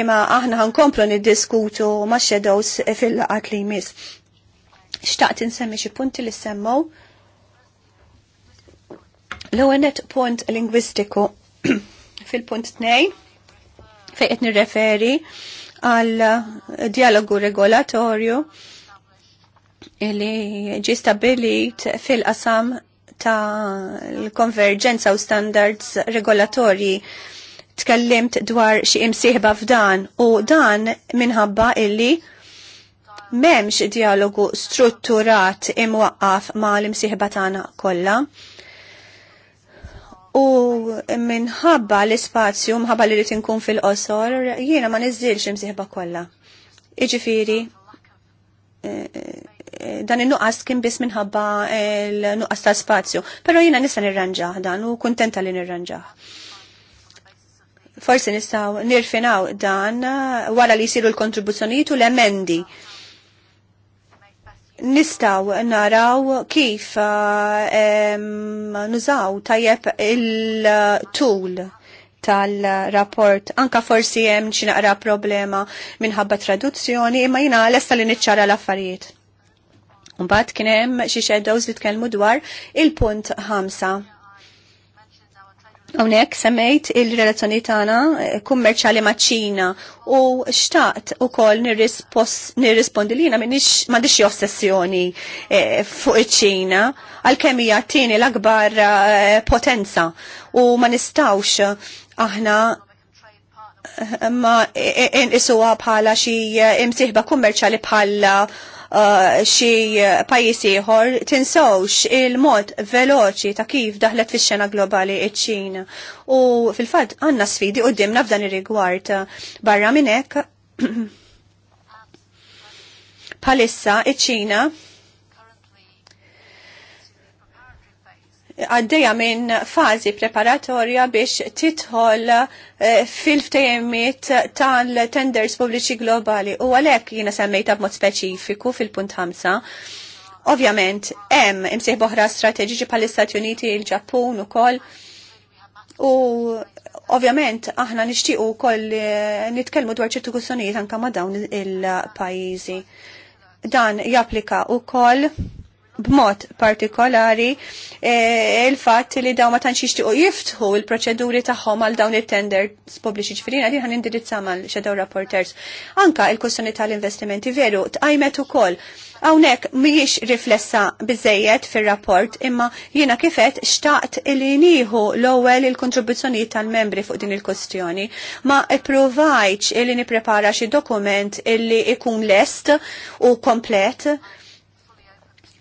imma aħna ħan komplu niddiskutu ma' shadows fil għat li jmiss. Xtaqt insemmi xie punti li semmow L-għanet punt lingwistiku fil-punt 2 fejqet qed nirreferi għal dialogu regolatorju li ġi stabilit fil-qasam ta' l-konverġenza u standards regolatorji tkellimt dwar xi imsieħba f'dan u dan minħabba illi memx dialogu strutturat imwaqqaf ma' l-imsieħba tagħna kollha U minħabba l-ispazju, minħabba li rrit nkun fil-qosor, jiena ma niżilx imsieħba kollha. Iġifiri, eh, eh, dan il-nuqqas kien biss minħabba l nuqqas ta' spazju. Pero jiena nista nirranġaħ dan u kontenta li nirranġaħ. Forsi nistaw nirfinaw dan wara li jisiru l-kontribuzzjonijiet u l-emendi nistaw naraw kif uh, nużaw tajjeb il-tool tal-rapport. Anka forsi hemm xi naqra problema minħabba traduzzjoni, imma jina lesta li niċċara l-affarijiet. Mbagħad kien hemm xi shadows li tkellmu dwar il-punt ħamsa Unek semmejt il-relazzjoni tagħna eh, kummerċali maċ-Ċina u xtaqt ukoll nirrispondi lina m'għandix m'għandix ossessjoni eh, fuq iċ-Ċina għalkemm hija tieni l-akbar eh, potenza u ma nistawx aħna ma inqisuha bħala xi imsieħba kummerċali bħala Uh, xi uh, pajjiż ieħor tinsawx il-mod veloċi ta' kif daħlet fix-xena globali iċ-Ċina. U fil-fatt għandna sfidi qudiemna f'dan ir-rigward barra minn hekk. Palissa iċ-Ċina għaddeja minn fazi preparatorja biex titħol eh, fil-ftejemiet tal-tenders pubbliċi globali. U għalek jina semmejta b'mod speċifiku fil-punt 5. Ovjament, hemm imsieħ boħra strateġiċi pal-Istati Uniti, il-Ġappun u koll. U ovjament, aħna nixtiequ koll eh, nitkellmu dwar ċertu kussonijiet anka ma' dawn il-pajizi. Dan japplika u koll b'mod partikolari e, il-fatt li daw ma tantx jixtiequ jiftħu il-proċeduri tagħhom għal dawn it-tenders pubbliċi ġifirina li ħan indirizza mal shadow rapporters. Anka il-kussjoni tal-investimenti veru tqajmet ukoll Hawnhekk mhijiex riflessa biżejjed fir-rapport imma jiena kifet xtaqt li nieħu l-ewwel il-kontribuzzjonijiet tal-membri fuq din il-kwestjoni. Ma ippruvajtx illi nipprepara xi dokument illi ikun lest u komplet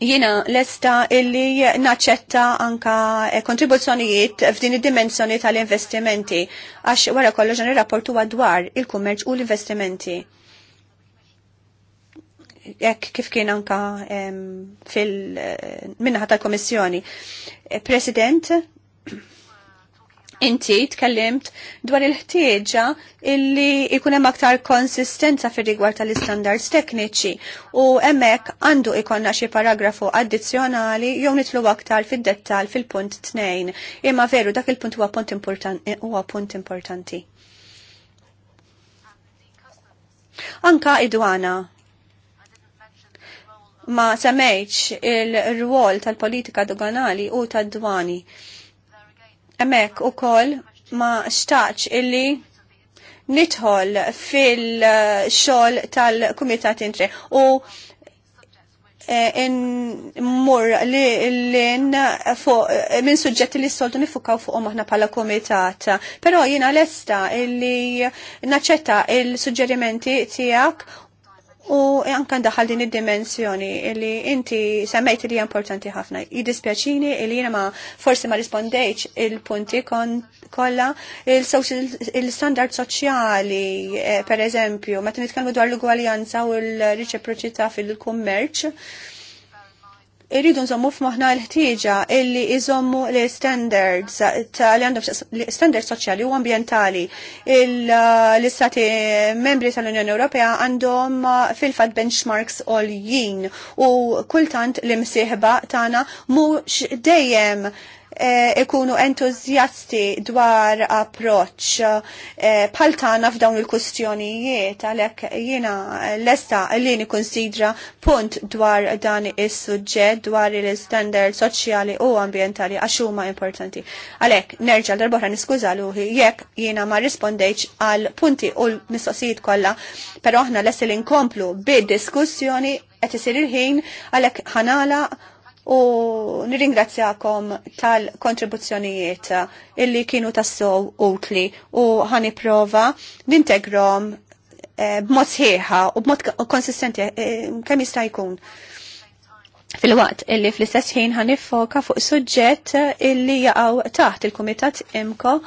Jiena lesta illi naċċetta anka eh, kontribuzzjonijiet f'din id-dimensjoni tal-investimenti għax wara kollu ir rapportu għadwar il-kummerċ u l-investimenti jekk kif kien anka fil eh, minnaħa tal-Komissjoni. Eh, President, Inti tkellimt dwar il-ħtieġa illi ikun hemm aktar konsistenza fir-rigward tal-istandards tekniċi u hemmhekk għandu ikonna xi paragrafu addizzjonali jew nitlu aktar fid-dettall fil-punt tnejn. Imma veru dak il-punt huwa punt importanti huwa punt importanti. Anka idwana ma semmejx il-rwol tal-politika doganali u tad-dwani. Emek u kol ma xtaċ illi nidħol fil-xol tal-Kumitat Intri u e, in mur li l-in minn suġġetti li s-soltu nifukaw fuq maħna pala komitat. Pero jina l-esta illi naċċetta il-suġġerimenti tijak U anka ndaħal din id-dimensjoni li inti semmejt li importanti ħafna. Jidispjaċini li jiena ma forsi ma rispondejċ il-punti kollha il-standard soċjali, eh, per eżempju, meta nitkellmu dwar l-ugwaljanza u l-riċeproċità fil-kummerċ irridu nżommu f'moħna l-ħtieġa illi iżommu l-standards li għandhom standards soċjali u ambientali. L-istati membri tal-Unjoni Ewropea għandhom uh, fil-fat benchmarks all jien u kultant l-imsieħba tagħna mhux dejjem Eh, ikunu entuzjasti dwar approċ paltana eh, f'dawn il-kustjonijiet għalek jina l-esta li nikonsidra punt dwar dan is suġġett dwar il-standard soċjali u ambientali għaxuma importanti. Għalek, nerġa l-darbohra luħi, jekk jina ma rispondejċ għal punti u l-mistoqsijiet kolla, pero aħna l esta l-inkomplu bid-diskussjoni għet isir il-ħin għalek ħanala u nirringrazzjakom tal-kontribuzzjonijiet illi kienu tassow utli u ħani prova nintegrom eh, b'mod sħiħa u b'mod konsistenti eh, kemm jista' jkun fil-waqt illi fl-istess ħin ħanifoka fuq suġġett illi jaqgħu taħt il-Kumitat Imko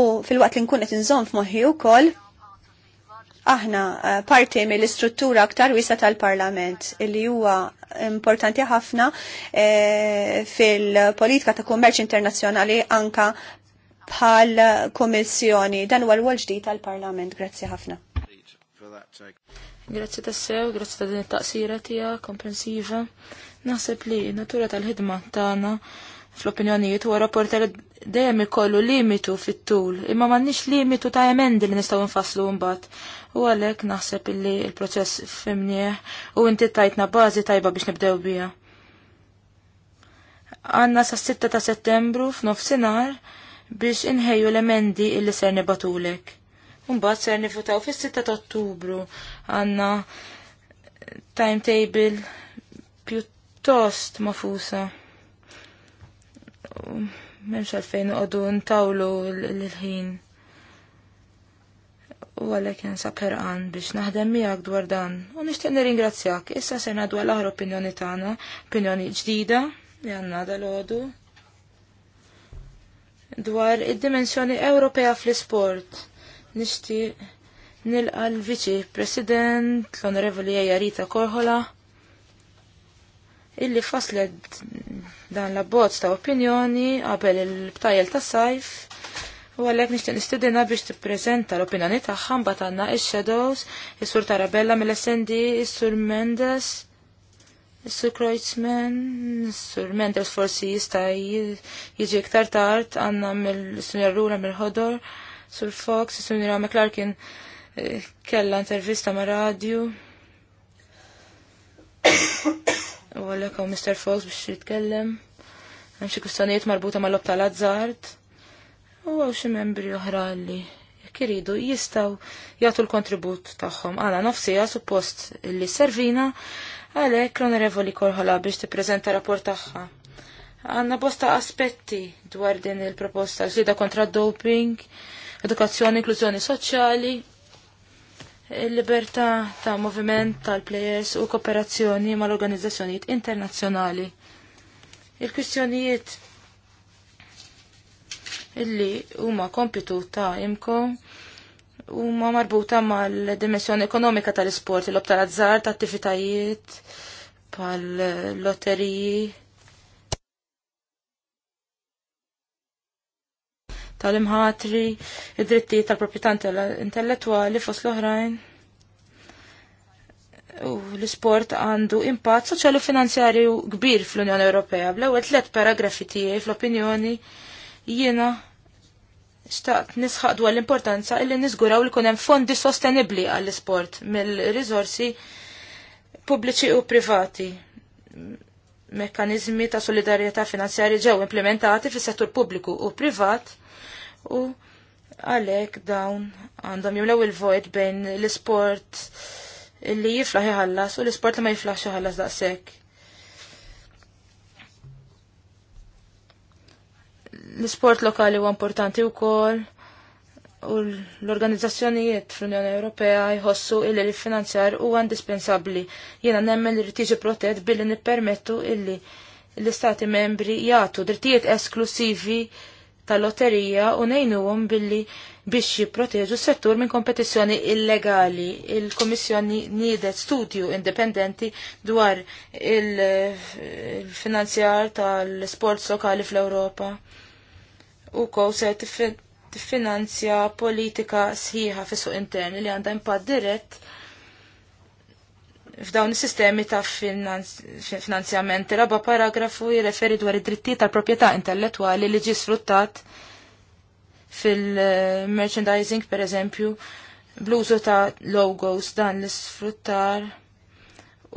u fil-waqt li nkun qed inżomm f'moħħi wkoll aħna eh, parti mill-istruttura aktar wisa tal-Parlament li huwa importanti ħafna eh, fil-politika ta' kummerċ internazzjonali anka bħal komissjoni. Dan huwa l-wol ġdid tal-Parlament. Grazzi ħafna. Grazzi tassew, grazzi ta' din it-taqsira tiegħek komprensiva. Naħseb li natura tal-ħidma tagħna fl-opinjonijiet huwa rapporter dejjem ikollu limitu fit-tul, imma m'għandniex limitu ta' emendi li nistgħu nfasslu mbagħad u għalek naħseb illi il-proċess femnieħ u inti tajtna bazi tajba biex nibdew bija. Għanna sa' 6 ta' settembru f'nofsinar biex inħejju l-emendi illi ser nibatulek. Umbat ser nifutaw fis-6 ta' ottubru għanna timetable pjuttost mafusa. Memx għalfejn għadu ntawlu l-ħin u għalek jensa perqan biex naħdem miegħek dwar dan. U nixtieq nirringrazzjak. Issa se dwar l-aħħar opinjoni tagħna, opinjoni ġdida li għandna dal-għodu dwar id-dimensjoni Ewropea fl-isport. Nixtieq nilqa l-Viċi President l-Onorevoli Jarita Korhola illi faslet dan l-abbozz ta' opinjoni qabel il btajel ta' sajf U għallek nishtiq nistudina biex tippreżenta l-opinjoni tagħha mbagħad għandna ix-Shadows, is-Sur Tarabella mill-SND, is-Sur Mendes, is-Sur Kreutzmann, il sur Mendes forsi jista' jiġi iktar tard għandna mill-Sunja Rura mill il Sur Fox, is-Sunja McClarkin eh, kella intervista ma' radju. U għu Mr. Fox biex jitkellem. Hemm xi kustanijiet marbuta mal-lob tal-azzard u għaw xi membri oħra li jekk jistaw jistgħu jagħtu l-kontribut tagħhom. Għala nofsija suppost li servina għalhekk l-Onorevoli Korħola biex tippreżenta rapport tagħha. Għanna bosta aspetti dwar din il-proposta ġlida kontra doping, edukazzjoni, inklużjoni soċjali, il-libertà ta' moviment tal-plejers u kooperazzjoni mal-organizzazzjonijiet internazzjonali. Il-kwistjonijiet illi huma kompitu ta' imko huma marbuta mal-dimensjoni ekonomika tal-isport, l-ob tal-azzar, ta' attivitajiet, pal-lotteriji, tal-imħatri, id-drittijiet tal-proprjetà intellettwali fost l-oħrajn. U l-isport għandu impatt soċjali finanzjarju kbir fl-Unjoni Ewropea. Bl-ewwel tliet paragrafi tiegħi fl-opinjoni jiena Xtaqt nisħaq dwar l-importanza illi niżguraw li kunem fondi sostenibli għall-sport mill-rizorsi pubbliċi u privati. Mekanizmi ta' solidarjetà finanzjarji ġew implementati fis-settur pubbliku u privat u għalhekk dawn għandhom jimlew il-vojt bejn l-isport li jiflaħ ħallas u l-isport li ma jiflaħx ħallas daqshekk L-isport lokali huwa importanti wkoll u l-organizzazzjonijiet fl-Unjoni Ewropea jħossu illi l-finanzjar huwa indispensabbli. Jiena nemmen li rtiġi protett billi nippermettu illi l-istati membri jagħtu drittijiet esklusivi tal-lotterija u nejnuhom billi biex jipproteġu s-settur minn kompetizzjoni illegali. Il-Komissjoni nidet studju indipendenti dwar il-finanzjar tal sport lokali fl-Ewropa u kow se tiffinanzja politika sħiħa fis suq interni li għandha impatt dirett f'dawn is-sistemi ta' finanzjament. Raba paragrafu jirreferi dwar id dritti tal-proprjetà intellettwali li ġi sfruttat fil-merchandising, per eżempju, bluzu ta' logos dan l-sfruttar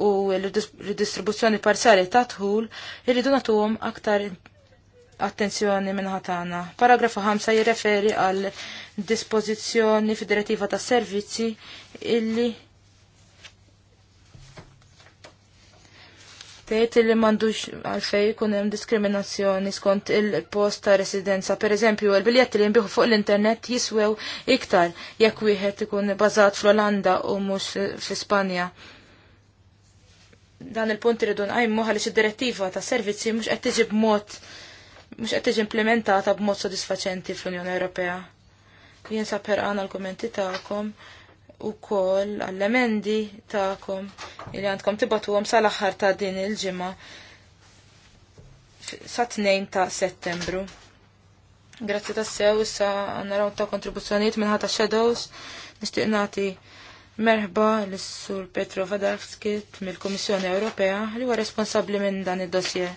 u l-distribuzzjoni parzjali ta' tħul irridu nagħtuhom aktar attenzjoni minn ħatana. Paragrafu 5 jirreferi għal dispożizzjoni federativa ta' servizzi illi tgħid li m'għandux għalfej jkun hemm diskriminazzjoni skont il-post ta' residenza. Pereżempju, il-biljetti li jimbiħu fuq l-internet jiswew iktar jekk wieħed ikun bażat fl-Olanda u mhux fl-Ispanja. Dan il-punt irridu nqajmu għaliex id-direttiva ta' servizzi mhux qed tiġi b'mod mhux qed tiġi implementata b'mod sodisfaċenti fl-Unjoni Ewropea. Jien sa għana l-kummenti tagħkom u kol għall-emendi ta'kom il għandkom tibatu għom sal-axħar ta' din il-ġimma sa' 2 ta' settembru. Grazzi ta' sew, issa għanna raw ta' kontribuzzjoniet minn ħata Shadows, nishtiq nati merħba l-Sur Petro Vadarskit mill-Komissjoni Ewropea li huwa responsabbli minn dan id-dossier.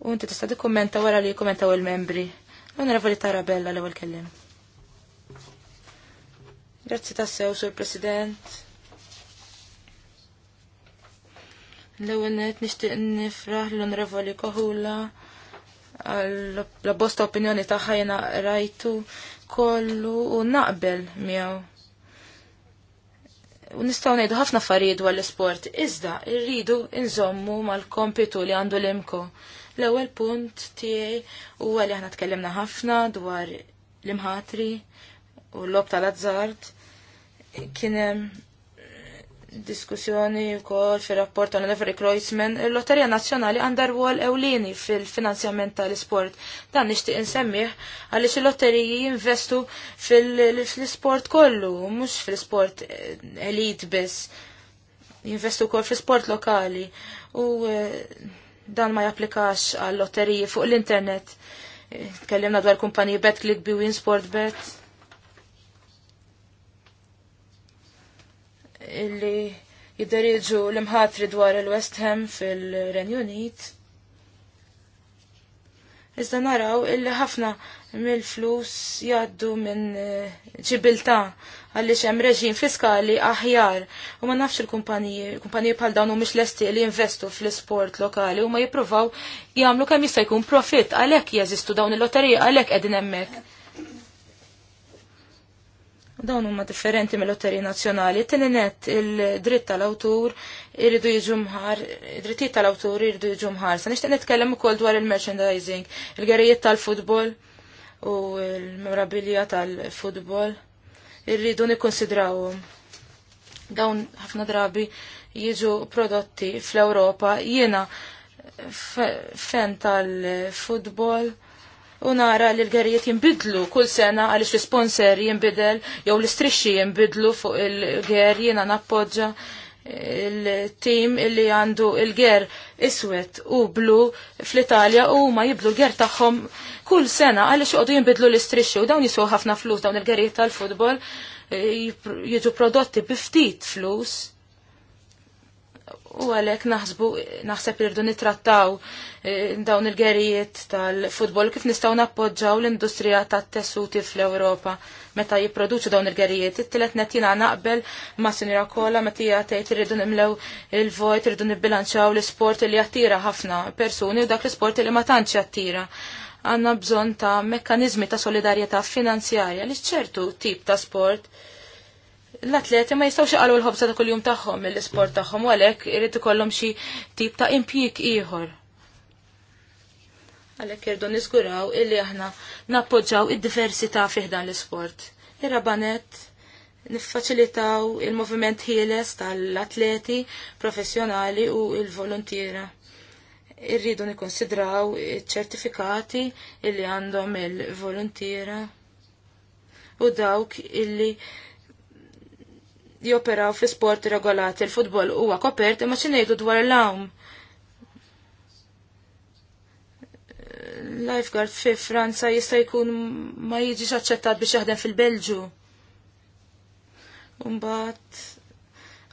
U inti tista' tikkummenta wara li jikkummentaw il-membri. Onorevoli Tarabella l-ewwel kellim. Grazzi tassew, Sur President. L-ewwel net nixtieq nifraħ l-Onorevoli Kohula la bosta opinjoni taħħa jena rajtu kollu u naqbel miegħu. U nistgħu ngħidu ħafna affarijiet dwar l-isport iżda rridu nżommu mal-kompitu li għandu l-imko. L-ewwel punt tiegħi huwa li aħna tkellimna ħafna dwar l-imħatri u l-lob tal-azzard kien hemm diskussjoni wkoll fir-rapport tal Never Kreuzman, il-Lotterija Nazzjonali għandha rwol ewlieni fil-finanzjament tal-isport. Dan nixtieq insemmih għaliex il-lotteriji jinvestu fil-isport kollu, mhux fil-isport eh, elit biss jinvestu kol fi sport lokali u eh, Dan ma japplikax għal lotteriji fuq l-internet. Eh, Tkellimna dwar kumpaniji win sport Sportbet. Illi jidderiġu l-imħatri dwar il-West Ham fil-Renju Unit. Iżda naraw illi ħafna mill-flus jaddu minn eh, ġibilta għaliex hemm reġim fiskali aħjar u ma nafx il-kumpaniji, kumpaniji bħal dawn l lesti li jinvestu fl-isport lokali u ma jippruvaw jagħmlu kemm jista' jkun profitt għalhekk jeżistu dawn il-lotterija għalhekk qegħdin hemmhekk. Dawn huma differenti mill-lotteriji nazzjonali. Tieni net il-dritt tal-awtur irridu jiġu mħar, id-drittijiet tal-awtur irridu jiġu mħar. Sa nixtieq nitkellem ukoll dwar il-merchandising, il-gerijiet tal-futbol u l-memorabilja tal-futbol irridu nikkonsidrawhom. Dawn ħafna drabi jiġu prodotti fl-Ewropa jiena fen tal-futbol u nara li l gerijiet jimbidlu kull sena għaliex l-sponsor jimbidel jew l-istrixxi jimbidlu fuq il-ger jiena nappoġġa il-tim illi għandu il-ger iswed u blu fl-Italja u ma jibdu l-ger tagħhom kull sena għaliex xoqdu jinbidlu l istrisċi u dawn jiswew ħafna flus dawn il għarijiet tal-futbol e, jiġu prodotti bi ftit flus. U għalhekk naħsbu naħseb irdu nitrattaw e, dawn il-gerijiet tal-futbol kif nistgħu nappoġġaw l-industrija tat-tessuti fl-Ewropa meta jipproduċu dawn il għarijiet It-tielet net naqbel ma' Sinjura Kolla meta hija tgħid irridu nimlew il-vojt, irridu nibbilanċaw l-isport li jattira ħafna persuni u dak l sport li ma tantx jattira għanna bżon ta' mekkanizmi ta' solidarjetà finanzjarja li ċertu tip ta' sport l-atleti ma jistawx għalu l ħobza ta' kull-jum tagħhom mill-isport tagħhom u għalhekk irid ikollhom xi tip ta' impjik ieħor. Għalhekk irdu niżguraw illi aħna nappoġġaw id-diversità fih dan l-isport. Ir-rabanet niffaċilitaw il-moviment ħieles tal-atleti professjonali u il volontira irridu nikkonsidraw ċertifikati illi għandhom il volontira u dawk illi joperaw fi sport regolati il-futbol huwa kopert imma xinejdu dwar l-awm. Lifeguard fi Franza jista' jkun ma jiġix aċċettat biex jaħdem fil-Belġu. Umbat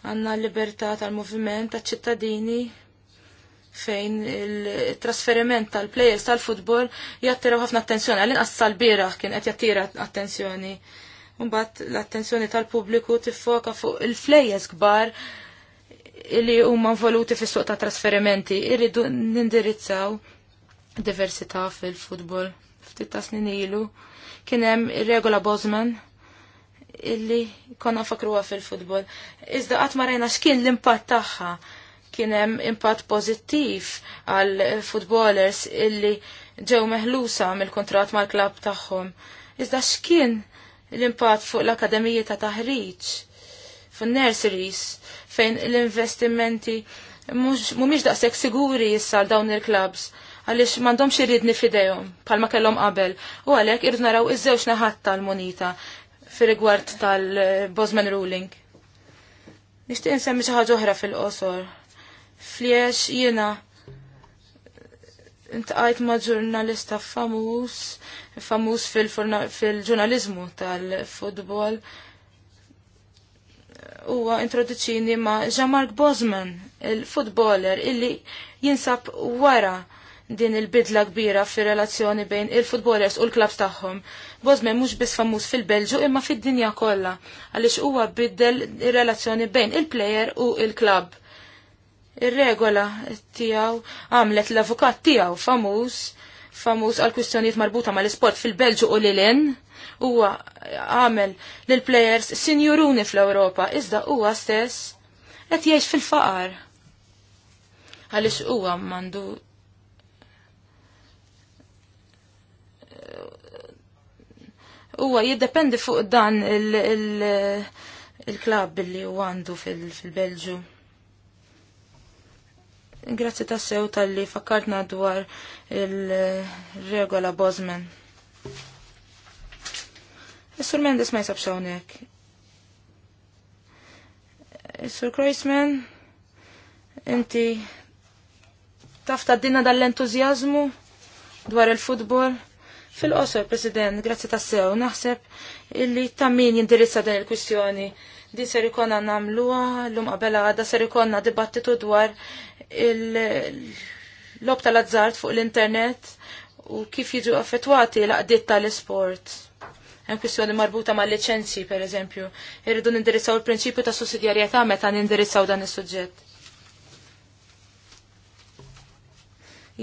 għanna l-libertà tal-moviment tal-ċittadini fejn il-trasferiment tal-plejers tal-futbol jattiraw ħafna attenzjoni, għallin inqas tal-bira kien għet jattira attenzjoni. Mbatt l-attenzjoni tal-pubbliku tiffoka fuq il players kbar li huma voluti fis-suq ta' trasferimenti irridu nindirizzaw diversità fil-futbol. Ftit ta' snin ilu kien hemm ir-regola Bosman illi konna fakruha fil-futbol. Iżda qatt ma rajna x'kien l-impatt tagħha Kien hemm impatt pożittiv għal footballers illi ġew meħlusa mill-kontrat mal-klab tagħhom. Iżda x'kien l-impatt fuq l-akademiji ta' taħriġ, fun nurseries fejn l-investimenti mhumiex daqshekk siguri issa għal dawn il-klabs għaliex m'għandhomx iridni fidejhom bħalma kellhom qabel u għalhekk irdu naraw iż-żewġ naħat tal-munita fir-rigward tal-Bosman ruling. Nixtieq insemmi xi ħaġa oħra fil-qosor Fliex jiena intqajt ma' ġurnalista famuż, famuż fil-ġurnalizmu fil tal-futbol. Huwa introduċini ma' Jean-Marc Bosman, il-futboler illi jinsab wara din il-bidla kbira fir relazzjoni bejn il-futbolers u l-klabs tagħhom. Bosman mhux biss famuż fil-Belġu imma fid-dinja kollha għaliex huwa biddel ir-relazzjoni bejn il-plejer u il-klabb. Ir-regola tiegħu għamlet l-avukat tiegħu famuż famuż għal kwistjonijiet marbuta mal-isport fil-Belġu u l huwa għamel lil plejers sinjuruni fl-Ewropa iżda huwa stess qed jgħix fil-faqar. Għaliex huwa mandu huwa jiddependi fuq dan il-klab il, il, il, il li għandu fil-Belġu. Fil Grazzi sew tal-li fakkartna dwar il-regola Bosman. Is-Sur Mendes ma jisab xawnek. Is-Sur Kreisman, inti taf dinna dall entużjażmu dwar il-futbol? Fil-qosor, President, grazzi tas-sew naħseb illi ta' min jindirizza dan il-kwistjoni. Din ser ikonna namluwa, l-lum qabela għada ser ikonna dibattitu dwar il-lob tal-azzart fuq l-internet u kif jiġu affettwati l-qdiet tal-isport. Hemm kwistjoni marbuta ma' liċenzji per eżempju. Irridu nindirizzaw il-prinċipju ta' sussidjarjetà meta nindirizzaw dan is-suġġett.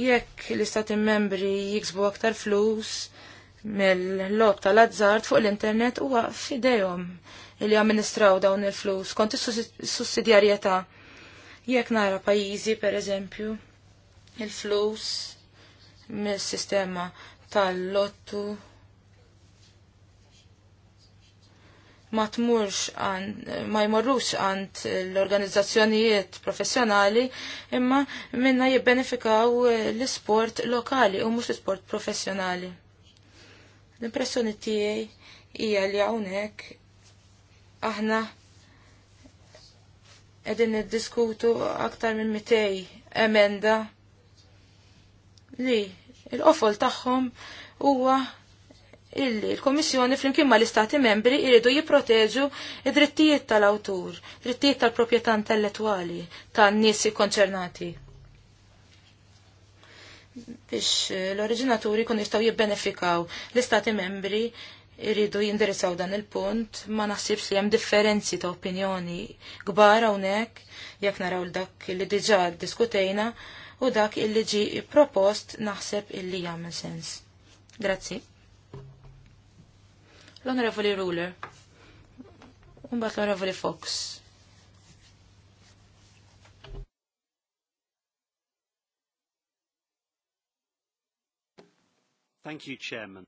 Jekk l-istati membri jiksbu aktar flus mill-lob tal-azzart fuq l-internet huwa fidejhom li amministraw dawn il-flus kont is-sussidjarjetà. Jekk nara pajjiżi pereżempju il-flus mis-sistema tal-lottu ma tmurx ma jmorrux għand l-organizzazzjonijiet professjonali imma minna jibbenefikaw l-sport lokali u mhux l-sport professjonali. L-impressjoni tiegħi hija li hawnhekk aħna edin niddiskutu aktar minn 200 emenda li il-qofol tagħhom huwa illi l-Komissjoni flimkien ma l-Istati membri iridu jipproteġu id-drittijiet tal-awtur, drittijiet tal-proprjetà intellettwali tan-nies konċernati. Biex l-oriġinaturi kun jistgħu jibbenefikaw l-Istati membri irridu jindirizzaw dan il-punt, ma naħsibx li hemm differenzi ta' opinjoni kbar hawnhekk jekk naraw dak li diġà diskutejna u dak illi ġi propost naħseb illi jagħmel sens. Grazzi. L-Onorevoli Ruler. Umbat l-Onorevoli Fox. Thank you, Chairman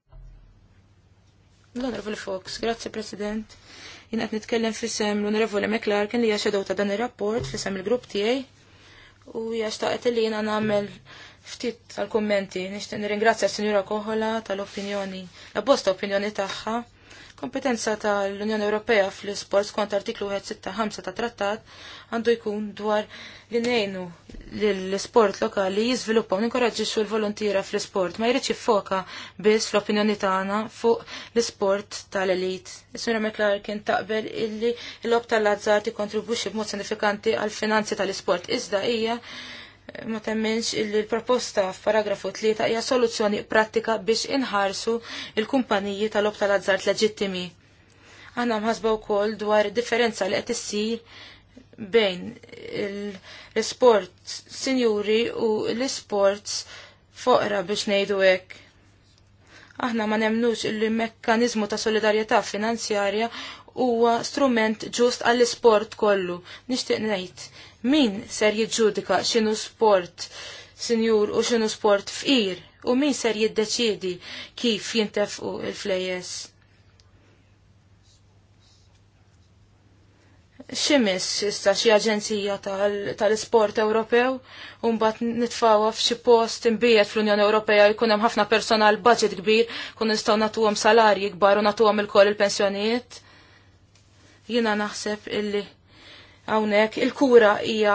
l honorable Fox, grazzi President. Jien qed nitkellem fissem l-Onorevoli McClarkin li hija xedew ta' dan ir-rapport fissem il-grupp tiegħi u hija li jina nagħmel ftit tal-kummenti. Nixtieq nirringrazzja s-Sinjura Koħola tal-opinjoni, la bosta opinjoni tagħha Kompetenza tal-Unjoni Ewropea fl-isport skont artiklu 165 ta' trattat għandu jkun dwar li nejnu l-isport lokali jizviluppaw ninkoraġġixxu l-volontira fl-isport ma jridx foka biss fl-opinjoni tagħna fuq l-isport tal-elit. Is-Sinra McClarkin taqbel illi l-lob tal-azzar tikkontribwixxi b'mod sinifikanti għal finanzi tal-isport iżda hija ma temmenx il-proposta f'paragrafu 3 hija soluzzjoni pratika biex inħarsu il-kumpaniji tal-ob tal-azzart leġittimi. Għanna mħasba wkoll dwar differenza li qed issir bejn l-sport sinjuri u l-sports foqra biex ngħidu hekk. Aħna ma nemnux il-mekkanizmu ta' solidarjetà finanzjarja huwa strument ġust għall-sport kollu. Nixtieq ngħid, min ser jiġġudika x'inhu sport sinjur u x'inhu sport fqir u min ser jiddeċiedi kif jintefqu il-flejes. ximis issa xi aġenzija tal-isport tal Ewropew u mbagħad nitfawha f'xi post imbiet fl-Unjoni Ewropea jkun hemm ħafna personal budget kbir kun nistgħu nagħtuhom salarji kbar u nagħtuhom ilkoll il-pensjonijiet. Jina naħseb illi hawnhekk il-kura hija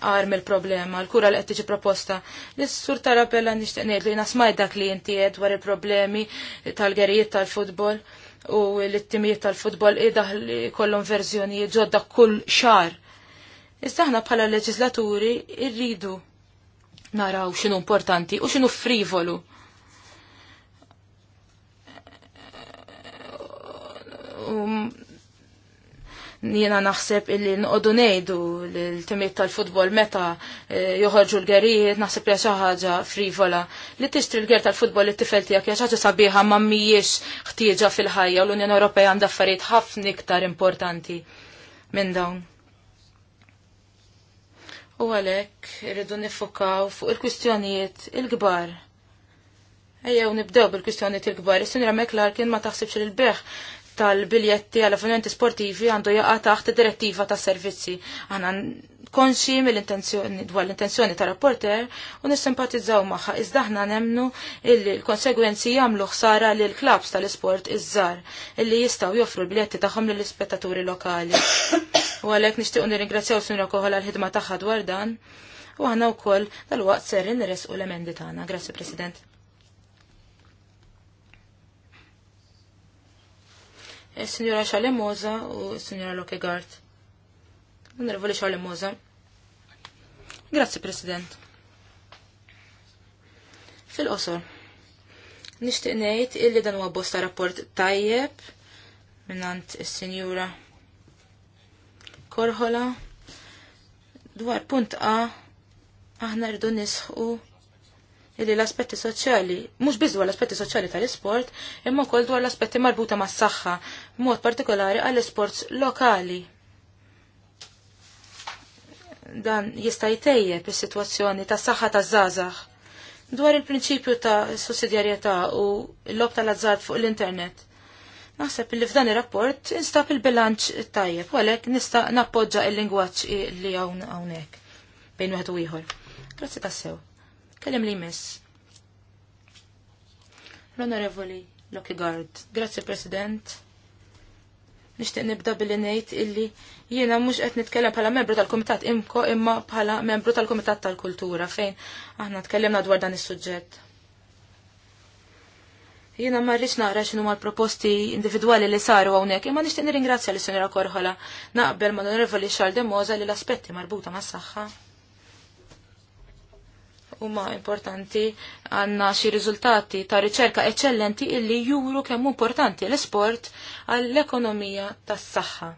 għarm il-problema, l-kura li qed tiġi proposta. L-sur tarabella nixtieq ngħid li nasmaj dak li inti dwar il-problemi tal-gerijiet tal-futbol u l-ittimijiet tal-futbol idaħ li kollum verżjonijiet ġodda kull xar. Istaħna aħna bħala leġislaturi irridu naraw x'inhu importanti u x'inhu frivolu. Um, Jiena naħseb illi nqodu ngħidu l-timiet tal-futbol meta eh, joħorġu l-gerijiet naħseb li ħaġa frivola. Li tixtri l-ger tal-futbol li tifel tiegħek hija sabiħa ma mijiex ħtieġa fil-ħajja u l-Unjoni Ewropea għandha affarijiet ħafna iktar importanti minn dawn. U għalhekk irridu nifokaw fuq il-kwistjonijiet il-kbar. Ejjew nibdew bil-kwistjonijiet il-kbar, is-sinra Meklar kien ma taħsibx il-beħ tal-biljetti għal avvenimenti sportivi għandu jaqa taħt direttiva ta' servizzi. Aħna konxi mill-intenzjoni dwar l-intenzjoni ta' rapporter u nissimpatizzaw magħha iżda aħna nemnu illi l-konsegwenzi jagħmlu ħsara lil klabs tal-isport iż-żar illi jistgħu joffru l-biljetti tagħhom lill-ispettaturi lokali. U għalhekk nixtiequ nirringrazzjaw Sinra Koħol għal-ħidma tagħha dwar dan u aħna wkoll dal-waqt ser nirresqu l-emendi tagħna. Grazzi President. il-Sinjora Xalemoza u il-Sinjora Lokegard. Onorevoli Xalemoza. Grazzi, President. Fil-qosor, nishtiq ngħid illi dan huwa bosta rapport tajjeb minnant is-Sinjura Korħola dwar punt A aħna rridu nisħu illi l-aspetti soċjali, mhux biss dwar l-aspetti soċjali tal-isport, imma wkoll dwar l-aspetti marbuta mas-saħħa, mod partikolari għall-isports lokali. Dan jista' jtejjeb is-sitwazzjoni tas-saħħa taż-żgħażagħ. Dwar il-prinċipju ta' sussidjarjetà u l-lob tal-azzard fuq l-internet. Naħseb li f'dan ir-rapport instab il-bilanċ tajjeb, u għalhekk nista' nappoġġa il-lingwaġġ li hawn hawnhekk bejn wieħed u ieħor. Grazzi tassew. Kellem li jmiss. L-Onorevoli Lockigard, Grazie, President. Nishtiq nibda billi ngħid illi jiena mhux qed nitkellem bħala membru tal komitat imko imma bħala membru tal-Kumitat tal-Kultura fejn aħna tkellimna dwar dan is-suġġett. Jiena ma rrix naqra x'inhu mal-proposti individwali li saru hawnhekk, imma nixtieq nirringrazzja lis-Sinjora Korħola naqbel ma' l-Onorevoli Charles de Moza li l-aspetti marbuta mas-saħħa huma importanti għanna xi riżultati ta' riċerka eċċellenti illi juru kemm importanti l-esport għall-ekonomija tas-saħħa.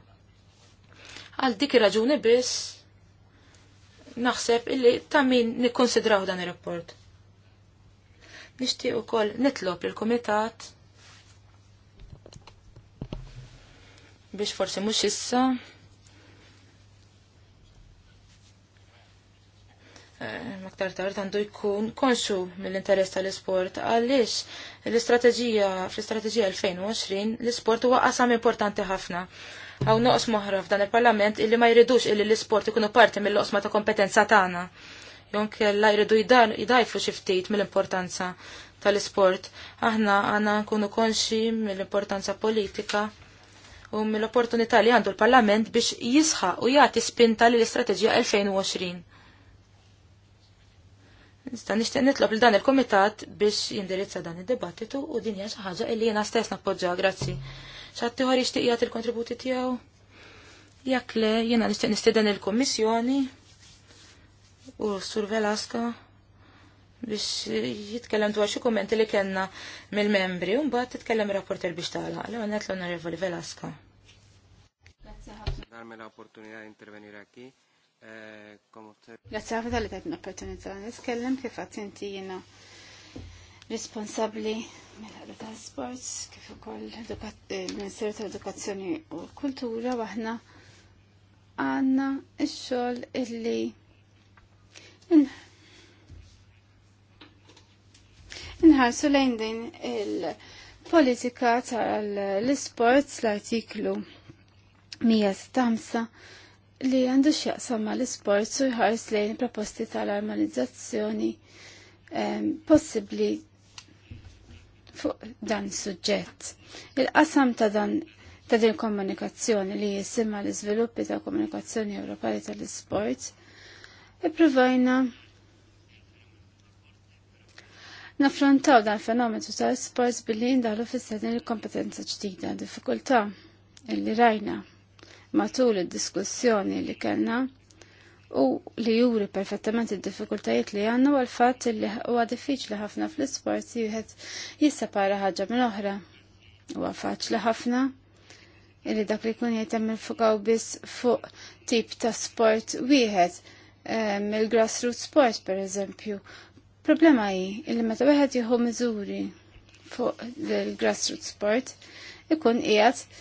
Għal dik ir-raġuni biss naħseb illi ta' min nikkonsidraw dan ir-rapport. Nixtieq ukoll nitlob il-kumitat biex forsi mhux issa maktar tard għandu jkun konxu mill-interess tal-isport għaliex l-istrateġija fl-istrateġija 2020 l-isport huwa qasam importanti ħafna. Għaw noqos moħra f'dan il-Parlament illi ma jridux illi l-isport ikunu parti mill-oqsma ta' kompetenza tagħna. Jonk la jridu jidajfu xi ftit mill-importanza tal-isport. Aħna għandna nkunu konxi mill-importanza politika u mill-opportunità li għandu l-Parlament biex jisħaq u jagħti spinta lill-istrateġija 2020 Nista' nixtieq nitlob lil dan il-kumitat biex jindirizza dan id-dibattitu u din hija xi ħaġa li jiena stess nappoġġa. grazzi. X'għad ieħor jixtieq jagħti il-kontributi tiegħu? Jekk le jiena nixtieq nistieden il-kummissjoni u Sur Velaska biex jitkellem dwar xi kummenti li kellna mill-membri u mbagħad titkellem ir-rapporter biex tagħlaq. Lew qed l-Onorevoli Velaska. Grazie ħafna. Darmi l-opportunità di intervenire qui. Grazie għafet għalli di opportunità. Niskellem kif għattinti jina responsabli mill-ħarra tal sports, kif ukoll eh, il-Ministeru tal-Edukazzjoni u l-Kultura, waħna għandna il xogħol illi Inħarsu lejn din il-politika tal-sports l-artiklu 105 li għandu ma mal-isport u jħars lejn proposti tal-armonizzazzjoni ehm, possibbli fuq dan suġġett. Il-qasam ta' dan ta' din komunikazzjoni li jisimma l-iżviluppi ta' komunikazzjoni Ewropea tal-isport ippruvajna Naffrontaw dan fenomenu tal sports billi jindalu fissedin il-kompetenza ġdida, diffikultà illi rajna matul id-diskussjoni li kellna u li juri perfettament id-diffikultajiet li għanna u għal-fat li huwa diffiċli ħafna fl-isport jihet jissapara ħaġa minn oħra. Huwa faċli ħafna illi dak li kun jgħetem il-fukaw biss fuq tip ta' sport wieħed eh, mill-grassroots sport per eżempju. Problema hi illi meta wieħed jieħu miżuri fuq il-grassroots sport ikun qiegħed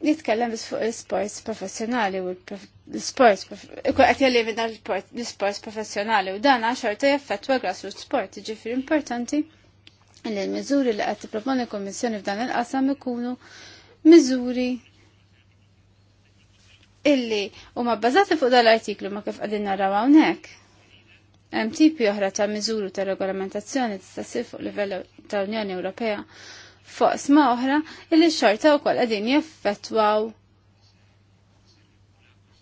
nitkellem fuq l-sports professjonali u l-sports qed jelimina l-sports professjonali u dan xorta jaffettwa grassroots sport, ġifir importanti li l-miżuri li qed tipproponi l f'dan il-qasam ikunu miżuri illi huma bbażati fuq dal-artiklu ma kif għadin naraw hawnhekk. Hemm tipi oħra ta' mizuru ta' regolamentazzjoni tista' fuq livell tal-Unjoni Ewropea foqsma oħra illi xorta u kol għadin jaffetwaw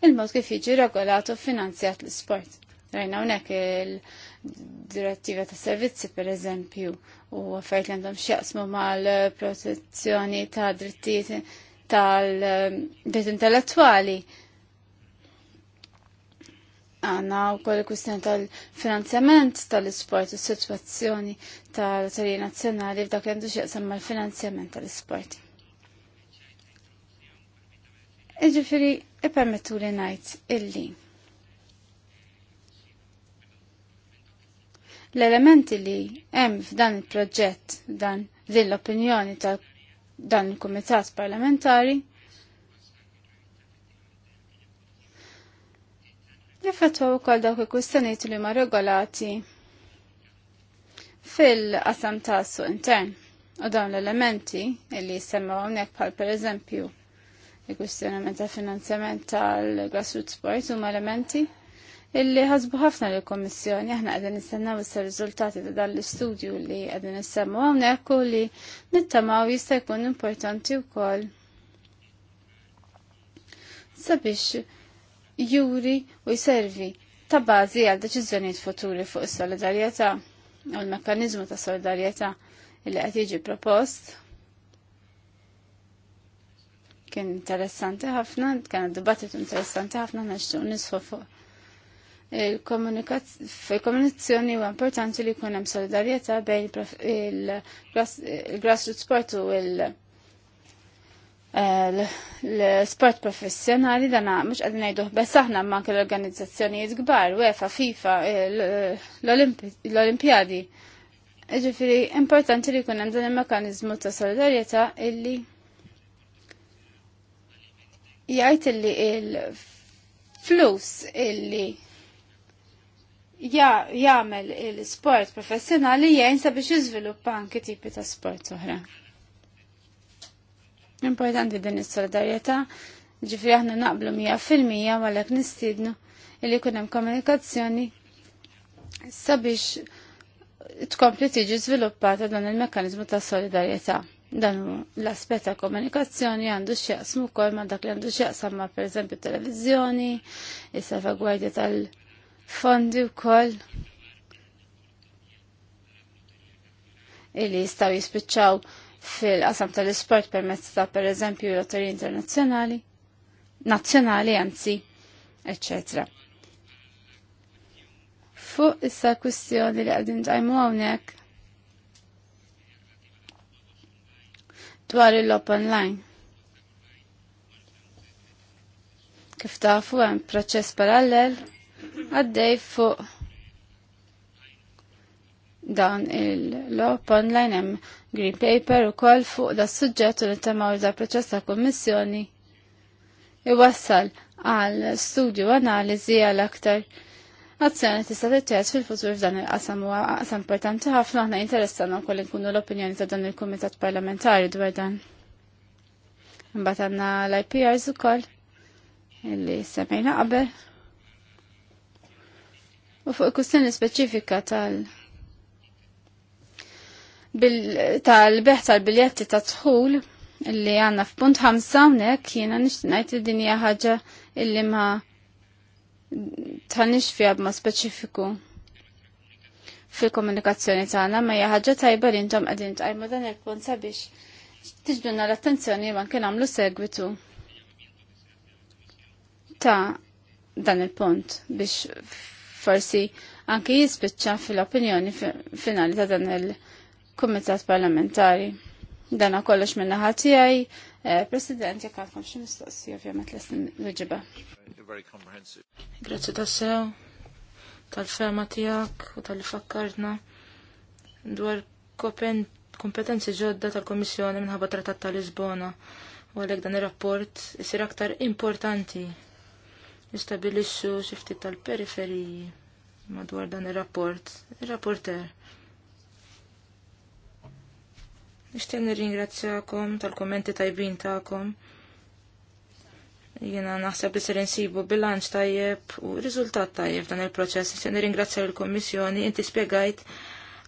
il-mod kif jiġi regolatu finanzjat l-sport. Rajna unek il-direttiva ta' servizzi per eżempju u għaffajt li għandhom xjaqsmu mal-protezzjoni ta' drittijiet tal-dritt intellettuali. Ta għanna u koll kustjoni tal-finanzjament tal-isport, u situazzjoni tal lotterija Nazzjonali f'dak li għandu xieqsam mal-finanzjament tal-isport. Iġifiri, ipermettu li najt illi. L-elementi li hemm f'dan il-proġett, dan l-opinjoni tal dan il-Kumitat Parlamentari, jaffettwaw ukoll dawk il-kustanijiet li ma regolati fil-qasam ta' su intern u dawn l-elementi li jissemmaw hawnhekk bħal pereżempju il-kwistjonament ta' finanzjament tal-grassroots sport huma elementi illi ħasbu ħafna l kommissjoni aħna qegħdin nistennew issa riżultati ta' dan l-istudju li qegħdin nissemmu hawnhekk u li nittamaw jista' jkun importanti wkoll sabiex juri u jservi ta' bażi għal deċiżjonijiet futuri fuq is-solidarjetà u l-mekkaniżmu ta' solidarjetà li qed jiġi propost. Kien interessanti ħafna, kien dibattitu interessanti ħafna nixtieq nisħu fuq il komunikazzjoni huwa importanti li jkun hemm solidarjetà bejn il-grassroots sport u l Eh, l-sport professjonali dan mux qegħdin ngħiduh bess aħna ma kell organizzazzjonijiet kbar, UEFA, FIFA, eh, l-Olimpjadi. Ġifieri importanti li jkun hemm dan il-mekkaniżmu ta' solidarjetà illi jgħid illi il-flus illi jagħmel il-sport professjonali jgħin sabiex jiżviluppa anki tipi ta' sport oħra. Importanti din is-solidarjetà, ġifri aħna naqblu mija fil-mija għalhekk nistiednu illi jkun hemm komunikazzjoni sabiex tkompli tiġi żviluppata dan il-mekkaniżmu ta' solidarjetà. Dan l-aspett ta' komunikazzjoni għandu x'jaqsmu wkoll ma' dak li għandu x'jaqsam ma' pereżempju televiżjoni, is-salvagwardja tal-fondi wkoll. Illi jistgħu jispiċċaw fil-qasam tal-isport permezz ta' per eżempju lotterji internazzjonali, nazzjonali anzi, etc. Fuq issa kwistjoni li għadin ġajmu għawnek dwar il-lop online. Kif tafu hemm proċess parallel għaddej fuq dan il-lop online hemm green paper u koll fuq da suġġett u u da proċess ta' kommissjoni iwassal għal studju analizi għal aktar azzjoni tista' tittieħed fil-futur f'dan il-qasam huwa qasam importanti ħafna aħna interessana wkoll inkunu l-opinjoni ta' dan il-kumitat parlamentari dwar dan. Imbagħad għandna l-IPRs ukoll illi semmejna qabel. U fuq il-kustjoni speċifika tal- tal-beħ tal-biljetti ta' tħul li għanna f'punt ħamsa unek jiena nixtinajt id-dinja ħaġa illi ma tħanix fija b'ma speċifiku fil-komunikazzjoni tagħna ma hija ħaġa tajba li intom qegħdin tqajmu dan il-punt sabiex tiġbduna l-attenzjoni ma kien għamlu segwitu ta' dan il-punt biex forsi anki jispiċċa fil-opinjoni finali ta' dan il-punt kumitat parlamentari. Dana kollox minna għaj, eh, President, jek għalkom xin mistoqsi, ovvijament, l istin l-ġiba. Grazie tassew, tal-fema tijak u tal fakkarna dwar kompetenzi ġodda tal-Komissjoni minħabba Trattat tal-Lisbona u għalek dan il-rapport jisir aktar importanti jistabilixxu xifti tal-periferiji madwar dan il-rapport. Il-rapporter Nishtiq nirringrazzjakom tal-kommenti tajbin tagħkom. Jiena naħseb li ser insibu bilanċ tajjeb u riżultat tajjeb dan il-proċess. Nishtiq nirringrazzja l-Kommissjoni inti spjegajt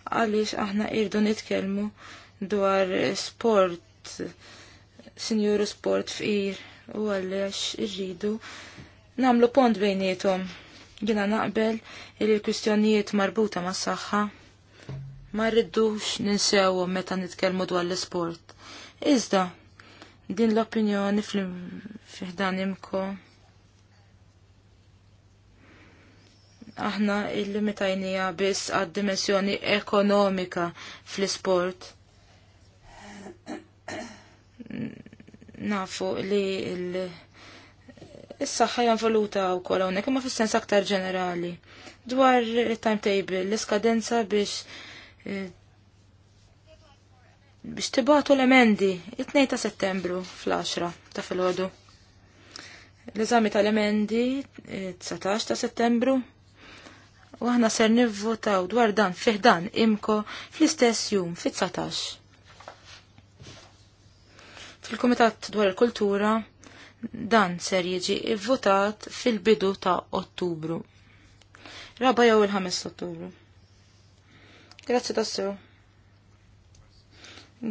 għaliex aħna irdu nitkellmu dwar sport, sinjuru sport fir u għalix irridu namlu pont bejnietom. Jiena naqbel il-kwistjonijiet marbuta mas-saħħa ma rridux ninsewu meta nitkellmu dwar l-isport. Iżda, din l-opinjoni fl fihdan imko. Aħna il-limitajnija biss għad-dimensjoni ekonomika fl-isport. Nafu li il- Is-saħħa voluta u kolonek, hawnhekk imma fis-sens aktar ġenerali. Dwar il-timetable, l-iskadenza biex E, biex tibatu l-emendi it-2 ta' settembru fl-10 ta' filgħodu. L-eżami tal-emendi 19 e, ta' settembru u aħna ser nivvotaw dwar dan fih dan imko fl-istess jum fit-19. Fil-Kumitat dwar il-Kultura dan ser jiġi votat fil-bidu ta' Ottubru. Raba jew il ħames Ottubru. Grazzi tassu.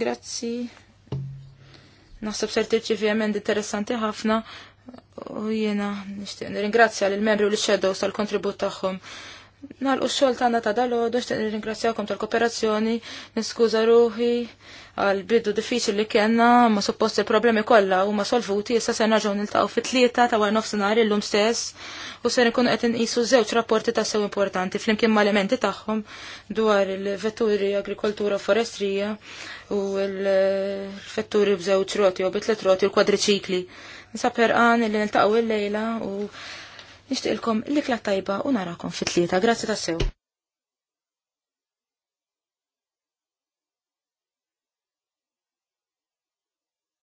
Grazzi. Naħseb ser tirċivi għemend interessanti ħafna u jena nishtiq ringrazzja l membri u l-shadows tal-kontribut tagħhom. Nalqu x-xogħol tagħna ta' dalodu xtieq nirringrazzjawkom tal-kooperazzjoni, niskuża ruħi għal bidu diffiċli li kena, ma suppost il-problemi kollha huma solvuti, issa se nerġgħu niltaqgħu fit-tlieta ta' nofsenar nofsinhar illum stess u se nkunu qed inqisu żewġ rapporti ta' sew importanti flimkien ma' elementi tagħhom dwar il-vetturi agrikoltura u forestrija u l-vetturi b'żewġ roti u bitlet roti u kwadriċikli Nisa perqan li niltaqgħu il-lejla u Nixtieqilkom l-ikla tajba u narakom fit-tlieta. Grazzi tassew.